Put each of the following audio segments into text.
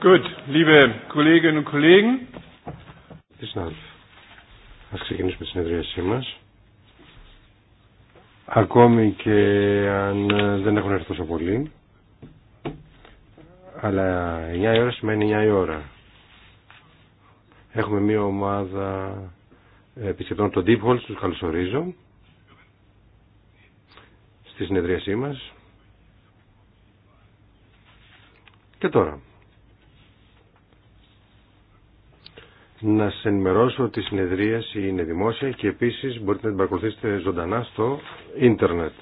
Gut, liebe Kolleginnen und Kollegen. Ας ξεκινήσουμε τη συνεδρίασή μας. Ακόμη και αν δεν έχουν έρθει τόσο πολύ, Αλλά 9 η ώρα σημαίνει 9 η ώρα. Έχουμε μία ομάδα ε, επισκεπτών των Deep Halls, τους καλωσορίζω στη συνεδρίασή μας. Και τώρα, να σας ενημερώσω ότι η συνεδρίαση είναι δημόσια και επίσης μπορείτε να την παρακολουθήσετε ζωντανά στο ίντερνετ.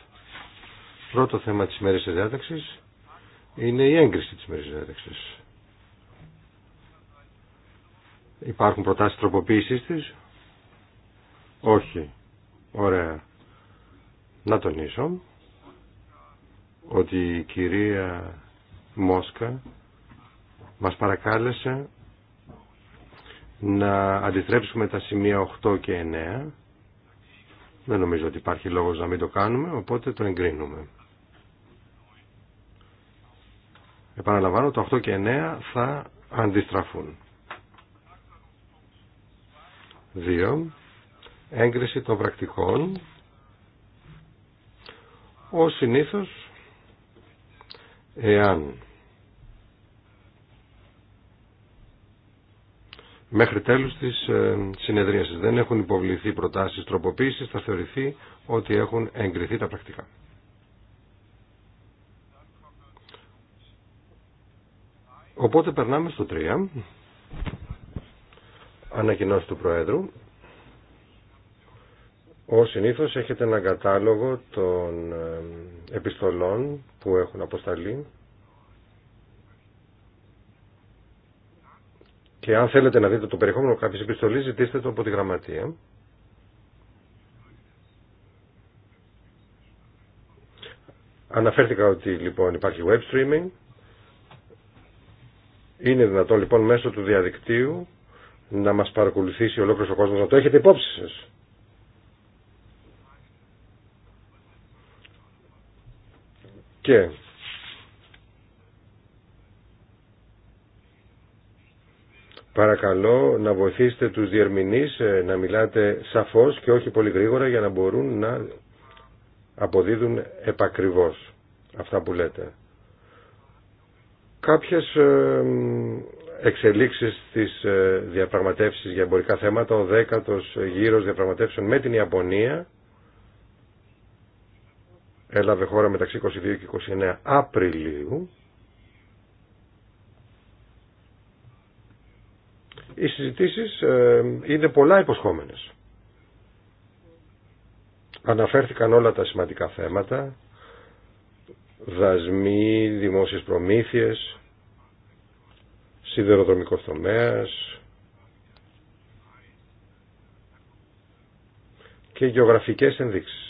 Πρώτο θέμα της μέρης διάταξης είναι η έγκριση της μέρης διάταξης. Υπάρχουν προτάσεις τροποποίησης της. Όχι. Ωραία. Να τονίσω ότι η κυρία Μόσκα μας παρακάλεσε να αντιστρέψουμε τα σημεία 8 και 9. Δεν νομίζω ότι υπάρχει λόγος να μην το κάνουμε, οπότε το εγκρίνουμε. Επαναλαμβάνω, το 8 και 9 θα αντιστραφούν. 2. Έγκριση των πρακτικών. Ως συνήθως, εάν μέχρι τέλους της ε, συνεδρίασης. Δεν έχουν υποβληθεί προτάσεις τροποποίησης, θα θεωρηθεί ότι έχουν εγκριθεί τα πρακτικά. Οπότε περνάμε στο 3. Ανακοινώσει του Προέδρου. Ως συνήθως έχετε ένα κατάλογο των ε, επιστολών που έχουν αποσταλεί Και αν θέλετε να δείτε το περιεχόμενο κάποιες επιστολής, ζητήστε το από τη γραμματεία. Αναφέρθηκα ότι λοιπόν υπάρχει web streaming. Είναι δυνατό λοιπόν μέσω του διαδικτύου να μας παρακολουθήσει ολόκληρος ο κόσμος. Να το έχετε υπόψη σας. Και Παρακαλώ να βοηθήσετε τους διερμηνείς ε, να μιλάτε σαφώς και όχι πολύ γρήγορα για να μπορούν να αποδίδουν επακριβώς αυτά που λέτε. Κάποιες ε, εξελίξεις της ε, διαπραγματεύσεις για εμπορικά θέματα, ο δέκατος γύρος διαπραγματεύσεων με την Ιαπωνία έλαβε χώρα μεταξύ 22 και 29 Απριλίου οι συζητήσεις ε, είναι πολλά υποσχόμενες. Αναφέρθηκαν όλα τα σημαντικά θέματα, δασμοί, δημόσιες προμήθειες, σιδεροδρομικός τομέας και γεωγραφικές ενδείξεις.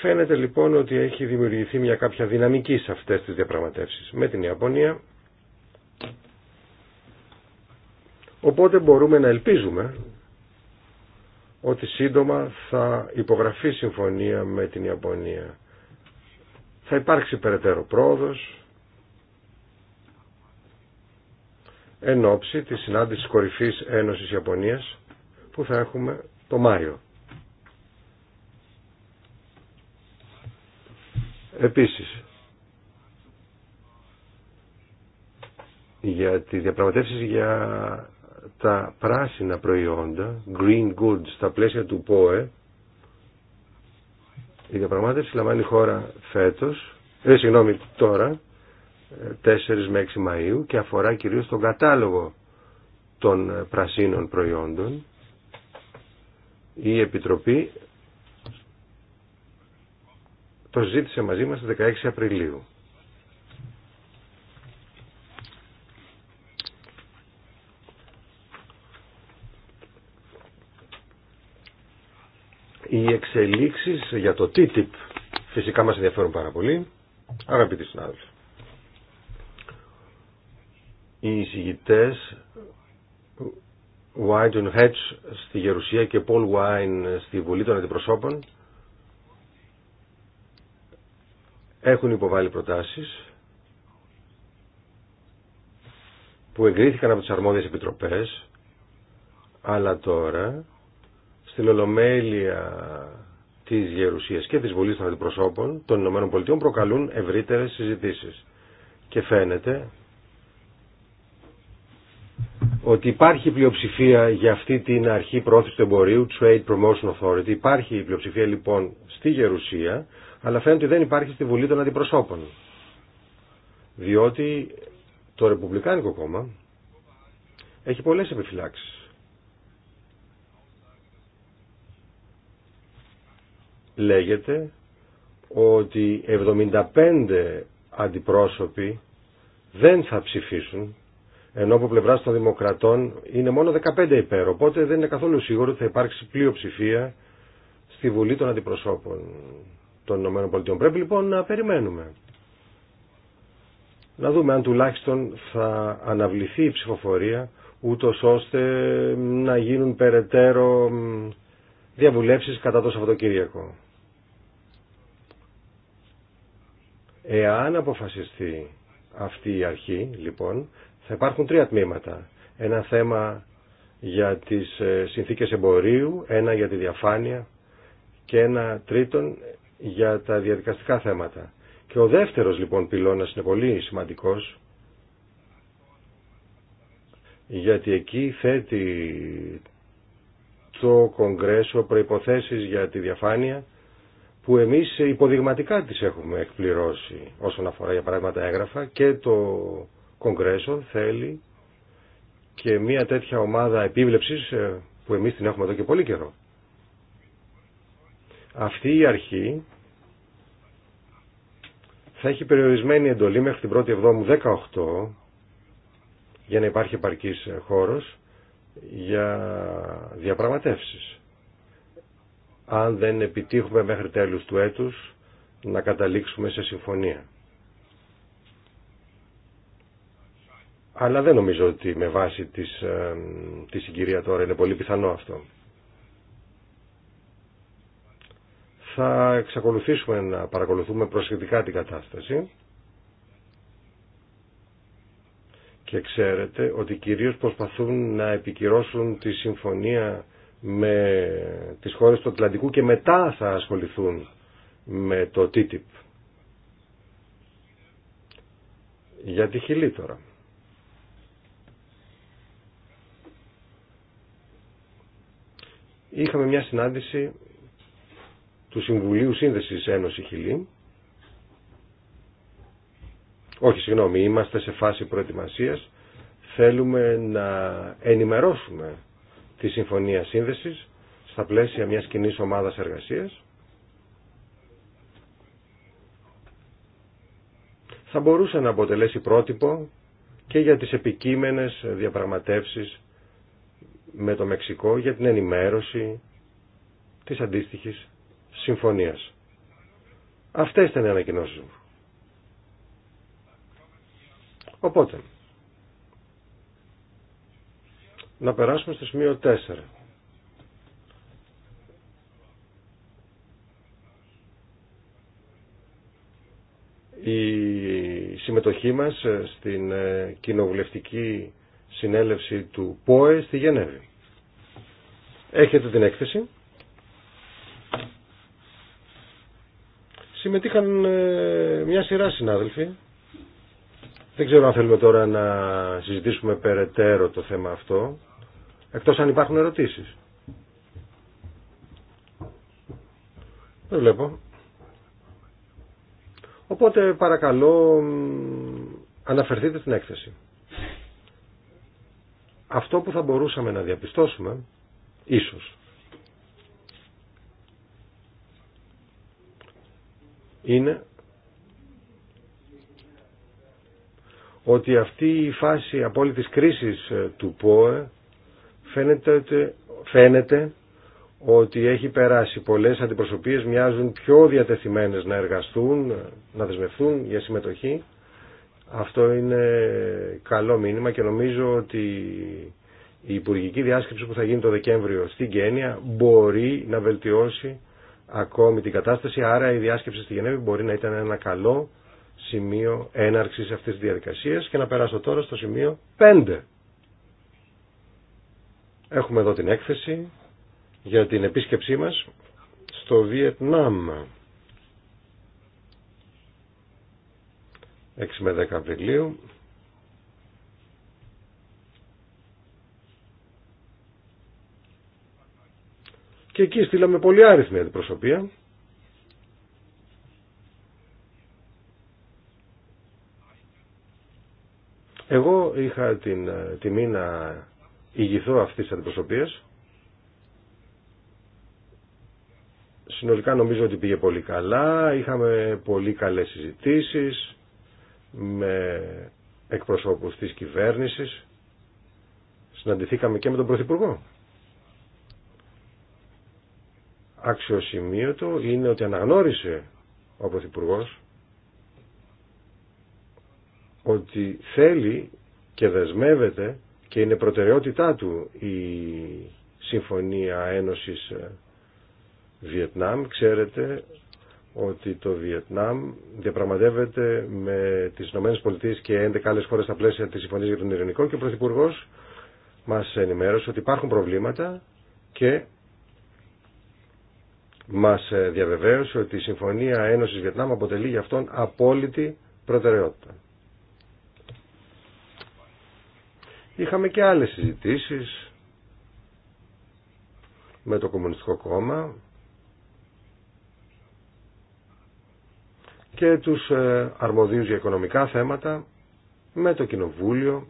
Φαίνεται λοιπόν ότι έχει δημιουργηθεί μια κάποια δυναμική σε αυτές τις διαπραγματεύσεις με την Ιαπωνία. Οπότε μπορούμε να ελπίζουμε ότι σύντομα θα υπογραφεί συμφωνία με την Ιαπωνία. Θα υπάρξει περαιτέρω πρόοδος εν ώψη της συνάντησης κορυφής Ένωσης Ιαπωνίας που θα έχουμε το Μάριο. Επίσης, για τη διαπραγματεύσεις για τα πράσινα προϊόντα, green goods, στα πλαίσια του ΠΟΕ, η διαπραγμάτευση λαμβάνει χώρα φέτος, ε, συγγνώμη, τώρα, 4 με 6 Μαΐου και αφορά κυρίως τον κατάλογο των πρασίνων προϊόντων. Η Επιτροπή το ζήτησε μαζί μας 16 Απριλίου. Οι εξελίξεις για το TTIP φυσικά μας ενδιαφέρουν πάρα πολύ. Αγαπητοί συνάδελφοι. Οι εισηγητές White and Hedge στη Γερουσία και Paul Wine στη Βουλή των Αντιπροσώπων έχουν υποβάλει προτάσεις που εγκρίθηκαν από τις αρμόδιες επιτροπές αλλά τώρα στην Ολομέλεια της Γερουσίας και της Βουλής των Αντιπροσώπων των ΗΠΑ προκαλούν ευρύτερες συζητήσεις και φαίνεται ότι υπάρχει πλειοψηφία για αυτή την αρχή πρόθεση του εμπορίου, Trade Promotion Authority. Υπάρχει πλειοψηφία λοιπόν στη Γερουσία αλλά φαίνεται ότι δεν υπάρχει στη Βουλή των Αντιπροσώπων. Διότι το Ρεπουμπλικάνικο κόμμα έχει πολλές επιφυλάξεις. Λέγεται ότι 75 αντιπρόσωποι δεν θα ψηφίσουν ενώ από πλευρά των Δημοκρατών είναι μόνο 15 υπέρ, οπότε δεν είναι καθόλου σίγουρο ότι θα υπάρξει πλειοψηφία στη Βουλή των Αντιπροσώπων των Πολιτειών. Πρέπει λοιπόν να περιμένουμε. Να δούμε αν τουλάχιστον θα αναβληθεί η ψηφοφορία ούτω ώστε να γίνουν περαιτέρω διαβουλεύσεις κατά το Σαββατοκύριακο. Εάν αποφασιστεί αυτή η αρχή, λοιπόν, θα υπάρχουν τρία τμήματα. Ένα θέμα για τις ε, συνθήκες εμπορίου, ένα για τη διαφάνεια και ένα τρίτον για τα διαδικαστικά θέματα. Και ο δεύτερος λοιπόν πυλώνας είναι πολύ σημαντικός γιατί εκεί θέτει το Κογκρέσο προϋποθέσεις για τη διαφάνεια που εμείς υποδειγματικά τις έχουμε εκπληρώσει όσον αφορά για παράδειγμα τα έγγραφα και το Κογκρέσο θέλει και μια τέτοια ομάδα επίβλεψης ε, που εμείς την έχουμε εδώ και πολύ καιρό. Αυτή η αρχή θα έχει περιορισμένη εντολή μέχρι την πρώτη Εβδόμου 18 για να υπάρχει επαρκής χώρος για διαπραγματεύσεις. Αν δεν επιτύχουμε μέχρι τέλους του έτους να καταλήξουμε σε συμφωνία. Αλλά δεν νομίζω ότι με βάση της, ε, τη συγκυρία τώρα είναι πολύ πιθανό αυτό. θα εξακολουθήσουμε να παρακολουθούμε προσεκτικά την κατάσταση και ξέρετε ότι κυρίως προσπαθούν να επικυρώσουν τη συμφωνία με τις χώρες του Ατλαντικού και μετά θα ασχοληθούν με το TTIP. Για τη χιλή τώρα. Είχαμε μια συνάντηση του Συμβουλίου Σύνδεσης Ένωση Χιλή. Όχι, συγγνώμη, είμαστε σε φάση προετοιμασίας. Θέλουμε να ενημερώσουμε τη Συμφωνία Σύνδεσης στα πλαίσια μιας κοινή ομάδας εργασίας. Θα μπορούσε να αποτελέσει πρότυπο και για τις επικείμενες διαπραγματεύσεις με το Μεξικό για την ενημέρωση της αντίστοιχης συμφωνίας. Αυτές ήταν οι ανακοινώσεις μου. Οπότε, να περάσουμε στο σημείο 4. Η συμμετοχή μας στην ε, κοινοβουλευτική συνέλευση του ΠΟΕ στη Γενέβη. Έχετε την έκθεση. συμμετείχαν ε, μια σειρά συνάδελφοι. Δεν ξέρω αν θέλουμε τώρα να συζητήσουμε περαιτέρω το θέμα αυτό, εκτός αν υπάρχουν ερωτήσεις. Δεν βλέπω. Οπότε παρακαλώ αναφερθείτε στην έκθεση. Αυτό που θα μπορούσαμε να διαπιστώσουμε, ίσως, είναι ότι αυτή η φάση απόλυτης κρίσης ε, του ΠΟΕ φαίνεται ότι, φαίνεται ότι έχει περάσει. Πολλές αντιπροσωπείες μοιάζουν πιο διατεθειμένες να εργαστούν, ε, να δεσμευτούν για συμμετοχή. Αυτό είναι καλό μήνυμα και νομίζω ότι η υπουργική διάσκεψη που θα γίνει το Δεκέμβριο στην Κένια μπορεί να βελτιώσει ακόμη την κατάσταση, άρα η διάσκεψη στη Γενέβη μπορεί να ήταν ένα καλό σημείο έναρξης αυτής της διαδικασίας και να περάσω τώρα στο σημείο 5. Έχουμε εδώ την έκθεση για την επίσκεψή μας στο Βιετνάμ. 6 με 10 Απριλίου και εκεί στείλαμε πολύ άριθμη αντιπροσωπεία. Εγώ είχα την ε, τιμή να ηγηθώ αυτής της αντιπροσωπείας. Συνολικά νομίζω ότι πήγε πολύ καλά, είχαμε πολύ καλές συζητήσεις με εκπροσώπους της κυβέρνησης. Συναντηθήκαμε και με τον Πρωθυπουργό αξιοσημείωτο είναι ότι αναγνώρισε ο Πρωθυπουργό ότι θέλει και δεσμεύεται και είναι προτεραιότητά του η Συμφωνία Ένωσης ε, Βιετνάμ. Ξέρετε ότι το Βιετνάμ διαπραγματεύεται με τις ΗΠΑ και 11 άλλες χώρες στα πλαίσια της Συμφωνίας για τον Ειρηνικό και ο Πρωθυπουργό μας ενημέρωσε ότι υπάρχουν προβλήματα και μας ε, διαβεβαίωσε ότι η Συμφωνία Ένωσης Βιετνάμ αποτελεί για αυτόν απόλυτη προτεραιότητα. Είχαμε και άλλες συζητήσεις με το Κομμουνιστικό Κόμμα και τους ε, αρμοδίους για οικονομικά θέματα με το Κοινοβούλιο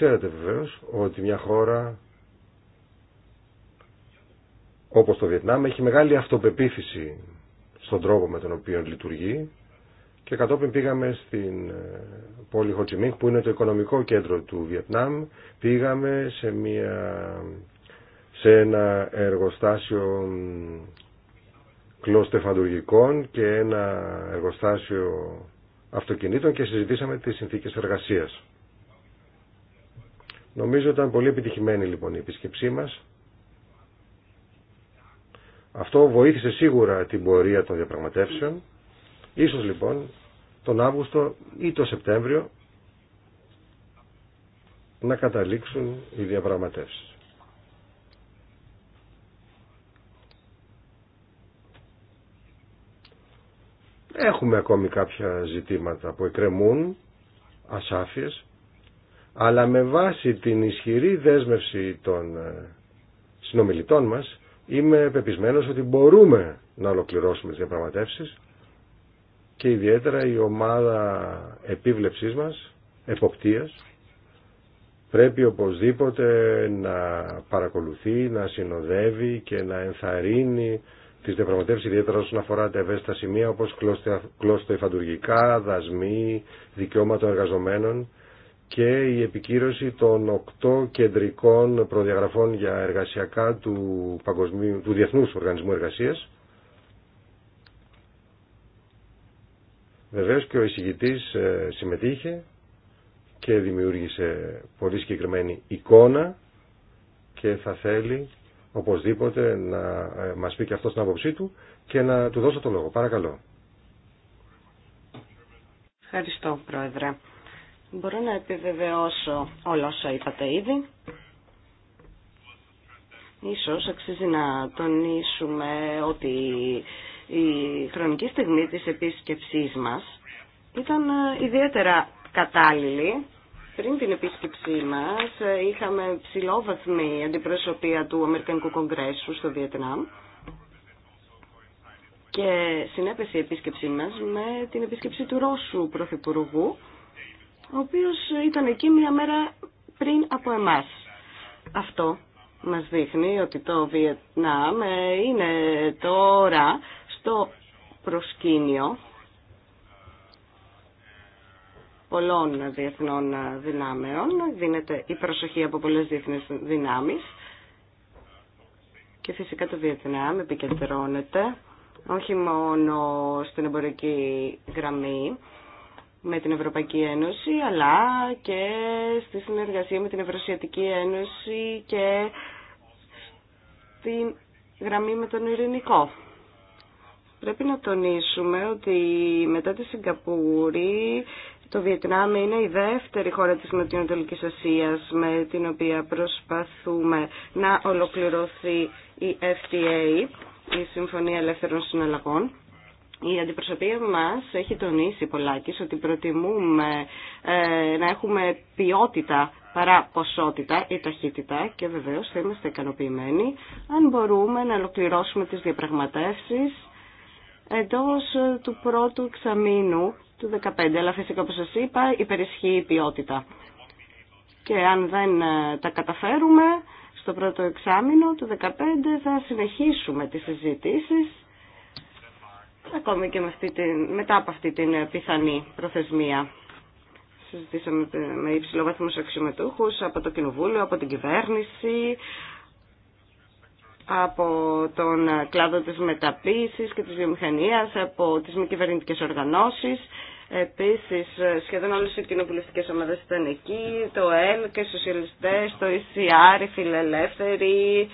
Ξέρετε βεβαίως ότι μια χώρα όπως το Βιετνάμ έχει μεγάλη αυτοπεποίθηση στον τρόπο με τον οποίο λειτουργεί και κατόπιν πήγαμε στην ε, πόλη Χοτσιμίνγκ που είναι το οικονομικό κέντρο του Βιετνάμ πήγαμε σε, μια, σε ένα εργοστάσιο κλωστεφαντουργικών και ένα εργοστάσιο αυτοκινήτων και συζητήσαμε τις συνθήκες εργασίας. Νομίζω ήταν πολύ επιτυχημένη λοιπόν η επίσκεψή μας. Αυτό βοήθησε σίγουρα την πορεία των διαπραγματεύσεων. Ίσως λοιπόν τον Αύγουστο ή τον Σεπτέμβριο να καταλήξουν οι διαπραγματεύσεις. Έχουμε ακόμη κάποια ζητήματα που εκκρεμούν, ασάφιες, αλλά με βάση την ισχυρή δέσμευση των ε, συνομιλητών μας είμαι πεπισμένος ότι μπορούμε να ολοκληρώσουμε τις διαπραγματεύσεις και ιδιαίτερα η ομάδα επίβλεψής μας, εποπτείας, πρέπει οπωσδήποτε να παρακολουθεί, να συνοδεύει και να ενθαρρύνει τις διαπραγματεύσεις ιδιαίτερα όσον αφορά τα ευαίσθητα σημεία όπως κλώστο υφαντουργικά, δασμοί, δικαιώματα εργαζομένων και η επικύρωση των οκτώ κεντρικών προδιαγραφών για εργασιακά του, Παγκοσμίου, του Διεθνούς Οργανισμού Εργασίας. Βεβαίως και ο εισηγητής ε, συμμετείχε και δημιούργησε πολύ συγκεκριμένη εικόνα και θα θέλει οπωσδήποτε να ε, μας πει και αυτό στην άποψή του και να του δώσω το λόγο. Παρακαλώ. Ευχαριστώ, Πρόεδρε. Μπορώ να επιβεβαιώσω όλα όσα είπατε ήδη. Ίσως αξίζει να τονίσουμε ότι η χρονική στιγμή της επίσκεψής μας ήταν ε, ιδιαίτερα κατάλληλη. Πριν την επίσκεψή μας ε, είχαμε ψηλόβαθμη αντιπροσωπεία του Αμερικανικού Κογκρέσου στο Βιετνάμ και συνέπεσε η επίσκεψή μας με την επίσκεψη του Ρώσου Πρωθυπουργού ο οποίος ήταν εκεί μία μέρα πριν από εμάς. Αυτό μας δείχνει ότι το Βιετνάμ ε, είναι τώρα στο προσκήνιο πολλών διεθνών δυνάμεων, δίνεται η προσοχή από πολλές διεθνείς δυνάμεις και φυσικά το Βιετνάμ επικεντρώνεται όχι μόνο στην εμπορική γραμμή, με την Ευρωπαϊκή Ένωση, αλλά και στη συνεργασία με την Ευρωσιατική Ένωση και στην γραμμή με τον Ειρηνικό. Πρέπει να τονίσουμε ότι μετά τη Σιγκαπούρη το Βιετνάμ είναι η δεύτερη χώρα της Νοτιοανατολικής Ασίας με την οποία προσπαθούμε να ολοκληρωθεί η FTA, η Συμφωνία Ελεύθερων Συναλλαγών. Η αντιπροσωπεία μας έχει τονίσει πολλάκις ότι προτιμούμε ε, να έχουμε ποιότητα παρά ποσότητα ή ταχύτητα και βεβαίως θα είμαστε ικανοποιημένοι αν μπορούμε να ολοκληρώσουμε τις διαπραγματεύσεις εντός ε, του πρώτου εξαμήνου του 2015. Αλλά φυσικά όπως σας είπα υπερισχύει η ποιότητα. Και αν δεν ε, τα καταφέρουμε στο πρώτο εξάμεινο του 2015 θα συνεχίσουμε τις συζητήσεις ακόμη και την, μετά από αυτή την ε, πιθανή προθεσμία. Συζητήσαμε με βαθμό αξιωματούχου από το Κοινοβούλιο, από την κυβέρνηση, από τον ε, κλάδο της μεταποίησης και της βιομηχανίας, από τις μη κυβερνητικές οργανώσεις. Επίσης, ε, σχεδόν όλες οι κοινοβουλευτικές ομάδες ήταν εκεί, το ΕΛ και οι σοσιαλιστές, το ECR, οι φιλελεύθεροι.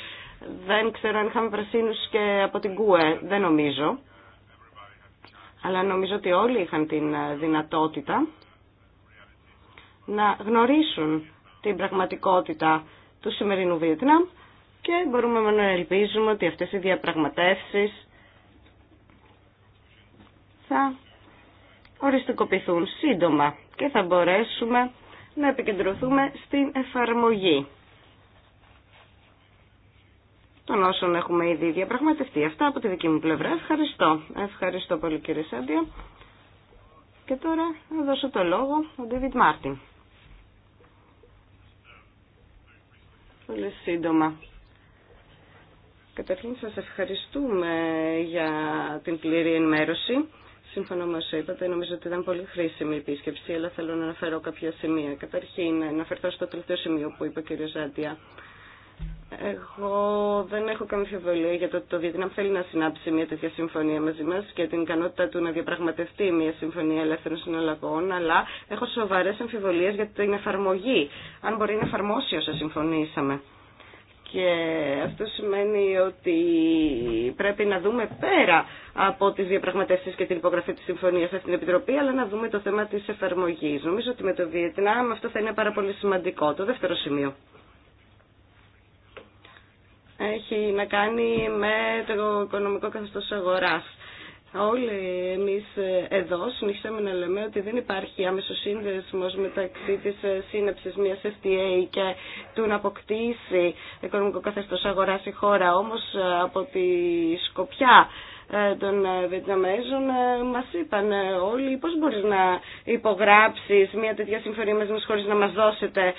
Δεν ξέρω αν είχαμε πρασίνους και από την ΚΟΕ, δεν νομίζω αλλά νομίζω ότι όλοι είχαν την ε, δυνατότητα να γνωρίσουν την πραγματικότητα του σημερινού Βιετνάμ και μπορούμε μόνο να ελπίζουμε ότι αυτές οι διαπραγματεύσεις θα οριστικοποιηθούν σύντομα και θα μπορέσουμε να επικεντρωθούμε στην εφαρμογή των όσων έχουμε ήδη διαπραγματευτεί. Αυτά από τη δική μου πλευρά. Ευχαριστώ. Ευχαριστώ πολύ κύριε Σάντια. Και τώρα θα δώσω το λόγο ο Ντίβιτ Μάρτιν. Πολύ σύντομα. Καταρχήν σας ευχαριστούμε για την πλήρη ενημέρωση. Σύμφωνα με όσα είπατε, νομίζω ότι ήταν πολύ χρήσιμη η επίσκεψη, αλλά θέλω να αναφέρω κάποια σημεία. Καταρχήν, να αναφερθώ στο τελευταίο σημείο που είπε ο κ. Ζάντια εγώ δεν έχω καμία αμφιβολία για το ότι το Βιετνάμ θέλει να συνάψει μια τέτοια συμφωνία μαζί μα και την ικανότητα του να διαπραγματευτεί μια συμφωνία ελεύθερων συναλλαγών, αλλά έχω σοβαρέ αμφιβολίες για την εφαρμογή, αν μπορεί να εφαρμόσει όσα συμφωνήσαμε. Και αυτό σημαίνει ότι πρέπει να δούμε πέρα από τις διαπραγματεύσεις και την υπογραφή της συμφωνίας σε αυτήν την Επιτροπή, αλλά να δούμε το θέμα της εφαρμογής. Νομίζω ότι με το Βιετνάμ αυτό θα είναι πάρα πολύ σημαντικό. Το δεύτερο σημείο έχει να κάνει με το οικονομικό καθεστώς αγοράς. Όλοι εμείς εδώ συνεχίσαμε να λέμε ότι δεν υπάρχει άμεσο σύνδεσμος μεταξύ της σύναψης μιας FTA και του να αποκτήσει οικονομικό καθεστώς αγοράς η χώρα. Όμως από τη Σκοπιά ε, των ε, Βιετναμέζων ε, μας είπαν όλοι πώς μπορείς να υπογράψεις μια τέτοια συμφωνία μαζί μας χωρίς να μας δώσετε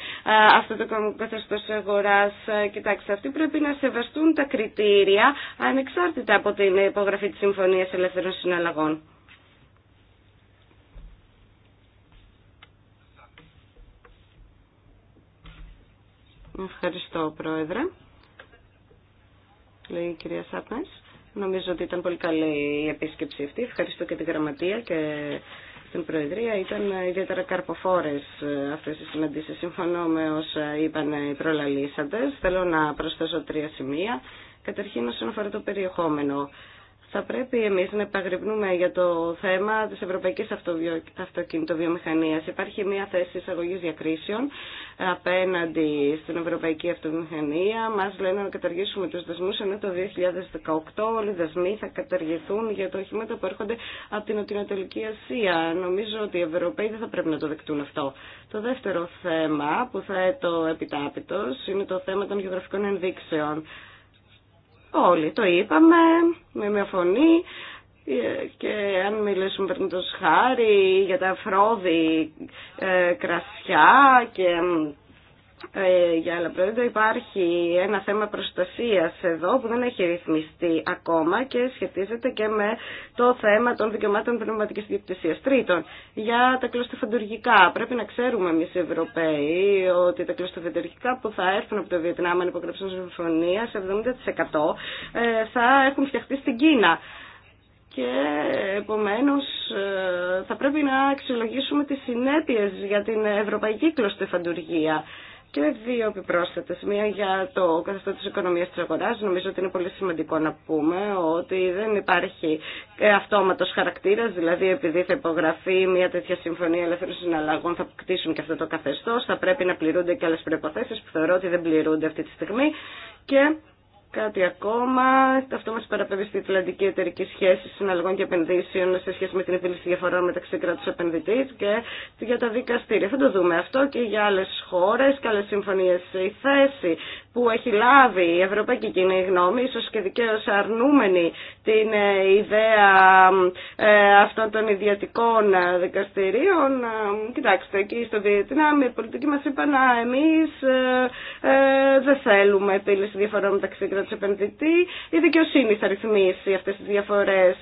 αυτό το καθεστώς αγοράς. Κοιτάξτε, αυτοί πρέπει να σεβαστούν τα κριτήρια ανεξάρτητα από την υπογραφή της Συμφωνίας Ελεύθερων Συναλλαγών. Ευχαριστώ, Πρόεδρε. Λέει η κυρία Σάπνες. Νομίζω ότι ήταν πολύ καλή η επίσκεψη αυτή. Ευχαριστώ και τη Γραμματεία και την Προεδρία. Ήταν ιδιαίτερα καρποφόρες ε, αυτές οι συναντήσεις. Συμφωνώ με όσα είπαν οι προλαλήσαντες. Θέλω να προσθέσω τρία σημεία. Καταρχήν όσον αφορά το περιεχόμενο θα πρέπει εμείς να επαγρυπνούμε για το θέμα της ευρωπαϊκής αυτοκινητοβιομηχανίας. Υπάρχει μια θέση εισαγωγής διακρίσεων απέναντι στην ευρωπαϊκή αυτοβιομηχανία. Μας λένε να καταργήσουμε τους δεσμούς, ενώ το 2018 όλοι οι δεσμοί θα καταργηθούν για το οχήματα που έρχονται από την Νοτιοανατολική Ασία. Νομίζω ότι οι Ευρωπαίοι δεν θα πρέπει να το δεκτούν αυτό. Το δεύτερο θέμα που θα έτω επιτάπητος είναι το θέμα των γεωγραφικών ενδείξεων. Όλοι το είπαμε με μια φωνή ε, και αν μιλήσουμε πριν το σχάρι για τα ε, κρασιά και ε, για άλλα προϊόντα υπάρχει ένα θέμα προστασίας εδώ που δεν έχει ρυθμιστεί ακόμα και σχετίζεται και με το θέμα των δικαιωμάτων πνευματικής διοκτησίας. Τρίτον, για τα κλωστοφαντουργικά. Πρέπει να ξέρουμε εμεί οι Ευρωπαίοι ότι τα κλωστοφαντουργικά που θα έρθουν από το Βιετνάμ αν υπογράψουν συμφωνία σε 70% ε, θα έχουν φτιαχτεί στην Κίνα και επομένως ε, θα πρέπει να αξιολογήσουμε τις συνέπειες για την ευρωπαϊκή κλωστοφαντουργία και δύο επιπρόσθετες. Μία για το καθεστώ της οικονομίας της αγοράς. Νομίζω ότι είναι πολύ σημαντικό να πούμε ότι δεν υπάρχει ε, αυτόματος χαρακτήρας, δηλαδή επειδή θα υπογραφεί μια τέτοια συμφωνία ελεύθερων συναλλαγών θα κτίσουν και αυτό το καθεστώς, θα πρέπει να πληρούνται και άλλες προϋποθέσεις που θεωρώ ότι δεν πληρούνται αυτή τη στιγμή και Κάτι ακόμα, αυτό μα παραπέμπει στη Ατλαντική Εταιρική Σχέση Συναλλαγών και Επενδύσεων σε σχέση με την επίλυση διαφορών μεταξύ κράτου επενδυτή και για τα δικαστήρια. Θα το δούμε αυτό και για άλλε χώρε και άλλε συμφωνίε Η θέση που έχει λάβει η Ευρωπαϊκή Κοινή Γνώμη, ίσω και δικαίω αρνούμενη την ε, ιδέα ε, αυτών των ιδιωτικών δικαστηρίων. Ε, κοιτάξτε, εκεί στο Βιετνάμ οι πολιτικοί μα είπαν ε, δεν θέλουμε επίλυση διαφορών μεταξύ του επενδυτή, η δικαιοσύνη θα ρυθμίσει αυτές τις διαφορές.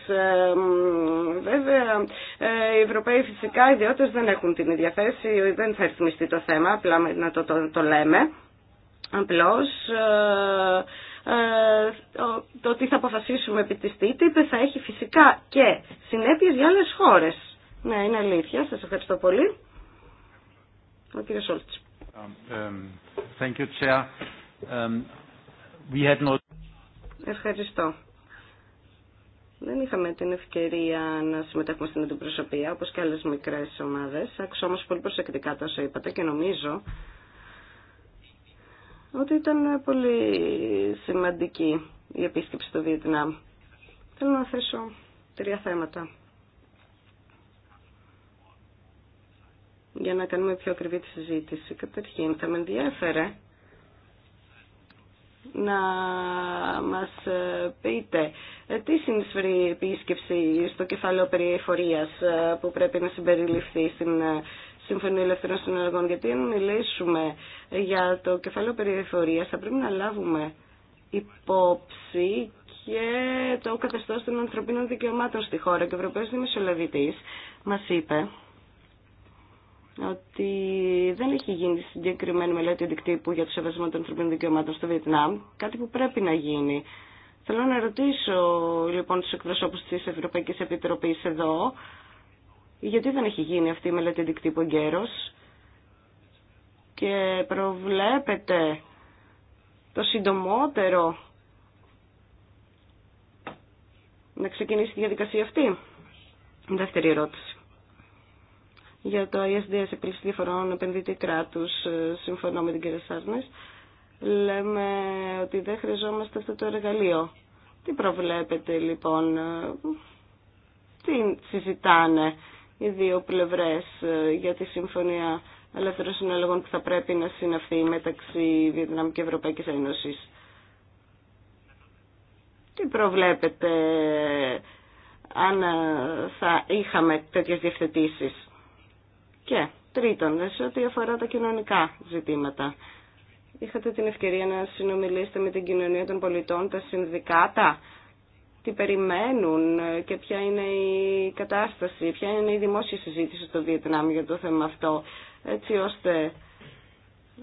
Βέβαια, ε, οι Ευρωπαίοι φυσικά ιδιώτε δεν έχουν την ίδια θέση, δεν θα ρυθμιστεί το θέμα, απλά να το, το, λέμε. Απλώς, ε, ε, το τι θα αποφασίσουμε επί της TTIP θα έχει φυσικά και συνέπειες για άλλες χώρες. Ναι, είναι αλήθεια. Σας ευχαριστώ πολύ. Ο κύριος Σόλτς. Um, um, um We had Ευχαριστώ. Δεν είχαμε την ευκαιρία να συμμετέχουμε στην αντιπροσωπεία, όπως και άλλες μικρές ομάδες. Άκουσα όμως πολύ προσεκτικά τα είπατε και νομίζω ότι ήταν πολύ σημαντική η επίσκεψη στο Βιετνάμ. Θέλω να θέσω τρία θέματα. Για να κάνουμε πιο ακριβή τη συζήτηση. Καταρχήν, θα με ενδιαφέρε να μας ε, πείτε ε, τι συνεισφέρει η επίσκεψη στο κεφάλαιο περί ε, που πρέπει να συμπεριληφθεί στην Σύμφωνη Ελευθερών Συνεργών. Γιατί αν μιλήσουμε για το κεφάλαιο περί θα πρέπει να λάβουμε υπόψη και το καθεστώς των ανθρωπίνων δικαιωμάτων στη χώρα. Και ο Ευρωπαίος Δημοσιολαβητής μας είπε ότι δεν έχει γίνει συγκεκριμένη μελέτη αντικτύπου για το σεβασμό των ανθρωπίνων δικαιωμάτων στο Βιετνάμ, κάτι που πρέπει να γίνει. Θέλω να ρωτήσω λοιπόν τους εκπροσώπους της Ευρωπαϊκής Επιτροπής εδώ, γιατί δεν έχει γίνει αυτή η μελέτη αντικτύπου εγκαίρως και προβλέπετε το συντομότερο να ξεκινήσει τη διαδικασία αυτή. Δεύτερη ερώτηση για το ISDS επίλυση διαφορών επενδυτή κράτου, ε, συμφωνώ με την κυρία Σάρνε. Λέμε ότι δεν χρειαζόμαστε αυτό το εργαλείο. Τι προβλέπετε λοιπόν, ε, τι συζητάνε οι δύο πλευρές ε, για τη συμφωνία ελεύθερων Συναλλόγων που θα πρέπει να συναυθεί μεταξύ Βιετνάμ και Ευρωπαϊκής Ένωσης. Τι προβλέπετε αν θα είχαμε τέτοιες διευθετήσεις. Και τρίτον, σε ό,τι αφορά τα κοινωνικά ζητήματα. Είχατε την ευκαιρία να συνομιλήσετε με την κοινωνία των πολιτών, τα συνδικάτα, τι περιμένουν και ποια είναι η κατάσταση, ποια είναι η δημόσια συζήτηση στο Βιετνάμ για το θέμα αυτό, έτσι ώστε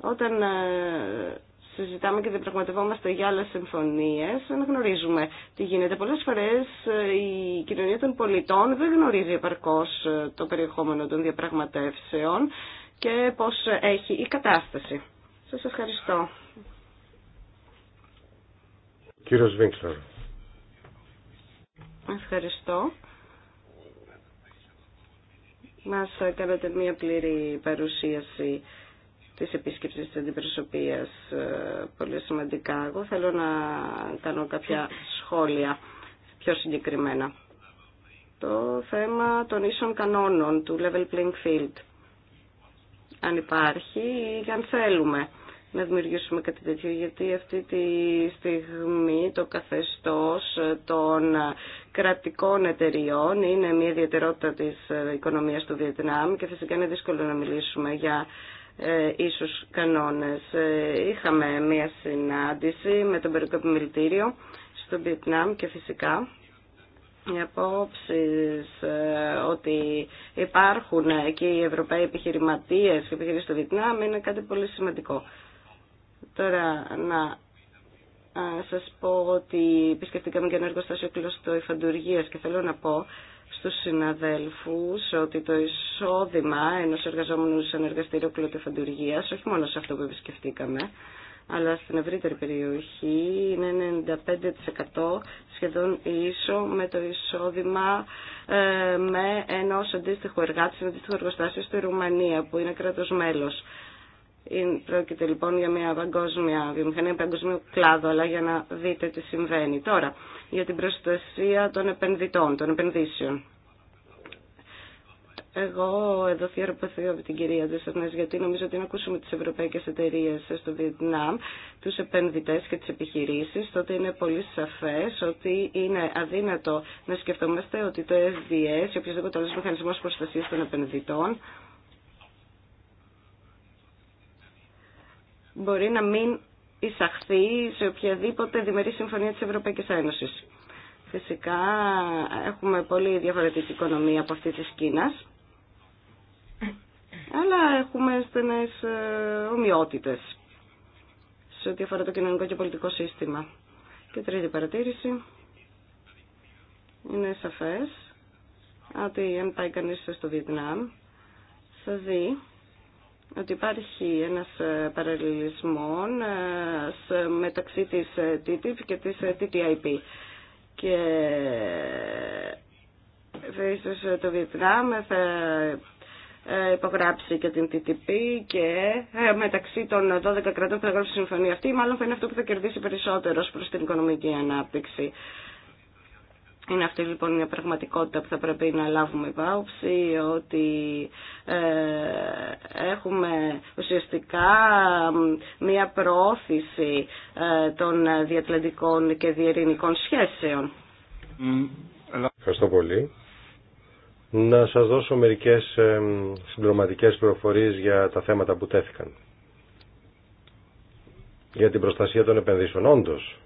όταν ε, συζητάμε και διαπραγματευόμαστε για άλλε συμφωνίε, δεν γνωρίζουμε τι γίνεται. Πολλέ φορέ ε, η κοινωνία των πολιτών δεν γνωρίζει επαρκώ ε, το περιεχόμενο των διαπραγματεύσεων και πώ έχει η κατάσταση. Σα ευχαριστώ. Κύριο Βίνκλερ. Ευχαριστώ. Μας κάνατε μια πλήρη παρουσίαση της επίσκεψης της αντιπροσωπείας ε, πολύ σημαντικά. Εγώ θέλω να κάνω κάποια σχόλια πιο συγκεκριμένα. Το θέμα των ίσων κανόνων του level playing field. Αν υπάρχει ή αν θέλουμε να δημιουργήσουμε κάτι τέτοιο, γιατί αυτή τη στιγμή το καθεστώς των κρατικών εταιριών είναι μια ιδιαιτερότητα της ε, οικονομίας του Βιετνάμ και φυσικά είναι δύσκολο να μιλήσουμε για ε, ίσους κανόνες. Ε, είχαμε μία συνάντηση με τον Περικό στο Βιετνάμ και φυσικά οι απόψεις ε, ότι υπάρχουν εκεί οι Ευρωπαίοι επιχειρηματίες και επιχειρήσεις στο Βιετνάμ είναι κάτι πολύ σημαντικό. Τώρα να σας πω ότι επισκεφτήκαμε και ένα εργοστάσιο κλωστό υφαντουργίας και θέλω να πω στους συναδέλφους ότι το εισόδημα ενός εργαζόμενου σε ένα εργαστήριο κλωτεφαντουργίας, όχι μόνο σε αυτό που επισκεφτήκαμε, αλλά στην ευρύτερη περιοχή είναι 95% σχεδόν ίσο με το εισόδημα ε, με ενός αντίστοιχου εργάτη, αντίστοιχο εργοστάσιο στη Ρουμανία που είναι κράτος μέλος. Πρόκειται λοιπόν για μια παγκόσμια βιομηχανία, παγκόσμιο κλάδο, αλλά για να δείτε τι συμβαίνει. Τώρα, για την προστασία των επενδυτών, των επενδύσεων. Εγώ εδώ θυαροποθείω από την κυρία γιατί νομίζω ότι να ακούσουμε τι ευρωπαϊκέ εταιρείε στο Βιετνάμ, του επενδυτέ και τι επιχειρήσει, τότε είναι πολύ σαφέ ότι είναι αδύνατο να σκεφτόμαστε ότι το FDS, οποιοδήποτε άλλο μηχανισμό προστασία των επενδυτών, μπορεί να μην εισαχθεί σε οποιαδήποτε διμερή συμφωνία της Ευρωπαϊκής Ένωσης. Φυσικά έχουμε πολύ διαφορετική οικονομία από αυτή της Κίνας, αλλά έχουμε στενές ε, ομοιότητες σε ό,τι αφορά το κοινωνικό και πολιτικό σύστημα. Και τρίτη παρατήρηση, είναι σαφές ότι αν πάει κανείς στο Βιετνάμ θα δει ότι υπάρχει ένας ε, παραλληλισμός ε, μεταξύ της ε, TTIP και της TTIP. Και ίσως το Βιετνάμ θα υπογράψει και την TTP και μεταξύ των 12 κρατών που θα γράψει συμφωνία αυτή μάλλον θα είναι αυτό που θα κερδίσει περισσότερο προς την οικονομική ανάπτυξη. Είναι αυτή λοιπόν μια πραγματικότητα που θα πρέπει να λάβουμε υπόψη, ότι ε, έχουμε ουσιαστικά μια προώθηση ε, των διατλαντικών και διερηνικών σχέσεων. Ευχαριστώ πολύ. Να σας δώσω μερικές ε, συμπληρωματικές για τα θέματα που τέθηκαν. Για την προστασία των επενδύσεων. Όντως,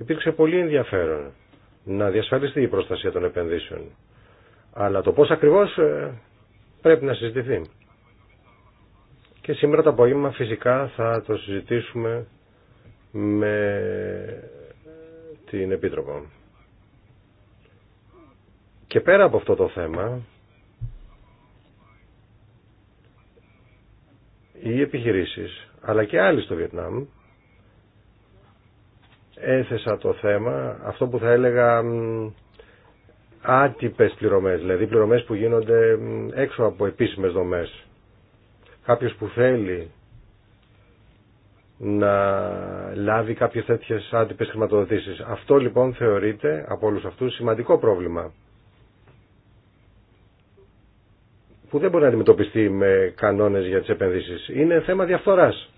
υπήρξε πολύ ενδιαφέρον να διασφαλιστεί η προστασία των επενδύσεων. Αλλά το πώς ακριβώς ε, πρέπει να συζητηθεί. Και σήμερα το απόγευμα φυσικά θα το συζητήσουμε με την Επίτροπο. Και πέρα από αυτό το θέμα, οι επιχειρήσεις, αλλά και άλλοι στο Βιετνάμ, έθεσα το θέμα, αυτό που θα έλεγα άτυπες πληρωμές, δηλαδή πληρωμές που γίνονται έξω από επίσημες δομές. Κάποιος που θέλει να λάβει κάποιες τέτοιες άτυπες χρηματοδοτήσεις. Αυτό λοιπόν θεωρείται από όλους αυτούς σημαντικό πρόβλημα που δεν μπορεί να αντιμετωπιστεί με κανόνες για τις επενδύσεις. Είναι θέμα διαφθοράς.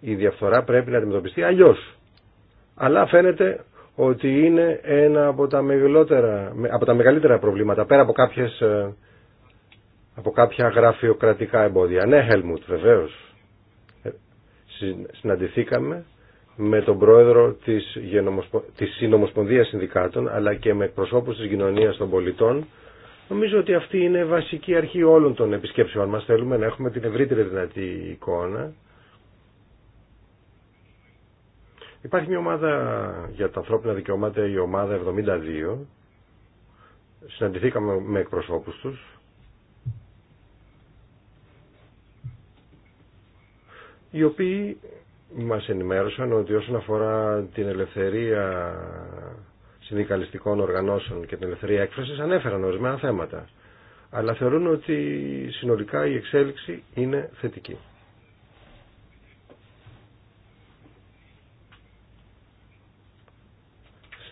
Η διαφθορά πρέπει να αντιμετωπιστεί αλλιώς αλλά φαίνεται ότι είναι ένα από τα, μεγαλύτερα, από τα μεγαλύτερα προβλήματα, πέρα από, κάποιες, ε, από κάποια γραφειοκρατικά εμπόδια. Ναι, Χέλμουτ, βεβαίως. Ε, συναντηθήκαμε με τον πρόεδρο της, Γενομοσπο... της Συνομοσπονδίας Συνδικάτων, αλλά και με προσώπους της κοινωνίας των πολιτών. Νομίζω ότι αυτή είναι βασική αρχή όλων των επισκέψεων μας. Θέλουμε να έχουμε την ευρύτερη δυνατή εικόνα Υπάρχει μια ομάδα για τα ανθρώπινα δικαιώματα, η ομάδα 72. Συναντηθήκαμε με εκπροσώπους τους. Οι οποίοι μας ενημέρωσαν ότι όσον αφορά την ελευθερία συνδικαλιστικών οργανώσεων και την ελευθερία έκφρασης ανέφεραν ορισμένα θέματα. Αλλά θεωρούν ότι συνολικά η εξέλιξη είναι θετική.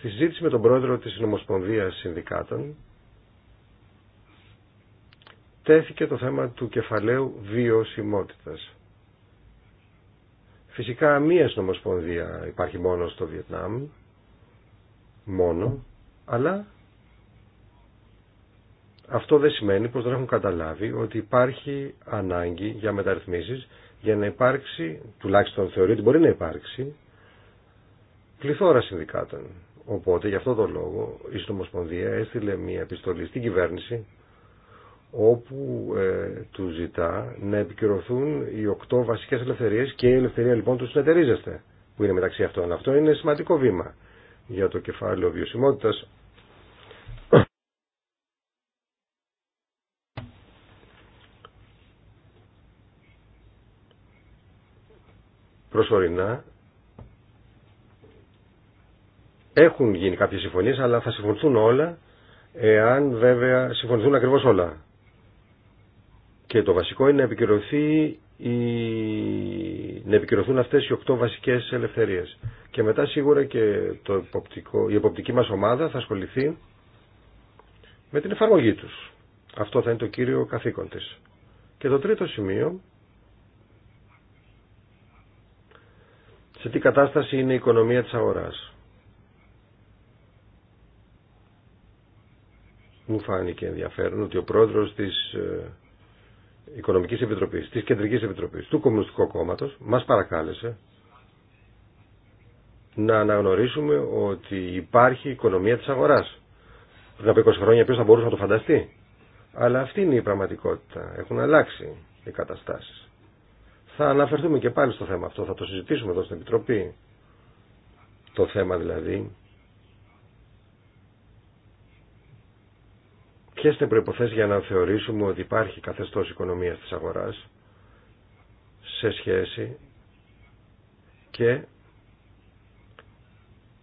Στη συζήτηση με τον πρόεδρο της Νομοσπονδίας Συνδικάτων τέθηκε το θέμα του κεφαλαίου βιωσιμότητας. Φυσικά μία νομοσπονδία υπάρχει μόνο στο Βιετνάμ, μόνο, αλλά αυτό δεν σημαίνει πως δεν έχουν καταλάβει ότι υπάρχει ανάγκη για μεταρρυθμίσεις για να υπάρξει, τουλάχιστον θεωρεί ότι μπορεί να υπάρξει, πληθώρα συνδικάτων. Οπότε γι' αυτό το λόγο η Συνομοσπονδία έστειλε μια επιστολή στην κυβέρνηση όπου ε, του ζητά να επικυρωθούν οι οκτώ βασικές ελευθερίες και η ελευθερία λοιπόν του συνεταιρίζεστε που είναι μεταξύ αυτών. Αυτό είναι σημαντικό βήμα για το κεφάλαιο βιωσιμότητας προσωρινά έχουν γίνει κάποιες συμφωνίες, αλλά θα συμφωνηθούν όλα, εάν βέβαια συμφωνηθούν ακριβώς όλα. Και το βασικό είναι να, επικυρωθεί η... να επικυρωθούν αυτές οι οκτώ βασικές ελευθερίες. Και μετά σίγουρα και το υποπτικό... η εποπτική μας ομάδα θα ασχοληθεί με την εφαρμογή τους. Αυτό θα είναι το κύριο καθήκον της. Και το τρίτο σημείο, σε τι κατάσταση είναι η οικονομία της αγοράς. μου φάνηκε ενδιαφέρον ότι ο πρόεδρος της ε, Οικονομικής Επιτροπής, της Κεντρικής Επιτροπής του Κομμουνιστικού Κόμματος μας παρακάλεσε να αναγνωρίσουμε ότι υπάρχει οικονομία της αγοράς. Πριν από 20 χρόνια ποιος θα μπορούσε να το φανταστεί. Αλλά αυτή είναι η πραγματικότητα. Έχουν αλλάξει οι καταστάσεις. Θα αναφερθούμε και πάλι στο θέμα αυτό, θα το συζητήσουμε εδώ στην Επιτροπή. Το θέμα δηλαδή Και είναι οι για να θεωρήσουμε ότι υπάρχει καθεστώ οικονομία τη αγορά σε σχέση και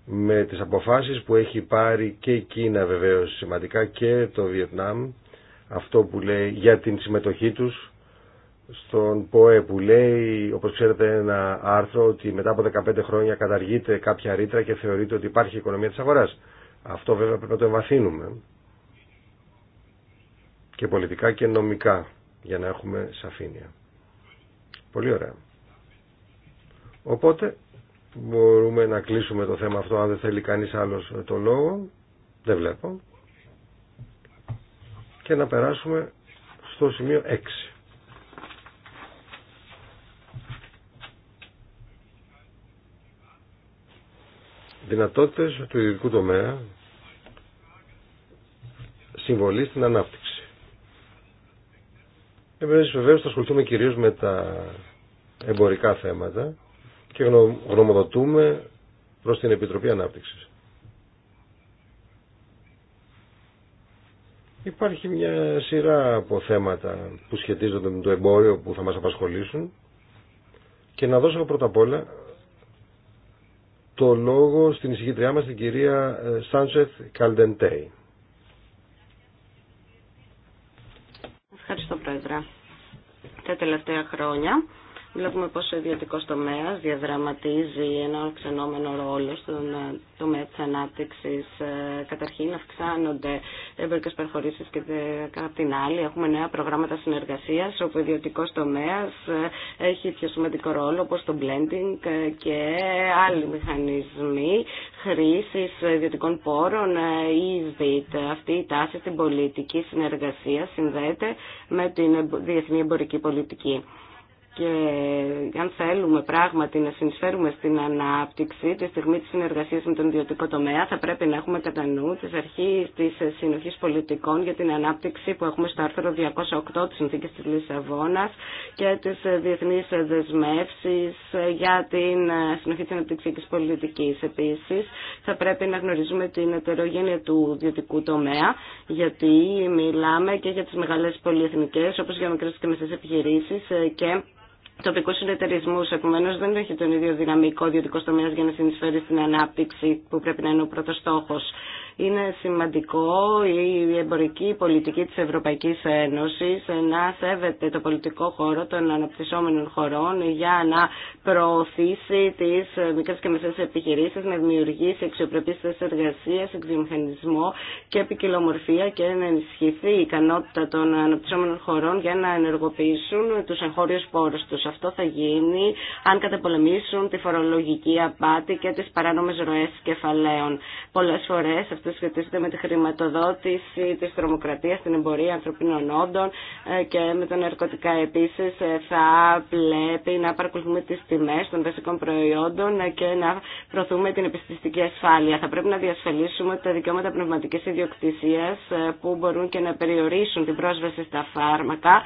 με τις αποφάσεις που έχει πάρει και η Κίνα βεβαίως σημαντικά και το Βιετνάμ αυτό που λέει για την συμμετοχή τους στον ΠΟΕ που λέει όπως ξέρετε ένα άρθρο ότι μετά από 15 χρόνια καταργείται κάποια ρήτρα και θεωρείται ότι υπάρχει οικονομία της αγοράς. Αυτό βέβαια πρέπει να το εμβαθύνουμε και πολιτικά και νομικά για να έχουμε σαφήνεια. Πολύ ωραία. Οπότε μπορούμε να κλείσουμε το θέμα αυτό αν δεν θέλει κανείς άλλος το λόγο. Δεν βλέπω. Και να περάσουμε στο σημείο 6. Δυνατότητες του ειδικού τομέα συμβολή στην ανάπτυξη. Εμείς βεβαίως θα ασχοληθούμε κυρίως με τα εμπορικά θέματα και γνωμοδοτούμε προς την Επιτροπή Ανάπτυξης. Υπάρχει μια σειρά από θέματα που σχετίζονται με το εμπόριο που θα μας απασχολήσουν και να δώσω πρώτα απ' όλα το λόγο στην εισηγητριά μας την κυρία Σάντσεθ Καλδεντέη. τα τελευταία χρόνια Βλέπουμε πως ο ιδιωτικό τομέα διαδραματίζει ένα ξενόμενο ρόλο στον ε, τομέα τη ανάπτυξη. Ε, καταρχήν αυξάνονται εμπορικέ παραχωρήσει και ε, κατά την άλλη έχουμε νέα προγράμματα συνεργασία όπου ο ιδιωτικό τομέα έχει πιο σημαντικό ρόλο όπω το blending και άλλοι μηχανισμοί χρήση ιδιωτικών πόρων ή ΣΔΙΤ. Αυτή η διτ αυτη η ταση στην πολιτική συνεργασία συνδέεται με την διεθνή εμπορική πολιτική και αν θέλουμε πράγματι να συνεισφέρουμε στην ανάπτυξη τη στιγμή της συνεργασίας με τον ιδιωτικό τομέα θα πρέπει να έχουμε κατά νου τις αρχές της συνοχής πολιτικών για την ανάπτυξη που έχουμε στο άρθρο 208 της Συνθήκης της Λισαβόνας και τις διεθνείς δεσμεύσεις για την συνοχή της αναπτυξιακής πολιτικής. Επίσης θα πρέπει να γνωρίζουμε την ετερογένεια του ιδιωτικού τομέα γιατί μιλάμε και για τις μεγάλες πολυεθνικές όπως για μικρές και μεσές επιχειρήσεις και τοπικού συνεταιρισμού. Επομένω, δεν έχει τον ίδιο δυναμικό ιδιωτικό τομέα για να συνεισφέρει στην ανάπτυξη που πρέπει να είναι ο πρώτο στόχο. Είναι σημαντικό η εμπορική πολιτική της Ευρωπαϊκής Ένωσης να σέβεται το πολιτικό χώρο των αναπτυσσόμενων χωρών για να προωθήσει τις μικρές και μεσαίες επιχειρήσεις, να δημιουργήσει αξιοπρεπείς θέσεις εργασίας, και επικοινομορφία και να ενισχυθεί η ικανότητα των αναπτυσσόμενων χωρών για να ενεργοποιήσουν τους εγχώριους πόρους τους. Αυτό θα γίνει αν καταπολεμήσουν τη φορολογική απάτη και τις παράνομες ροές κεφαλαίων. Πολλές φορές αυτό σχετίζεται με τη χρηματοδότηση τη τρομοκρατία, την εμπορία ανθρωπίνων όντων ε, και με τα ναρκωτικά. Επίσης ε, θα πρέπει να παρακολουθούμε τι τιμέ των βασικών προϊόντων ε, και να προωθούμε την επιστημιστική ασφάλεια. Θα πρέπει να διασφαλίσουμε τα δικαιώματα πνευματική ιδιοκτησία που μπορούν και να περιορίσουν την πρόσβαση στα φάρμακα,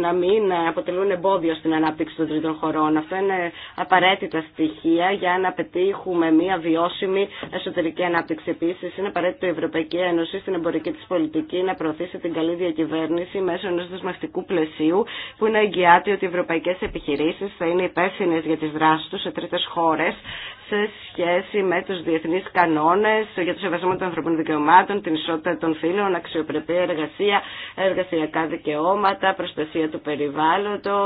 να μην αποτελούν εμπόδιο στην ανάπτυξη των τρίτων χωρών. Αυτό είναι απαραίτητα στοιχεία για να πετύχουμε μια βιώσιμη εσωτερική ανάπτυξη. Επίση, είναι απαραίτητο η Ευρωπαϊκή Ένωση στην εμπορική τη πολιτική να προωθήσει την καλή διακυβέρνηση μέσω ενό δεσμευτικού πλαισίου που να εγγυάται ότι οι ευρωπαϊκέ επιχειρήσει θα είναι υπεύθυνε για τι δράσει του σε τρίτε χώρε σε σχέση με του διεθνεί κανόνε για το σεβασμό των ανθρωπίνων δικαιωμάτων, την ισότητα των φύλων, αξιοπρεπή εργασία, εργασιακά δικαιώματα, προστασία του περιβάλλοντο,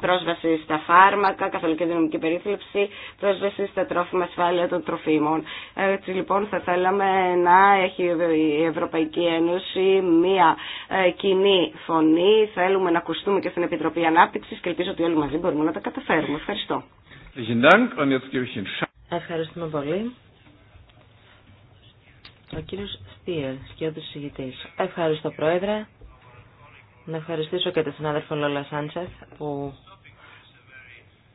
πρόσβαση στα φάρμακα, καθολική δυναμική περίθλιψη, πρόσβαση στα τρόφιμα ασφάλεια των τροφίμων. Έτσι λοιπόν θα θέλαμε να έχει η Ευρωπαϊκή Ένωση μία ε, κοινή φωνή. Θέλουμε να ακουστούμε και στην Επιτροπή Ανάπτυξη και ελπίζω ότι όλοι μαζί μπορούμε να τα καταφέρουμε. Ευχαριστώ. Ευχαριστούμε πολύ. Ο κύριος Στίερ, σκιώδης συγητής. Ευχαριστώ Πρόεδρε. Να ευχαριστήσω και τη συνάδελφο Λόλα Σάντσεφ που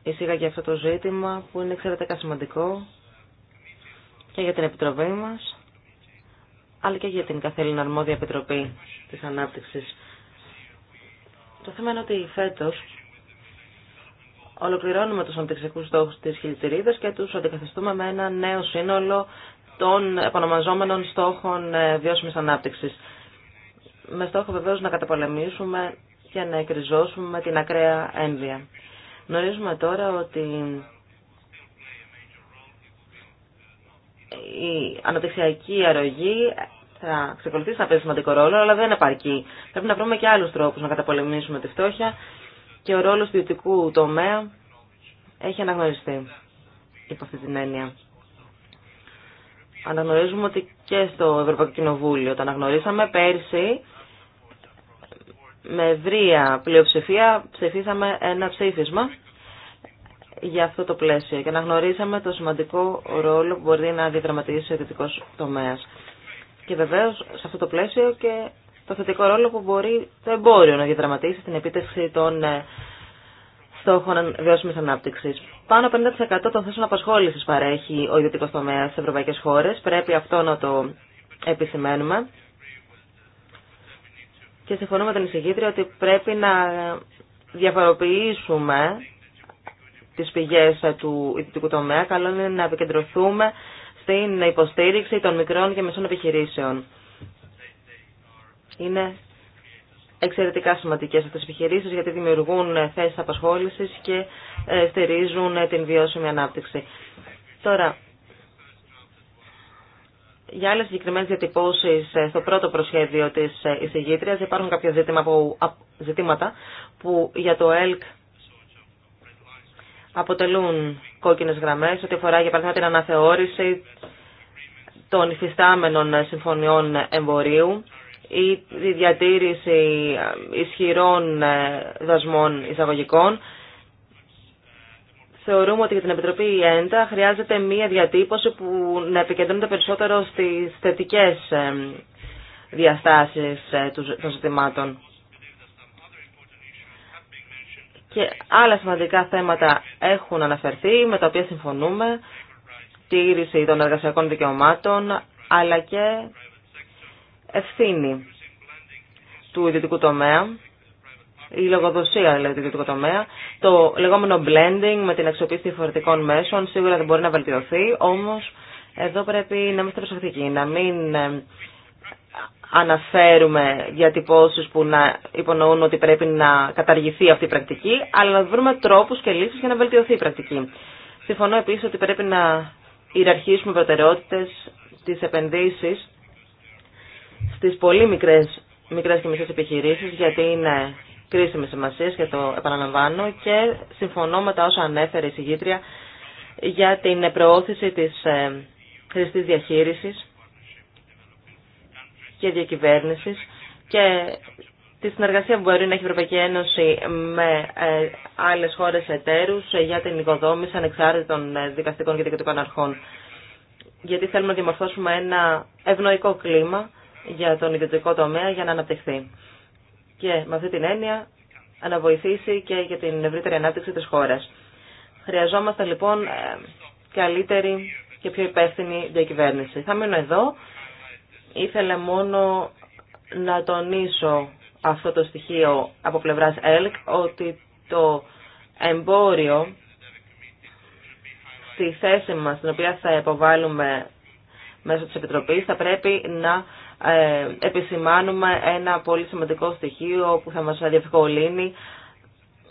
εισήγαγε αυτό το ζήτημα που είναι εξαιρετικά σημαντικό και για την Επιτροπή μας αλλά και για την καθέληνα αρμόδια Επιτροπή της Ανάπτυξης. Το θέμα είναι ότι φέτος ολοκληρώνουμε τους αναπτυξιακούς στόχους της Χιλιτσιρίδας και τους αντικαθιστούμε με ένα νέο σύνολο των επανομαζόμενων στόχων ε, βιώσιμης ανάπτυξης με στόχο βεβαίως να καταπολεμήσουμε και να εκριζώσουμε την ακραία ένδυα. Γνωρίζουμε τώρα ότι η αναπτυξιακή αρρωγή θα ξεκολουθήσει να παίζει σημαντικό ρόλο, αλλά δεν επαρκεί. Πρέπει να βρούμε και άλλους τρόπους να καταπολεμήσουμε τη φτώχεια και ο ρόλος του ιδιωτικού τομέα έχει αναγνωριστεί υπό αυτή την έννοια. Αναγνωρίζουμε ότι και στο Ευρωπαϊκό Κοινοβούλιο το αναγνωρίσαμε πέρσι με ευρία πλειοψηφία ψηφίσαμε ένα ψήφισμα για αυτό το πλαίσιο και αναγνωρίσαμε το σημαντικό ρόλο που μπορεί να διαδραματίσει ο ιδιωτικό τομέας. Και βεβαίω σε αυτό το πλαίσιο και το θετικό ρόλο που μπορεί το εμπόριο να διαδραματίσει στην επίτευξη των ε, στόχων βιώσιμη ανάπτυξη. Πάνω 50% των θέσεων απασχόληση παρέχει ο ιδιωτικό τομέα στι ευρωπαϊκέ χώρε. Πρέπει αυτό να το επισημαίνουμε. Και συμφωνώ με τον εισηγήτρια ότι πρέπει να διαφοροποιήσουμε τις πηγές του ιδιωτικού τομέα. Καλό είναι να επικεντρωθούμε στην υποστήριξη των μικρών και μεσών επιχειρήσεων. Είναι εξαιρετικά σημαντικές αυτές οι επιχειρήσεις γιατί δημιουργούν θέσεις απασχόλησης και ε, στηρίζουν την βιώσιμη ανάπτυξη. Τώρα, για άλλε συγκεκριμένε διατυπώσει ε, στο πρώτο προσχέδιο τη ε, εισηγήτρια υπάρχουν κάποια ζητήματα που για το ΕΛΚ αποτελούν κόκκινε γραμμέ, ό,τι αφορά για παράδειγμα την αναθεώρηση των υφιστάμενων συμφωνιών εμπορίου ή τη διατήρηση ισχυρών ε, δασμών εισαγωγικών. Θεωρούμε ότι για την Επιτροπή ΕΝΤΑ χρειάζεται μία διατύπωση που να επικεντρώνεται περισσότερο στις θετικές διαστάσεις ε, των ζητημάτων. Και άλλα σημαντικά θέματα έχουν αναφερθεί, με τα οποία συμφωνούμε, τήρηση των εργασιακών δικαιωμάτων, αλλά και ευθύνη του ιδιωτικού τομέα η λογοδοσία δηλαδή του ιδιωτικού τομέα. Το λεγόμενο blending με την αξιοποίηση διαφορετικών μέσων σίγουρα δεν μπορεί να βελτιωθεί, όμως εδώ πρέπει να είμαστε προσεκτικοί, να μην ε, αναφέρουμε διατυπώσεις που να υπονοούν ότι πρέπει να καταργηθεί αυτή η πρακτική, αλλά να βρούμε τρόπου και λύσεις για να βελτιωθεί η πρακτική. Συμφωνώ επίσης ότι πρέπει να ιεραρχήσουμε προτεραιότητε, τις επενδύσεις στις πολύ μικρές, μικρές και μισές επιχειρήσεις, γιατί είναι κρίσιμη σημασία και το επαναλαμβάνω και συμφωνώ με τα όσα ανέφερε η συγγήτρια για την προώθηση της ε, χρηστής διαχείρισης και διακυβέρνησης και τη συνεργασία που μπορεί να έχει η Ευρωπαϊκή Ένωση με ε, άλλες χώρες εταίρους για την οικοδόμηση ανεξάρτητων ε, δικαστικών και δικαιωτικών αρχών. Γιατί θέλουμε να διαμορφώσουμε ένα ευνοϊκό κλίμα για τον ιδιωτικό τομέα για να αναπτυχθεί και με αυτή την έννοια να και για την ευρύτερη ανάπτυξη της χώρας. Χρειαζόμαστε λοιπόν ε, καλύτερη και πιο υπεύθυνη διακυβέρνηση. Θα μείνω εδώ. Ήθελα μόνο να τονίσω αυτό το στοιχείο από πλευράς ΕΛΚ ότι το εμπόριο στη θέση μας την οποία θα υποβάλουμε μέσω της Επιτροπής θα πρέπει να ε, επισημάνουμε ένα πολύ σημαντικό στοιχείο που θα μας διευκολύνει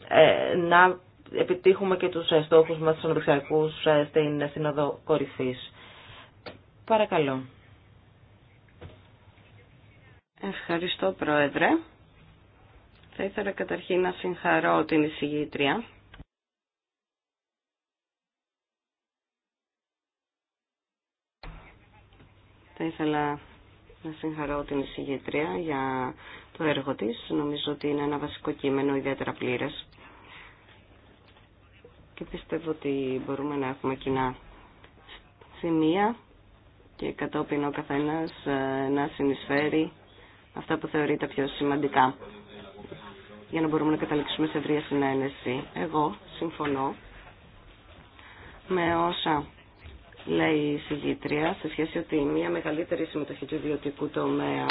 ε, να επιτύχουμε και τους ε, στόχους μας στους ε, στην Σύνοδο Κορυφής. Παρακαλώ. Ευχαριστώ Πρόεδρε. Θα ήθελα καταρχήν να συγχαρώ την εισηγήτρια. Θα ήθελα να συγχαρώ την εισηγητρία για το έργο της. Νομίζω ότι είναι ένα βασικό κείμενο ιδιαίτερα πλήρες. Και πιστεύω ότι μπορούμε να έχουμε κοινά σημεία και κατόπιν ο καθένας ε, να συνεισφέρει αυτά που θεωρεί πιο σημαντικά για να μπορούμε να καταλήξουμε σε ευρία συνένεση. Εγώ συμφωνώ με όσα λέει η συγγήτρια, σε σχέση ότι μια μεγαλύτερη συμμετοχή του ιδιωτικού τομέα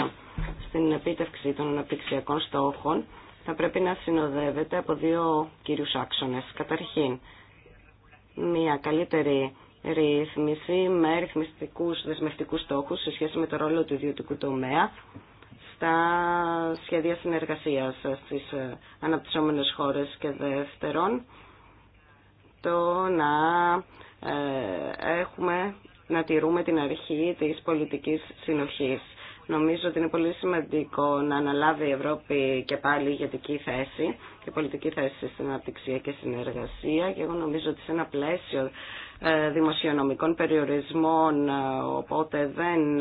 στην επίτευξη των αναπτυξιακών στόχων θα πρέπει να συνοδεύεται από δύο κύριους άξονες. Καταρχήν, μια καλύτερη ρύθμιση με ρυθμιστικούς δεσμευτικούς στόχους σε σχέση με το ρόλο του ιδιωτικού τομέα στα σχέδια συνεργασίας στις αναπτυσσόμενες χώρες και δεύτερον το να ε, έχουμε να τηρούμε την αρχή της πολιτικής συνοχής. Νομίζω ότι είναι πολύ σημαντικό να αναλάβει η Ευρώπη και πάλι ηγετική θέση και πολιτική θέση στην αναπτυξία και συνεργασία και εγώ νομίζω ότι σε ένα πλαίσιο ε, δημοσιονομικών περιορισμών ε, οπότε δεν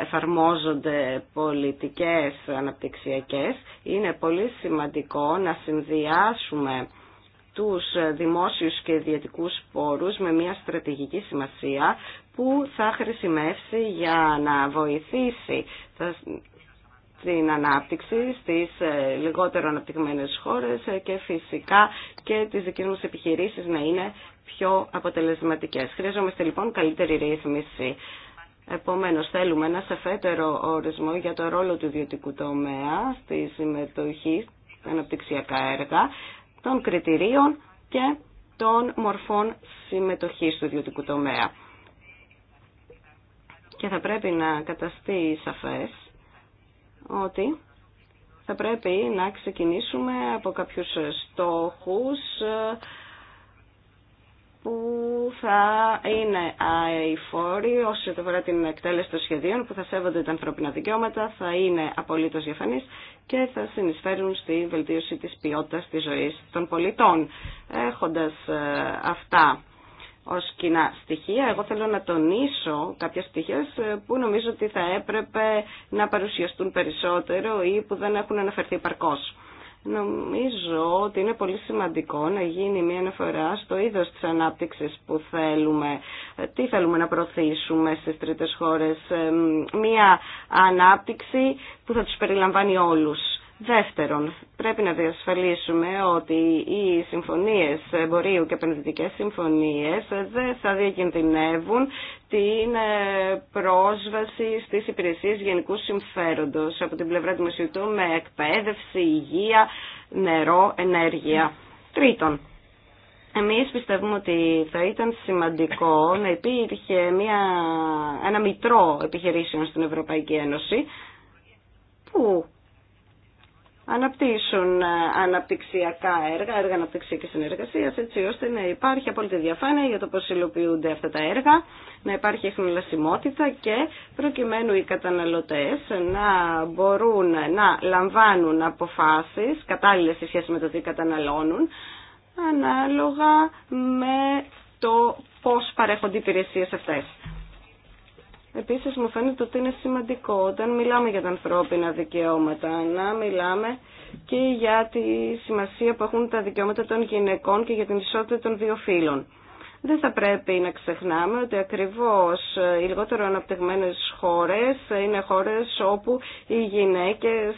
εφαρμόζονται πολιτικές αναπτυξιακές είναι πολύ σημαντικό να συνδυάσουμε τους δημόσιους και ιδιωτικούς πόρους με μια στρατηγική σημασία που θα χρησιμεύσει για να βοηθήσει την ανάπτυξη στις ε, λιγότερο αναπτυγμένες χώρες ε, και φυσικά και τις δικές μας επιχειρήσεις να είναι πιο αποτελεσματικές. Χρειαζόμαστε λοιπόν καλύτερη ρύθμιση. Επομένως θέλουμε ένα σαφέτερο ορισμό για το ρόλο του ιδιωτικού τομέα στη συμμετοχή αναπτυξιακά έργα, των κριτηρίων και των μορφών συμμετοχής του ιδιωτικού τομέα. Και θα πρέπει να καταστεί σαφές ότι θα πρέπει να ξεκινήσουμε από κάποιους στόχους που θα είναι αηφόροι όσο αφορά την εκτέλεση των σχεδίων που θα σέβονται τα ανθρώπινα δικαιώματα, θα είναι απολύτως διαφανείς και θα συνεισφέρουν στη βελτίωση της ποιότητας της ζωής των πολιτών. Έχοντας ε, αυτά ως κοινά στοιχεία, εγώ θέλω να τονίσω κάποια στοιχεία ε, που νομίζω ότι θα έπρεπε να παρουσιαστούν περισσότερο ή που δεν έχουν αναφερθεί παρκώς. Νομίζω ότι είναι πολύ σημαντικό να γίνει μια αναφορά στο είδος της ανάπτυξης που θέλουμε, ε, τι θέλουμε να προωθήσουμε στις τρίτες χώρες. Ε, μια ανάπτυξη που θα τους περιλαμβάνει όλους. Δεύτερον, πρέπει να διασφαλίσουμε ότι οι συμφωνίες εμπορίου και επενδυτικές συμφωνίες δεν θα διακινδυνεύουν την ε, πρόσβαση στις υπηρεσίες γενικού συμφέροντος από την πλευρά δημοσιοτήτου με εκπαίδευση, υγεία, νερό, ενέργεια. Τρίτον, εμείς πιστεύουμε ότι θα ήταν σημαντικό να υπήρχε μια, ένα μητρό επιχειρήσεων στην Ευρωπαϊκή Ένωση που αναπτύσσουν ε, αναπτυξιακά έργα, έργα αναπτυξιακή συνεργασία, έτσι ώστε να υπάρχει απόλυτη διαφάνεια για το πώ υλοποιούνται αυτά τα έργα, να υπάρχει εχνηλασιμότητα και προκειμένου οι καταναλωτέ να μπορούν να λαμβάνουν αποφάσει κατάλληλε σε σχέση με το τι καταναλώνουν, ανάλογα με το πώ παρέχονται οι υπηρεσίε αυτέ. Επίσης μου φαίνεται ότι είναι σημαντικό όταν μιλάμε για τα ανθρώπινα δικαιώματα να μιλάμε και για τη σημασία που έχουν τα δικαιώματα των γυναικών και για την ισότητα των δύο φύλων. Δεν θα πρέπει να ξεχνάμε ότι ακριβώς οι λιγότερο αναπτυγμένες χώρες είναι χώρες όπου οι γυναίκες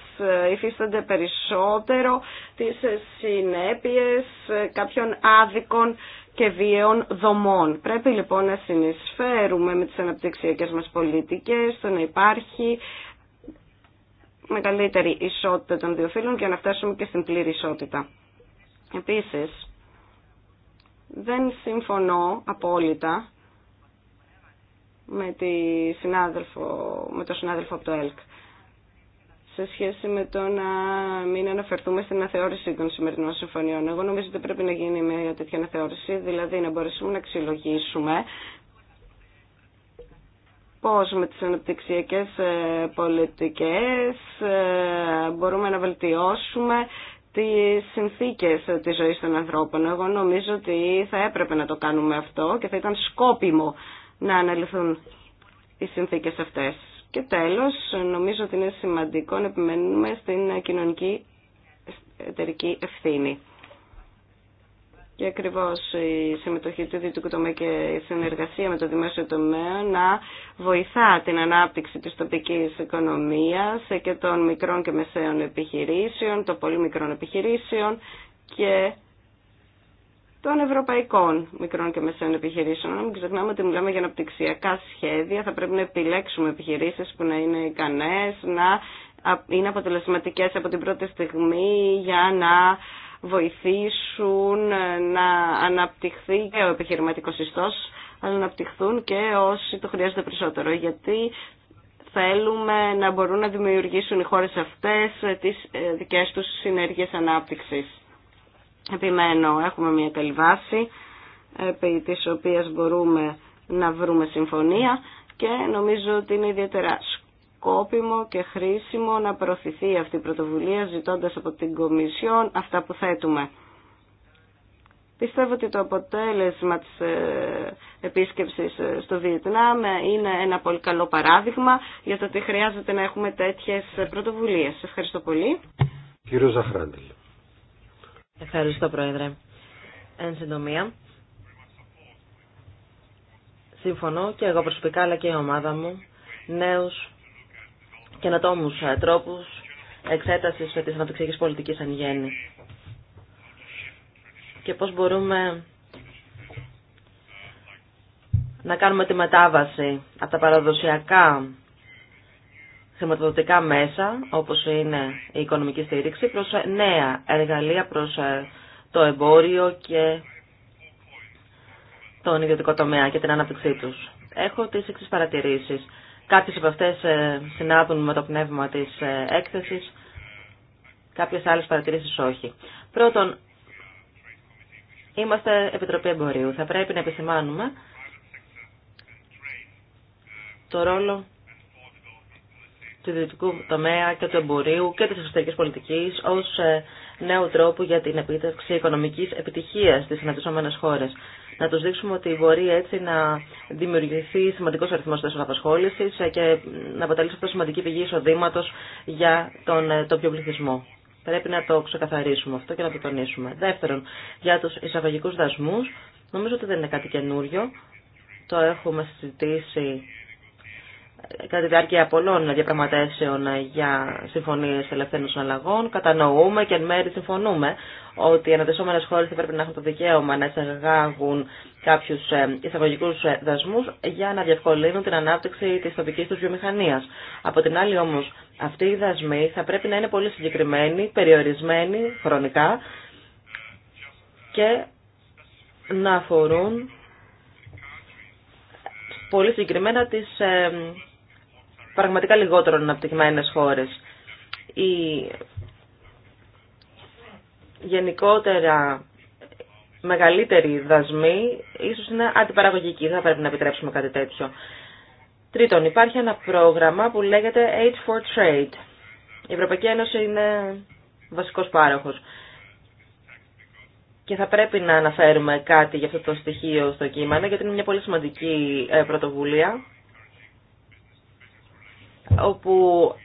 υφίστανται περισσότερο τις συνέπειες κάποιων άδικων και βίαιων δομών. Πρέπει λοιπόν να συνεισφέρουμε με τις αναπτυξιακές μας πολιτικές, στο να υπάρχει μεγαλύτερη ισότητα των δύο φύλων και να φτάσουμε και στην πλήρη ισότητα. Επίσης, δεν συμφωνώ απόλυτα με, τη συνάδελφο, με τον συνάδελφο από το ΕΛΚ σε σχέση με το να μην αναφερθούμε στην αναθεώρηση των σημερινών συμφωνιών. Εγώ νομίζω ότι πρέπει να γίνει μια τέτοια αναθεώρηση, δηλαδή να μπορέσουμε να αξιολογήσουμε πώς με τις αναπτυξιακές ε, πολιτικές ε, μπορούμε να βελτιώσουμε τις συνθήκες ε, της ζωής των ανθρώπων. Εγώ νομίζω ότι θα έπρεπε να το κάνουμε αυτό και θα ήταν σκόπιμο να αναλυθούν οι συνθήκες αυτές. Και τέλος, νομίζω ότι είναι σημαντικό να επιμένουμε στην κοινωνική εταιρική ευθύνη. Και ακριβώ η συμμετοχή του ιδιωτικού τομέα και η συνεργασία με το δημόσιο τομέα να βοηθά την ανάπτυξη της τοπικής οικονομίας και των μικρών και μεσαίων επιχειρήσεων, των πολύ μικρών επιχειρήσεων και των ευρωπαϊκών μικρών και μεσαίων επιχειρήσεων. μην ξεχνάμε ότι μιλάμε για αναπτυξιακά σχέδια, θα πρέπει να επιλέξουμε επιχειρήσει που να είναι ικανέ, να είναι αποτελεσματικέ από την πρώτη στιγμή για να βοηθήσουν ε, να αναπτυχθεί και ο επιχειρηματικός ιστός, αλλά να αναπτυχθούν και όσοι το χρειάζονται περισσότερο. Γιατί θέλουμε να μπορούν να δημιουργήσουν οι χώρες αυτές ε, τις ε, δικές τους συνέργειες ανάπτυξης. Επιμένω, έχουμε μια καλή βάση επί της οποίας μπορούμε να βρούμε συμφωνία και νομίζω ότι είναι ιδιαίτερα σκόπιμο και χρήσιμο να προωθηθεί αυτή η πρωτοβουλία ζητώντας από την Κομισιόν αυτά που θέτουμε. Πιστεύω ότι το αποτέλεσμα της ε, επίσκεψης ε, στο Βιετνάμ είναι ένα πολύ καλό παράδειγμα για το ότι χρειάζεται να έχουμε τέτοιες πρωτοβουλίες. Ευχαριστώ πολύ. Κύριο Ευχαριστώ, Πρόεδρε. Εν συντομία, συμφωνώ και εγώ προσωπικά αλλά και η ομάδα μου, νέους και τρόπους εξέτασης της αναπτυξιακής πολιτικής αν Και πώς μπορούμε να κάνουμε τη μετάβαση από τα παραδοσιακά χρηματοδοτικά μέσα, όπως είναι η οικονομική στήριξη, προς ε, νέα εργαλεία, προς ε, το εμπόριο και τον ιδιωτικό τομέα και την ανάπτυξή τους. Έχω τις εξής παρατηρήσεις. Κάποιες από αυτές ε, συνάδουν με το πνεύμα της έκθεσης, κάποιες άλλες παρατηρήσεις όχι. Πρώτον, είμαστε Επιτροπή Εμπορίου. Θα πρέπει να επισημάνουμε το ρόλο του ιδιωτικού τομέα και του εμπορίου και της εξωτερικής πολιτικής ως ε, νέου τρόπου για την επίτευξη οικονομικής επιτυχίας στις αναπτυσσόμενες χώρες. Να τους δείξουμε ότι μπορεί έτσι να δημιουργηθεί σημαντικός αριθμός θέσεων απασχόλησης ε, και να αποτελεί αυτό σημαντική πηγή εισοδήματος για τον ε, τοπιο πληθυσμό. Πρέπει να το ξεκαθαρίσουμε αυτό και να το τονίσουμε. Δεύτερον, για τους εισαγωγικούς δασμούς, νομίζω ότι δεν είναι κάτι καινούριο. Το έχουμε συζητήσει κατά τη διάρκεια πολλών διαπραγματεύσεων για συμφωνίες ελευθέρων συναλλαγών, κατανοούμε και εν μέρη συμφωνούμε ότι οι αναδεσόμενες χώρες θα πρέπει να έχουν το δικαίωμα να εισαγάγουν κάποιους ε, εισαγωγικούς ε, δασμούς για να διευκολύνουν την ανάπτυξη της τοπικής τους βιομηχανίας. Από την άλλη όμως, αυτοί οι δασμοί θα πρέπει να είναι πολύ συγκεκριμένοι, περιορισμένοι χρονικά και να αφορούν πολύ συγκεκριμένα τις ε, πραγματικά λιγότερο αναπτυγμένες χώρε. Η γενικότερα μεγαλύτερη δασμή ίσως είναι αντιπαραγωγική, θα πρέπει να επιτρέψουμε κάτι τέτοιο. Τρίτον, υπάρχει ένα πρόγραμμα που λέγεται Aid for Trade. Η Ευρωπαϊκή Ένωση είναι βασικός πάροχος. Και θα πρέπει να αναφέρουμε κάτι για αυτό το στοιχείο στο κείμενο, γιατί είναι μια πολύ σημαντική ε, πρωτοβουλία όπου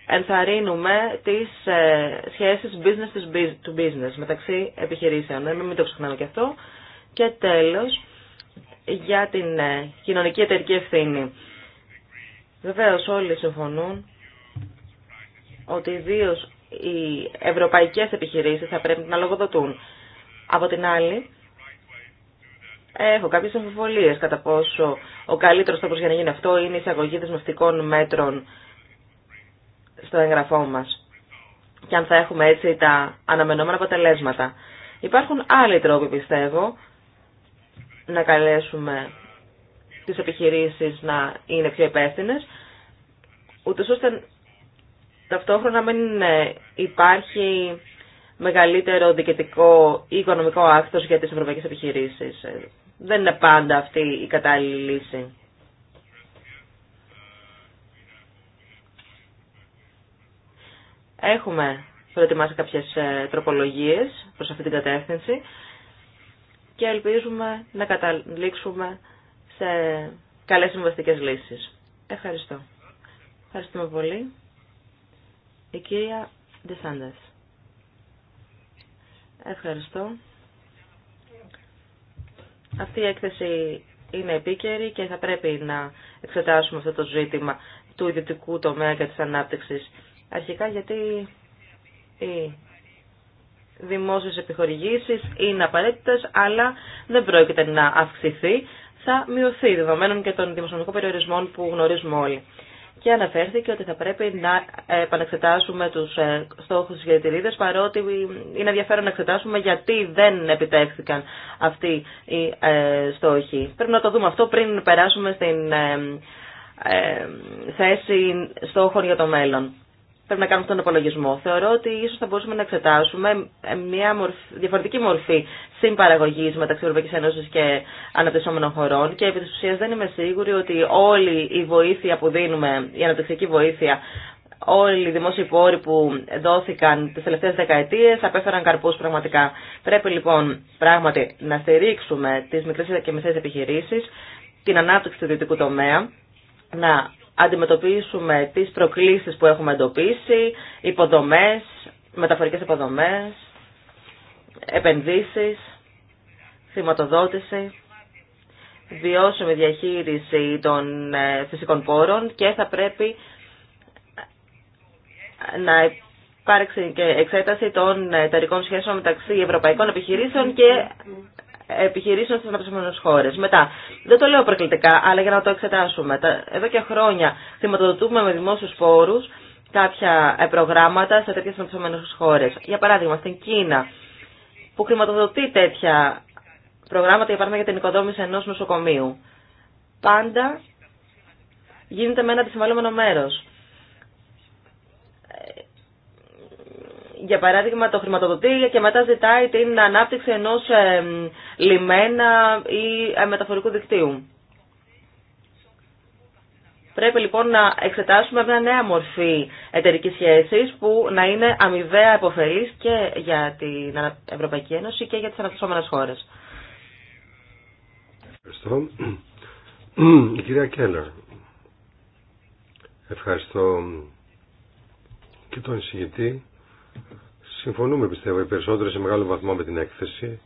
ενθαρρύνουμε τις ε, σχέσεις business to business μεταξύ επιχειρήσεων. Μην το ξεχνάμε και αυτό. Και τέλος, για την ε, κοινωνική εταιρική ευθύνη. Βεβαίως όλοι συμφωνούν ότι ιδίω οι ευρωπαϊκές επιχειρήσεις θα πρέπει να λογοδοτούν. Από την άλλη, έχω κάποιες αμφιβολίες κατά πόσο ο καλύτερος τρόπος για να γίνει αυτό είναι η εισαγωγή δεσμευτικών μέτρων στο εγγραφό μας και αν θα έχουμε έτσι τα αναμενόμενα αποτελέσματα. Υπάρχουν άλλοι τρόποι, πιστεύω, να καλέσουμε τις επιχειρήσεις να είναι πιο υπεύθυνε, ούτως ώστε ταυτόχρονα μην υπάρχει μεγαλύτερο διοικητικό ή οικονομικό άκτος για τις ευρωπαϊκές επιχειρήσεις. Δεν είναι πάντα αυτή η κατάλληλη λύση. Έχουμε προετοιμάσει κάποιες ε, τροπολογίες προς αυτή την κατεύθυνση και ελπίζουμε να καταλήξουμε σε καλές συμβαστικές λύσεις. Ευχαριστώ. Ευχαριστούμε πολύ. Η κυρία Ντεσάντας. Ευχαριστώ. Αυτή η έκθεση είναι επίκαιρη και θα πρέπει να εξετάσουμε αυτό το ζήτημα του ιδιωτικού τομέα και της ανάπτυξης Αρχικά γιατί οι δημόσιες επιχορηγήσεις είναι απαραίτητες, αλλά δεν πρόκειται να αυξηθεί. Θα μειωθεί δεδομένων και των δημοσιονομικών περιορισμών που γνωρίζουμε όλοι. Και αναφέρθηκε ότι θα πρέπει να επανεξετάσουμε τους ε, στόχους τη τις παρότι είναι ενδιαφέρον να εξετάσουμε γιατί δεν επιτεύχθηκαν αυτοί οι ε, στόχοι. Πρέπει να το δούμε αυτό πριν περάσουμε στην ε, θέση στόχων για το μέλλον πρέπει να κάνουμε τον απολογισμό. Θεωρώ ότι ίσω θα μπορούσαμε να εξετάσουμε μια μορφή, διαφορετική μορφή συμπαραγωγή μεταξύ Ευρωπαϊκή Ένωση και αναπτυσσόμενων χωρών και επί τη ουσία δεν είμαι σίγουρη ότι όλη η βοήθεια που δίνουμε, η αναπτυξιακή βοήθεια, όλοι οι δημόσιοι πόροι που δόθηκαν τι τελευταίε δεκαετίε, απέφεραν καρπούς πραγματικά. Πρέπει λοιπόν πράγματι να στηρίξουμε τι μικρέ και μεσαίες επιχειρήσεις, την ανάπτυξη του ιδιωτικού τομέα, να αντιμετωπίσουμε τις προκλήσεις που έχουμε εντοπίσει, υποδομές, μεταφορικές υποδομές, επενδύσεις, θυματοδότηση, βιώσιμη διαχείριση των ε, φυσικών πόρων και θα πρέπει να υπάρξει και εξέταση των εταιρικών σχέσεων μεταξύ ευρωπαϊκών επιχειρήσεων και επιχειρήσεων στι αναπτυσσόμενε χώρε. Μετά, δεν το λέω προκλητικά, αλλά για να το εξετάσουμε. Εδώ και χρόνια χρηματοδοτούμε με δημόσιου πόρου κάποια ε, προγράμματα σε τέτοιε αναπτυσσόμενε χώρε. Για παράδειγμα, στην Κίνα, που χρηματοδοτεί τέτοια προγράμματα, για παράδειγμα, για την οικοδόμηση ενό νοσοκομείου. Πάντα γίνεται με ένα επισυμβαλλόμενο μέρο. για παράδειγμα, το χρηματοδοτεί και μετά ζητάει την ανάπτυξη ενός ε, λιμένα ή ε, μεταφορικού δικτύου. Πρέπει λοιπόν να εξετάσουμε μια νέα μορφή εταιρική σχέση που να είναι αμοιβαία επωφελή και για την Ευρωπαϊκή Ένωση και για τι αναπτυσσόμενε χώρε. Ευχαριστώ. κυρία Κέλλερ. Ευχαριστώ και τον εισηγητή Συμφωνούμε πιστεύω οι περισσότεροι σε μεγάλο βαθμό με την έκθεση.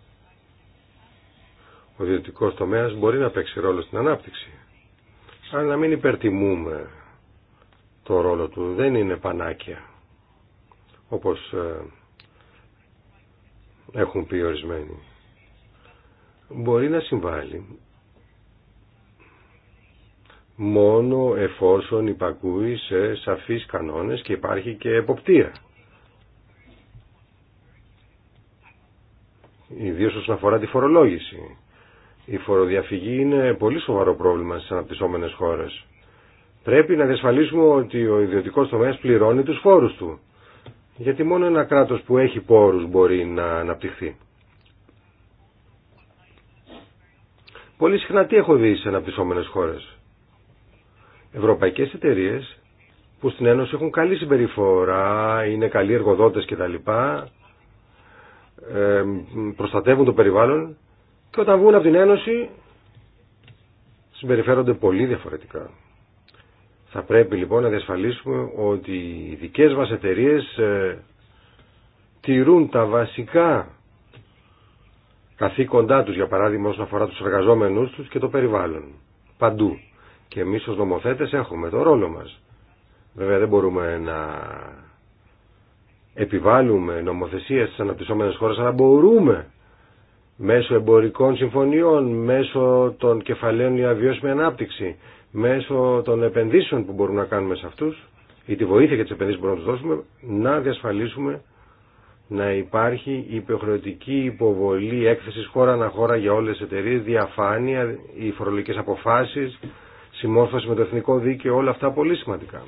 Ο ιδιωτικό τομέα μπορεί να παίξει ρόλο στην ανάπτυξη. Αλλά να μην υπερτιμούμε το ρόλο του. Δεν είναι πανάκια. Όπως ε, έχουν πει ορισμένοι. Μπορεί να συμβάλλει μόνο εφόσον υπακούει σε σαφείς κανόνες και υπάρχει και εποπτεία. ιδίως όσον αφορά τη φορολόγηση. Η φοροδιαφυγή είναι πολύ σοβαρό πρόβλημα στις αναπτυσσόμενες χώρες. Πρέπει να διασφαλίσουμε ότι ο ιδιωτικός τομέας πληρώνει τους φόρους του. Γιατί μόνο ένα κράτος που έχει πόρους μπορεί να αναπτυχθεί. Πολύ συχνά τι έχω δει σε αναπτυσσόμενες χώρες. Ευρωπαϊκές εταιρείες που στην Ένωση έχουν καλή συμπεριφορά, είναι καλοί εργοδότες κτλ. Ε, προστατεύουν το περιβάλλον και όταν βγουν από την Ένωση συμπεριφέρονται πολύ διαφορετικά. Θα πρέπει λοιπόν να διασφαλίσουμε ότι οι δικές μας εταιρείες ε, τηρούν τα βασικά καθήκοντά τους, για παράδειγμα όσον αφορά τους εργαζόμενους τους και το περιβάλλον. Παντού. Και εμείς ως νομοθέτες έχουμε το ρόλο μας. Βέβαια δεν μπορούμε να επιβάλλουμε νομοθεσία στις αναπτυσσόμενες χώρες, αλλά μπορούμε μέσω εμπορικών συμφωνιών, μέσω των κεφαλαίων για βιώσιμη ανάπτυξη, μέσω των επενδύσεων που μπορούμε να κάνουμε σε αυτούς, ή τη βοήθεια και τις επενδύσεις που μπορούμε να τους δώσουμε, να διασφαλίσουμε να υπάρχει υποχρεωτική υποβολή έκθεση χώρα ανά χώρα για όλες τις εταιρείες, διαφάνεια, οι φορολογικές αποφάσεις, συμμόρφωση με το εθνικό δίκαιο, όλα αυτά πολύ σημαντικά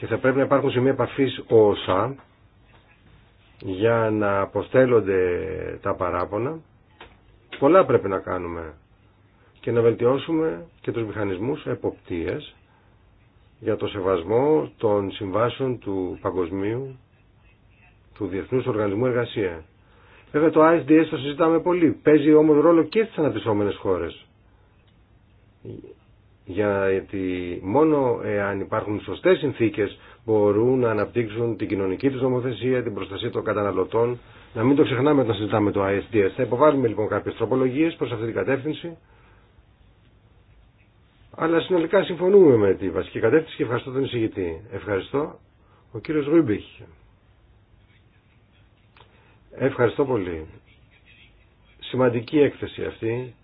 και θα πρέπει να υπάρχουν σημεία επαφή όσα για να αποστέλλονται τα παράπονα. Πολλά πρέπει να κάνουμε και να βελτιώσουμε και τους μηχανισμούς εποπτείας για το σεβασμό των συμβάσεων του Παγκοσμίου του Διεθνούς Οργανισμού Εργασία. Βέβαια το ISDS το συζητάμε πολύ. Παίζει όμως ρόλο και στις αναπτυσσόμενες χώρες γιατί μόνο εάν υπάρχουν σωστές συνθήκες μπορούν να αναπτύξουν την κοινωνική τους νομοθεσία, την προστασία των καταναλωτών. Να μην το ξεχνάμε όταν συζητάμε το ISDS. Θα υποβάλουμε λοιπόν κάποιες τροπολογίες προς αυτή την κατεύθυνση. Αλλά συνολικά συμφωνούμε με τη βασική κατεύθυνση και ευχαριστώ τον εισηγητή. Ευχαριστώ. Ο κύριος Ρούμπιχ. Ευχαριστώ πολύ. Σημαντική έκθεση αυτή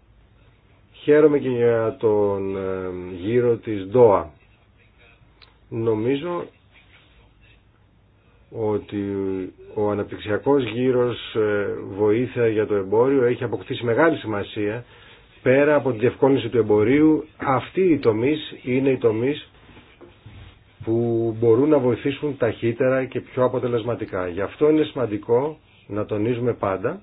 Χαίρομαι και για τον ε, γύρο της ΔΟΑ. Νομίζω ότι ο αναπτυξιακός γύρος ε, βοήθεια για το εμπόριο έχει αποκτήσει μεγάλη σημασία πέρα από τη διευκόλυνση του εμπορίου αυτοί οι τομείς είναι οι τομείς που μπορούν να βοηθήσουν ταχύτερα και πιο αποτελεσματικά. Γι' αυτό είναι σημαντικό να τονίζουμε πάντα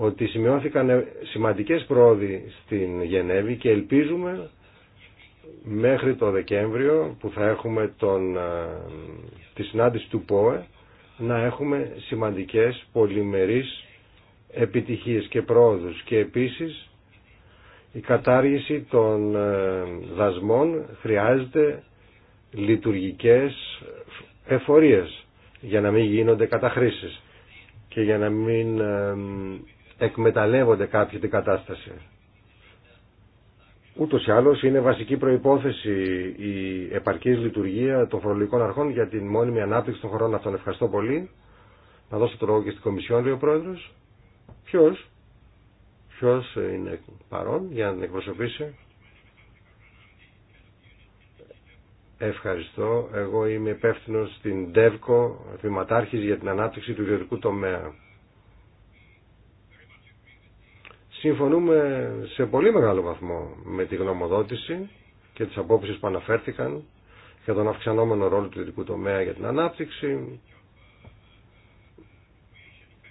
ότι σημειώθηκαν σημαντικές πρόοδοι στην Γενέβη και ελπίζουμε μέχρι το Δεκέμβριο που θα έχουμε τον, ε, τη συνάντηση του ΠΟΕ να έχουμε σημαντικές πολυμερείς επιτυχίες και πρόοδους και επίσης η κατάργηση των ε, δασμών χρειάζεται λειτουργικές εφορίες για να μην γίνονται καταχρήσεις και για να μην ε, εκμεταλλεύονται κάποιοι την κατάσταση. Ούτως ή άλλως είναι βασική προϋπόθεση η επαρκής λειτουργία των φορολογικών αρχών για την μόνιμη ανάπτυξη των χωρών αυτών. Ευχαριστώ πολύ. Να δώσω το λόγο και στην Κομισιόν, λέει ο Πρόεδρος. Ποιος, είναι παρόν για να την εκπροσωπήσει. Ευχαριστώ. Εγώ είμαι υπεύθυνο στην ΔΕΒΚΟ, τμήματάρχη για την ανάπτυξη του ιδιωτικού τομέα. συμφωνούμε σε πολύ μεγάλο βαθμό με τη γνωμοδότηση και τις απόψεις που αναφέρθηκαν για τον αυξανόμενο ρόλο του ειδικού τομέα για την ανάπτυξη,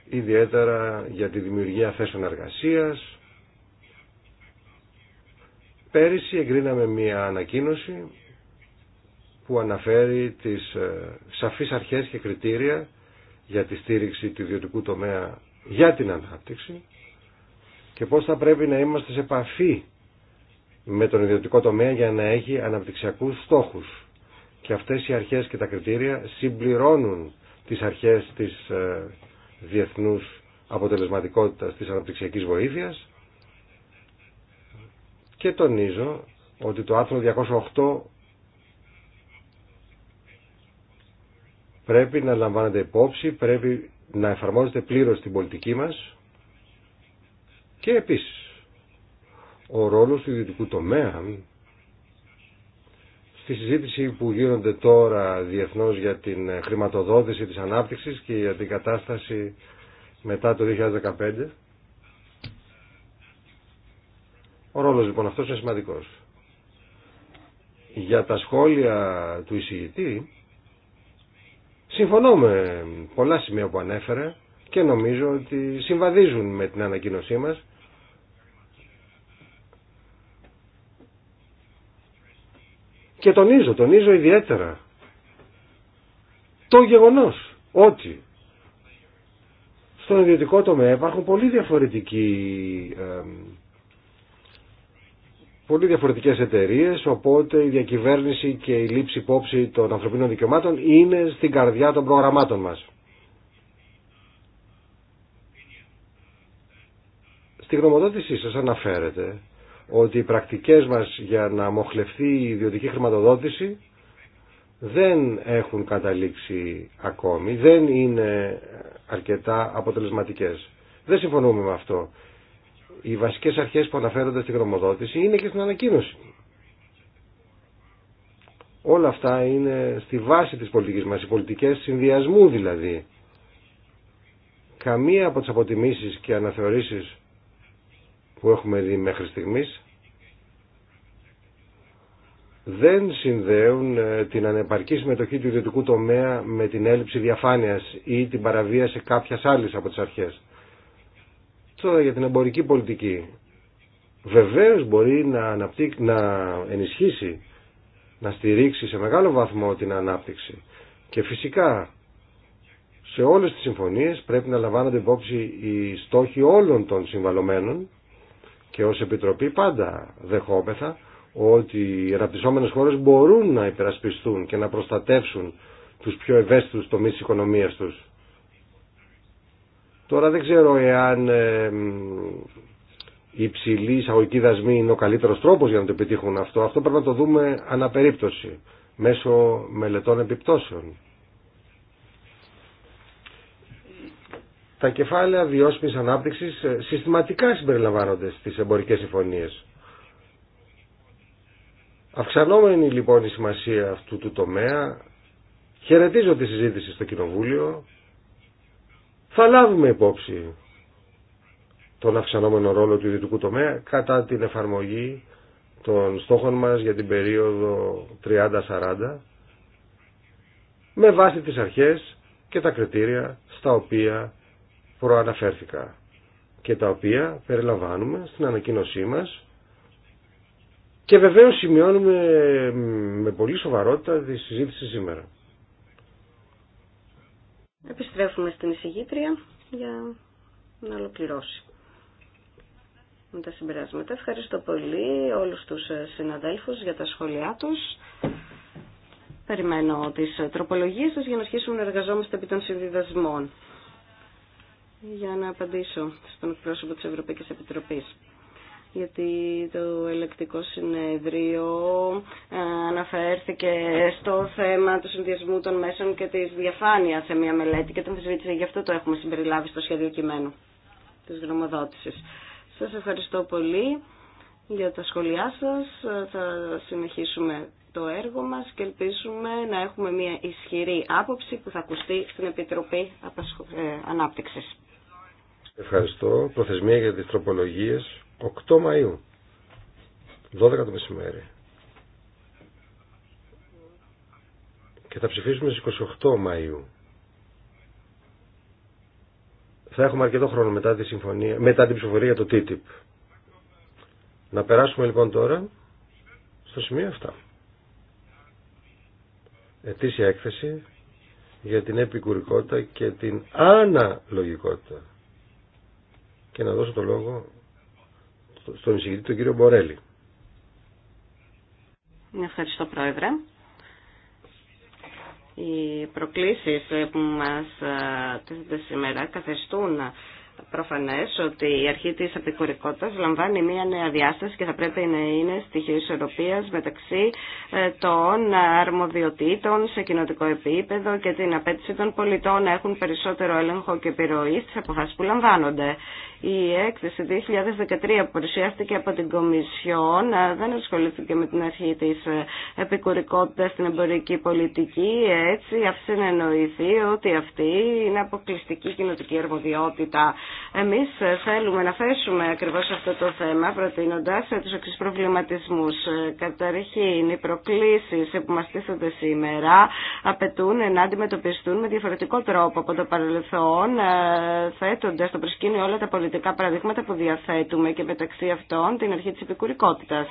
ιδιαίτερα για τη δημιουργία θέσεων εργασίας. Πέρυσι εγκρίναμε μία ανακοίνωση που αναφέρει τις ε, σαφείς αρχές και κριτήρια για τη στήριξη του ιδιωτικού τομέα για την ανάπτυξη και πώς θα πρέπει να είμαστε σε επαφή με τον ιδιωτικό τομέα για να έχει αναπτυξιακούς στόχους. Και αυτές οι αρχές και τα κριτήρια συμπληρώνουν τις αρχές της ε, διεθνούς αποτελεσματικότητας της αναπτυξιακής βοήθειας και τονίζω ότι το άρθρο 208 πρέπει να λαμβάνεται υπόψη, πρέπει να εφαρμόζεται πλήρως την πολιτική μας και επίσης, ο ρόλος του ιδιωτικού τομέα στη συζήτηση που γίνονται τώρα διεθνώς για την χρηματοδότηση της ανάπτυξης και για την κατάσταση μετά το 2015. Ο ρόλος λοιπόν αυτός είναι σημαντικός. Για τα σχόλια του εισηγητή, συμφωνώ με πολλά σημεία που ανέφερε και νομίζω ότι συμβαδίζουν με την ανακοίνωσή μας Και τονίζω, τονίζω ιδιαίτερα το γεγονός ότι στον ιδιωτικό τομέα υπάρχουν πολύ διαφορετικοί ε, πολύ διαφορετικές εταιρείες οπότε η διακυβέρνηση και η λήψη υπόψη των ανθρωπίνων δικαιωμάτων είναι στην καρδιά των προγραμμάτων μας. Στη γνωμοδότησή σας αναφέρεται ότι οι πρακτικές μας για να μοχλευτεί η ιδιωτική χρηματοδότηση δεν έχουν καταλήξει ακόμη, δεν είναι αρκετά αποτελεσματικές. Δεν συμφωνούμε με αυτό. Οι βασικές αρχές που αναφέρονται στην χρηματοδότηση είναι και στην ανακοίνωση. Όλα αυτά είναι στη βάση της πολιτικής μας, οι πολιτικές συνδυασμού δηλαδή. Καμία από τις αποτιμήσεις και αναθεωρήσεις που έχουμε δει μέχρι στιγμής δεν συνδέουν ε, την ανεπαρκή συμμετοχή του ιδιωτικού τομέα με την έλλειψη διαφάνειας ή την παραβίαση κάποιας άλλης από τις αρχές. Τώρα για την εμπορική πολιτική. Βεβαίως μπορεί να, να ενισχύσει, να στηρίξει σε μεγάλο βαθμό την ανάπτυξη. Και φυσικά σε όλες τις συμφωνίες πρέπει να λαμβάνονται υπόψη οι στόχοι όλων των συμβαλωμένων και ως Επιτροπή πάντα δεχόμεθα ότι οι αναπτυσσόμενες χώρες μπορούν να υπερασπιστούν και να προστατεύσουν τους πιο ευαίσθητους τομείς της οικονομίας τους. Τώρα δεν ξέρω εάν ε, η υψηλή εισαγωγική δασμή είναι ο καλύτερος τρόπος για να το επιτύχουν αυτό. Αυτό πρέπει να το δούμε αναπερίπτωση μέσω μελετών επιπτώσεων. τα κεφάλαια βιώσιμης ανάπτυξης ε, συστηματικά συμπεριλαμβάνονται στις εμπορικές συμφωνίες. Αυξανόμενη λοιπόν η σημασία αυτού του τομέα, χαιρετίζω τη συζήτηση στο Κοινοβούλιο, θα λάβουμε υπόψη τον αυξανόμενο ρόλο του ιδιωτικού τομέα κατά την εφαρμογή των στόχων μας για την περίοδο 30-40 με βάση τις αρχές και τα κριτήρια στα οποία προαναφέρθηκα και τα οποία περιλαμβάνουμε στην ανακοίνωσή μας και βεβαίως σημειώνουμε με πολύ σοβαρότητα τη συζήτηση σήμερα. Επιστρέφουμε στην εισηγήτρια για να ολοκληρώσει με τα συμπεράσματα. Ευχαριστώ πολύ όλους τους συναδέλφους για τα σχόλιά τους. Περιμένω τις τροπολογίες τους για να αρχίσουμε να εργαζόμαστε επί των συνδυασμών για να απαντήσω στον πρόσωπο της Ευρωπαϊκής Επιτροπής γιατί το ελεκτικό συνέδριο ε, αναφέρθηκε στο θέμα του συνδυασμού των μέσων και της διαφάνειας σε μια μελέτη και τον θεσβήτησε. Γι' αυτό το έχουμε συμπεριλάβει στο σχέδιο κειμένου της γνωμοδότησης. Σας ευχαριστώ πολύ για τα σχόλιά σας. Θα συνεχίσουμε το έργο μας και ελπίζουμε να έχουμε μια ισχυρή άποψη που θα ακουστεί στην Επιτροπή ε, Ανάπτυξης. Ευχαριστώ. Προθεσμία για τις τροπολογίες 8 Μαΐου. 12 το μεσημέρι. Και θα ψηφίσουμε στις 28 Μαΐου. Θα έχουμε αρκετό χρόνο μετά, τη συμφωνία, μετά την ψηφοφορία για το TTIP. Να περάσουμε λοιπόν τώρα στο σημείο αυτά. Ετήσια έκθεση για την επικουρικότητα και την αναλογικότητα και να δώσω το λόγο στον εισηγητή τον κύριο Μπορέλη. Ευχαριστώ Πρόεδρε. Οι προκλήσεις που μας ε, τίθενται σήμερα καθεστούν προφανές ότι η αρχή της επικουρικότητας λαμβάνει μια νέα διάσταση και θα πρέπει να είναι στοιχείο ισορροπίας μεταξύ ε, των αρμοδιοτήτων σε κοινοτικό επίπεδο και την απέτηση των πολιτών να έχουν περισσότερο έλεγχο και επιρροή στις αποφάσεις που λαμβάνονται. Η έκθεση 2013 που παρουσιάστηκε από την Κομισιόν ε, δεν ασχολήθηκε με την αρχή της ε, επικουρικότητας στην εμπορική πολιτική, έτσι αυτή να εννοηθεί ότι αυτή είναι αποκλειστική κοινοτική αρμοδιότητα. Εμείς θέλουμε να θέσουμε ακριβώς αυτό το θέμα προτείνοντας τους εξής προβληματισμούς. Καταρχήν, οι προκλήσεις που μας τίθενται σήμερα απαιτούν να αντιμετωπιστούν με διαφορετικό τρόπο από το παρελθόν, ε, θέτοντας στο προσκήνιο όλα τα πολιτικά παραδείγματα που διαθέτουμε και μεταξύ αυτών την αρχή της επικουρικότητας.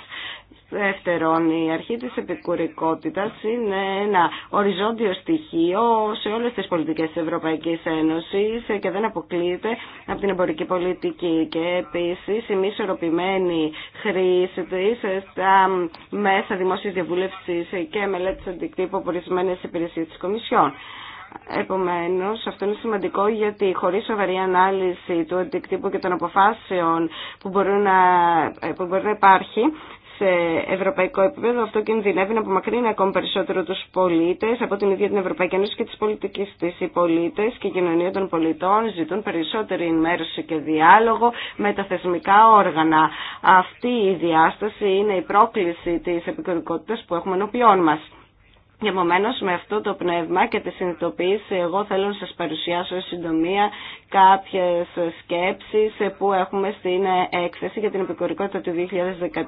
Δεύτερον, η αρχή της επικουρικότητας είναι ένα οριζόντιο στοιχείο σε όλες τις πολιτικές τη Ευρωπαϊκής Ένωσης και δεν αποκλείεται από την εμπορική πολιτική και επίσης η μη ισορροπημένη χρήση της στα μέσα δημόσιας διαβούλευσης και μελέτης αντικτύπου από ορισμένες υπηρεσίες της Κομισιόν. Επομένως, αυτό είναι σημαντικό γιατί χωρίς σοβαρή ανάλυση του αντικτύπου και των αποφάσεων που μπορεί να, που μπορεί να υπάρχει, σε ευρωπαϊκό επίπεδο, αυτό κινδυνεύει να απομακρύνει ακόμη περισσότερο τους πολίτες από την ίδια την Ευρωπαϊκή Ένωση και τις πολιτικές της. Οι πολίτες και η κοινωνία των πολιτών ζητούν περισσότερη ενημέρωση και διάλογο με τα θεσμικά όργανα. Αυτή η διάσταση είναι η πρόκληση της επικοινωνικότητας που έχουμε ενώπιόν μας. Επομένω, με αυτό το πνεύμα και τη συνειδητοποίηση, εγώ θέλω να σας παρουσιάσω συντομία κάποιες σκέψεις που έχουμε στην έκθεση για την επικορικότητα του 2013,